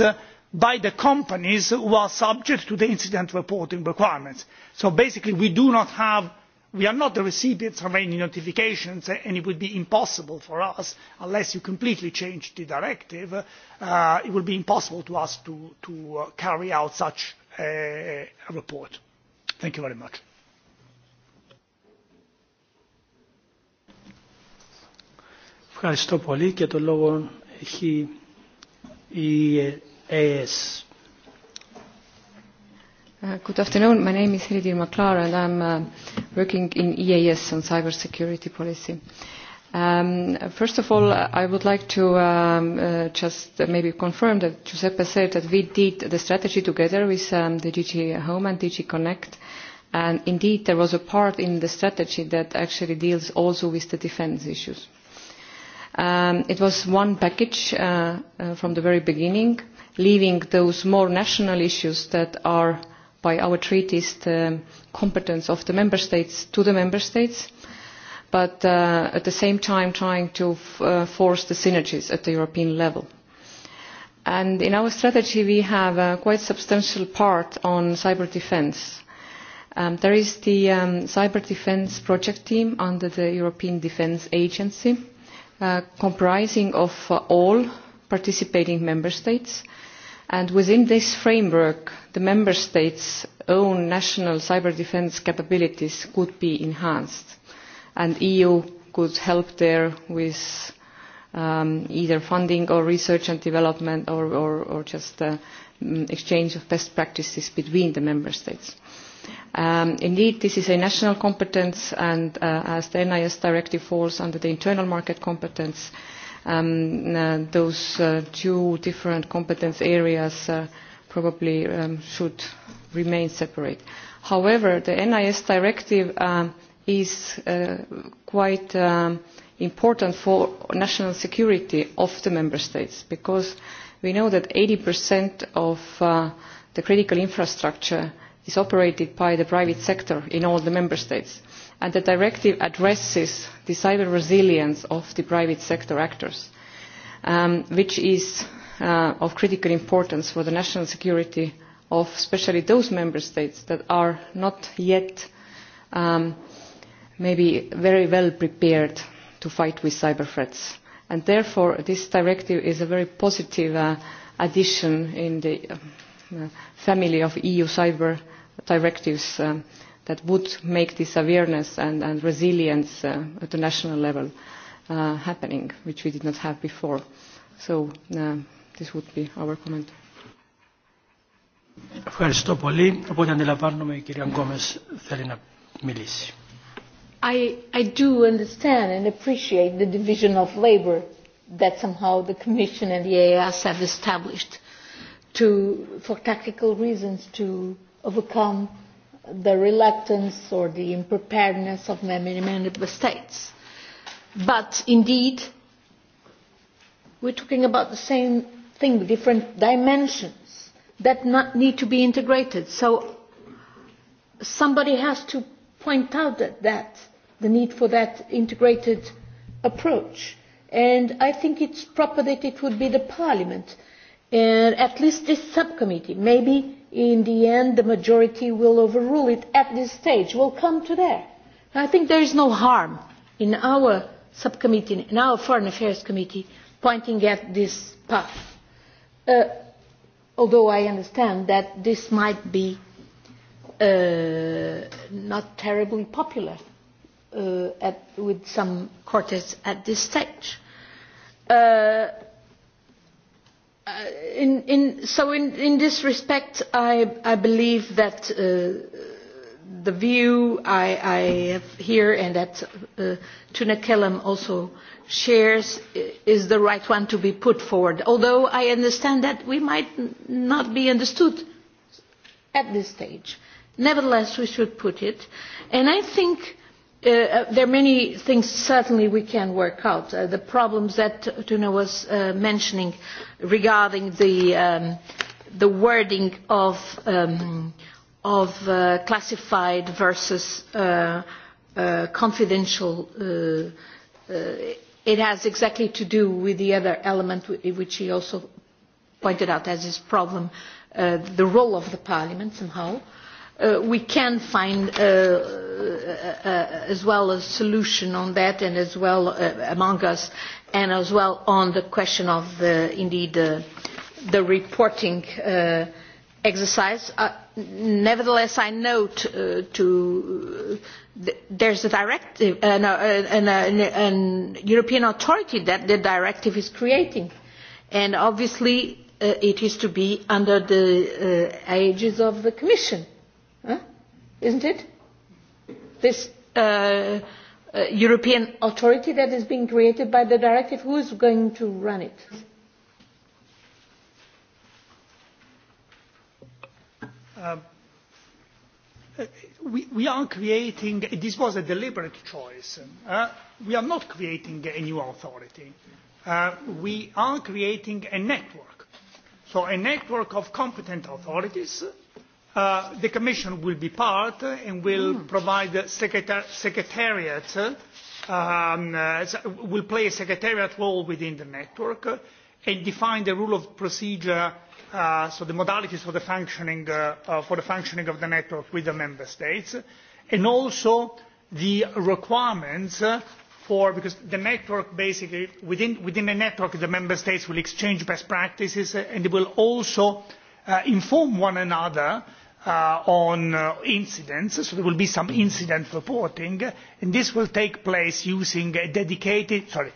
by the companies who are subject to the incident reporting requirements. so basically we do not have we are not the recipients of any notifications eh, and it would be impossible for us unless you completely change the directive uh, it would be impossible for us to, uh, carry out such a, report. thank you very much. Uh, good afternoon. My name is Hiridir Maklar and I'm uh, working in EAS on cybersecurity policy. Um, first of all, I would like to um, uh, just maybe confirm that Giuseppe said that we did the strategy together with um, the DG Home and DG Connect. And indeed, there was a part in the strategy that actually deals also with the defense issues. Um, it was one package uh, uh, from the very beginning, leaving those more national issues that are by our treaties the competence of the member states to the member states but uh, at the same time trying to uh, force the synergies at the European level. And in our strategy we have a quite substantial part on cyber defence. Um, there is the um, cyber defence project team under the European Defence Agency uh, comprising of uh, all participating member states and within this framework the member states' own national cyber defence capabilities could be enhanced and the eu could help there with um, either funding or research and development or, or, or just the uh, mm, exchange of best practices between the member states. Um, indeed, this is a national competence and uh, as the NIS directive falls under the internal market competence, uh, um, uh, those uh, two different competence areas uh, probably um, should remain separate. However, the NIS directive um, is uh, quite um, important for national security of the member states because we know that 80% of uh, the critical infrastructure is operated by the private sector in all the member states and the directive addresses the cyber resilience of the private sector actors, um, which is uh, of critical importance for the national security of especially those member states that are not yet um, maybe very well prepared to fight with cyber threats. therefore, this directive is a very positive uh, addition in the uh, family of EU cyber directives um, that would make this awareness and, and resilience uh, at the national level uh, happening, which we did not have before. So uh, this would be our comment. Ευχαριστώ πολύ. Οπότε αντιλαμβάνομαι η κυρία Γκόμες θέλει να μιλήσει. I, I do understand and appreciate the division of labor that somehow the Commission and the AAS have established to, for tactical reasons to overcome the reluctance or the unpreparedness of many member states. But indeed, we're talking about the same thing, different dimensions that not, need to be integrated. So somebody has to point out that, that the need for that integrated approach. And I think it's proper that it would be the Parliament at least this subcommittee. Maybe in the end the majority will overrule it at this stage. will come to there. I think there is no harm in our subcommittee, in our Foreign Affairs Committee, pointing at this path. Uh, although I understand that this might be uh, not terribly popular uh, at, with some quarters at this stage. Uh, Uh, in, so in, this respect, I, believe that uh, the view I, have here and that uh, tunne kelam also shares is the right one to be put forward, although I understand that we might not be understood at this stage. Nevertheless, we should put it. And I think Uh, uh, there are many things certainly we can work out. Uh, the problems that Tuna was mentioning regarding the, um, wording of, um, classified versus confidential, it has exactly to do with the other element which he also pointed out as his problem, the role of the Parliament somehow. Uh, we can find uh, uh, uh, as well a solution on that and as well among us and as well on the question of the, indeed the reporting exercise. nevertheless, I note to th there's a directive, uh, no, an, an European authority that the directive is creating. And obviously, it is to be under the aegis of the Commission isn't it? This uh, uh, European authority that is being created by the directive, who is going to run it? Um, we, we are creating, this was a deliberate choice. Uh, we are not creating a new authority. Uh, we are creating a network. So a network of competent authorities Uh, the Commission will be part and will mm. provide the secretar secretariat, um, uh, will play a secretariat role within the network and define the rule of procedure, uh, so the modalities for the, functioning, uh, uh, for the functioning of the network with the Member States, and also the requirements for because the network basically within within the network the member states will exchange best practices and they will also uh, inform one another Uh, on uh, incidents so there will be some incident reporting and this will take place using dedicated sorry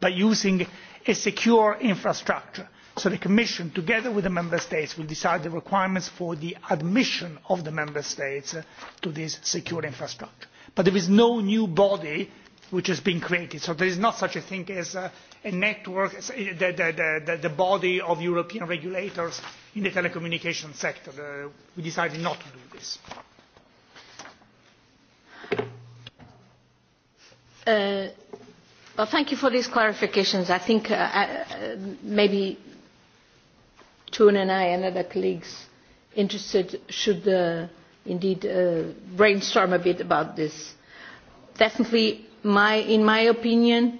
by using a secure infrastructure so the commission together with the member states will decide the requirements for the admission of the member states uh, to this secure infrastructure but there is no new body which has been created. So there is not such a thing as a, network, the, body of European regulators in the telecommunications sector. Uh, we decided not to do this. Uh, well, thank you for these clarifications. I think uh, maybe Toon and I and other colleagues interested should uh, indeed uh, brainstorm a bit about this. Definitely in my opinion,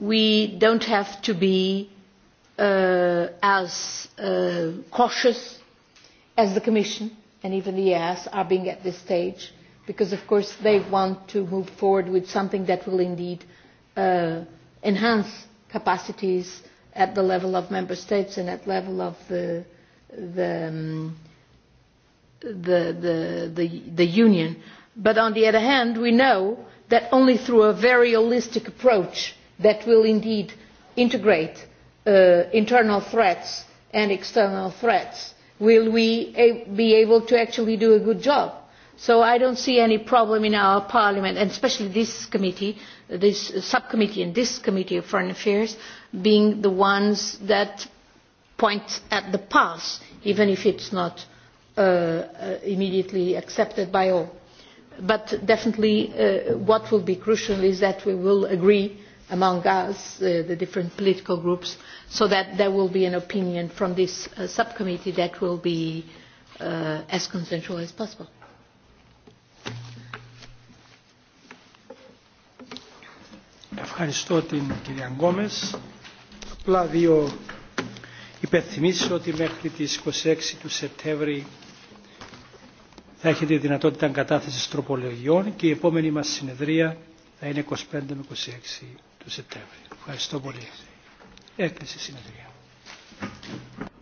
we don't have to be uh, as uh, cautious as the Commission and even the EAS are being at this stage, because of course they want to move forward with something that will indeed uh, enhance capacities at the level of member states and at level of the the, um, the, the, the, the union. But on the other hand, we know that only through a very holistic approach that will indeed integrate uh, internal threats and external threats will we be able to actually do a good job. So I don't see any problem in our parliament, and especially this committee, this subcommittee and this committee of foreign affairs, being the ones that point at the past, even if it's not uh, uh immediately accepted by all but definitely uh, what will be crucial is that we will agree among us, uh, the different political groups, so that there will be an opinion from this uh, subcommittee that will be uh, as consensual as possible. Ευχαριστώ την κυρία Γκόμες. Απλά δύο υπενθυμίσεις ότι μέχρι τις 26 του Σεπτέμβρη θα έχετε δυνατότητα κατάθεσης τροπολογιών και η επόμενη μας συνεδρία θα είναι 25 με 26 του Σεπτέμβρη. Ευχαριστώ πολύ. Έκλεισε η συνεδρία.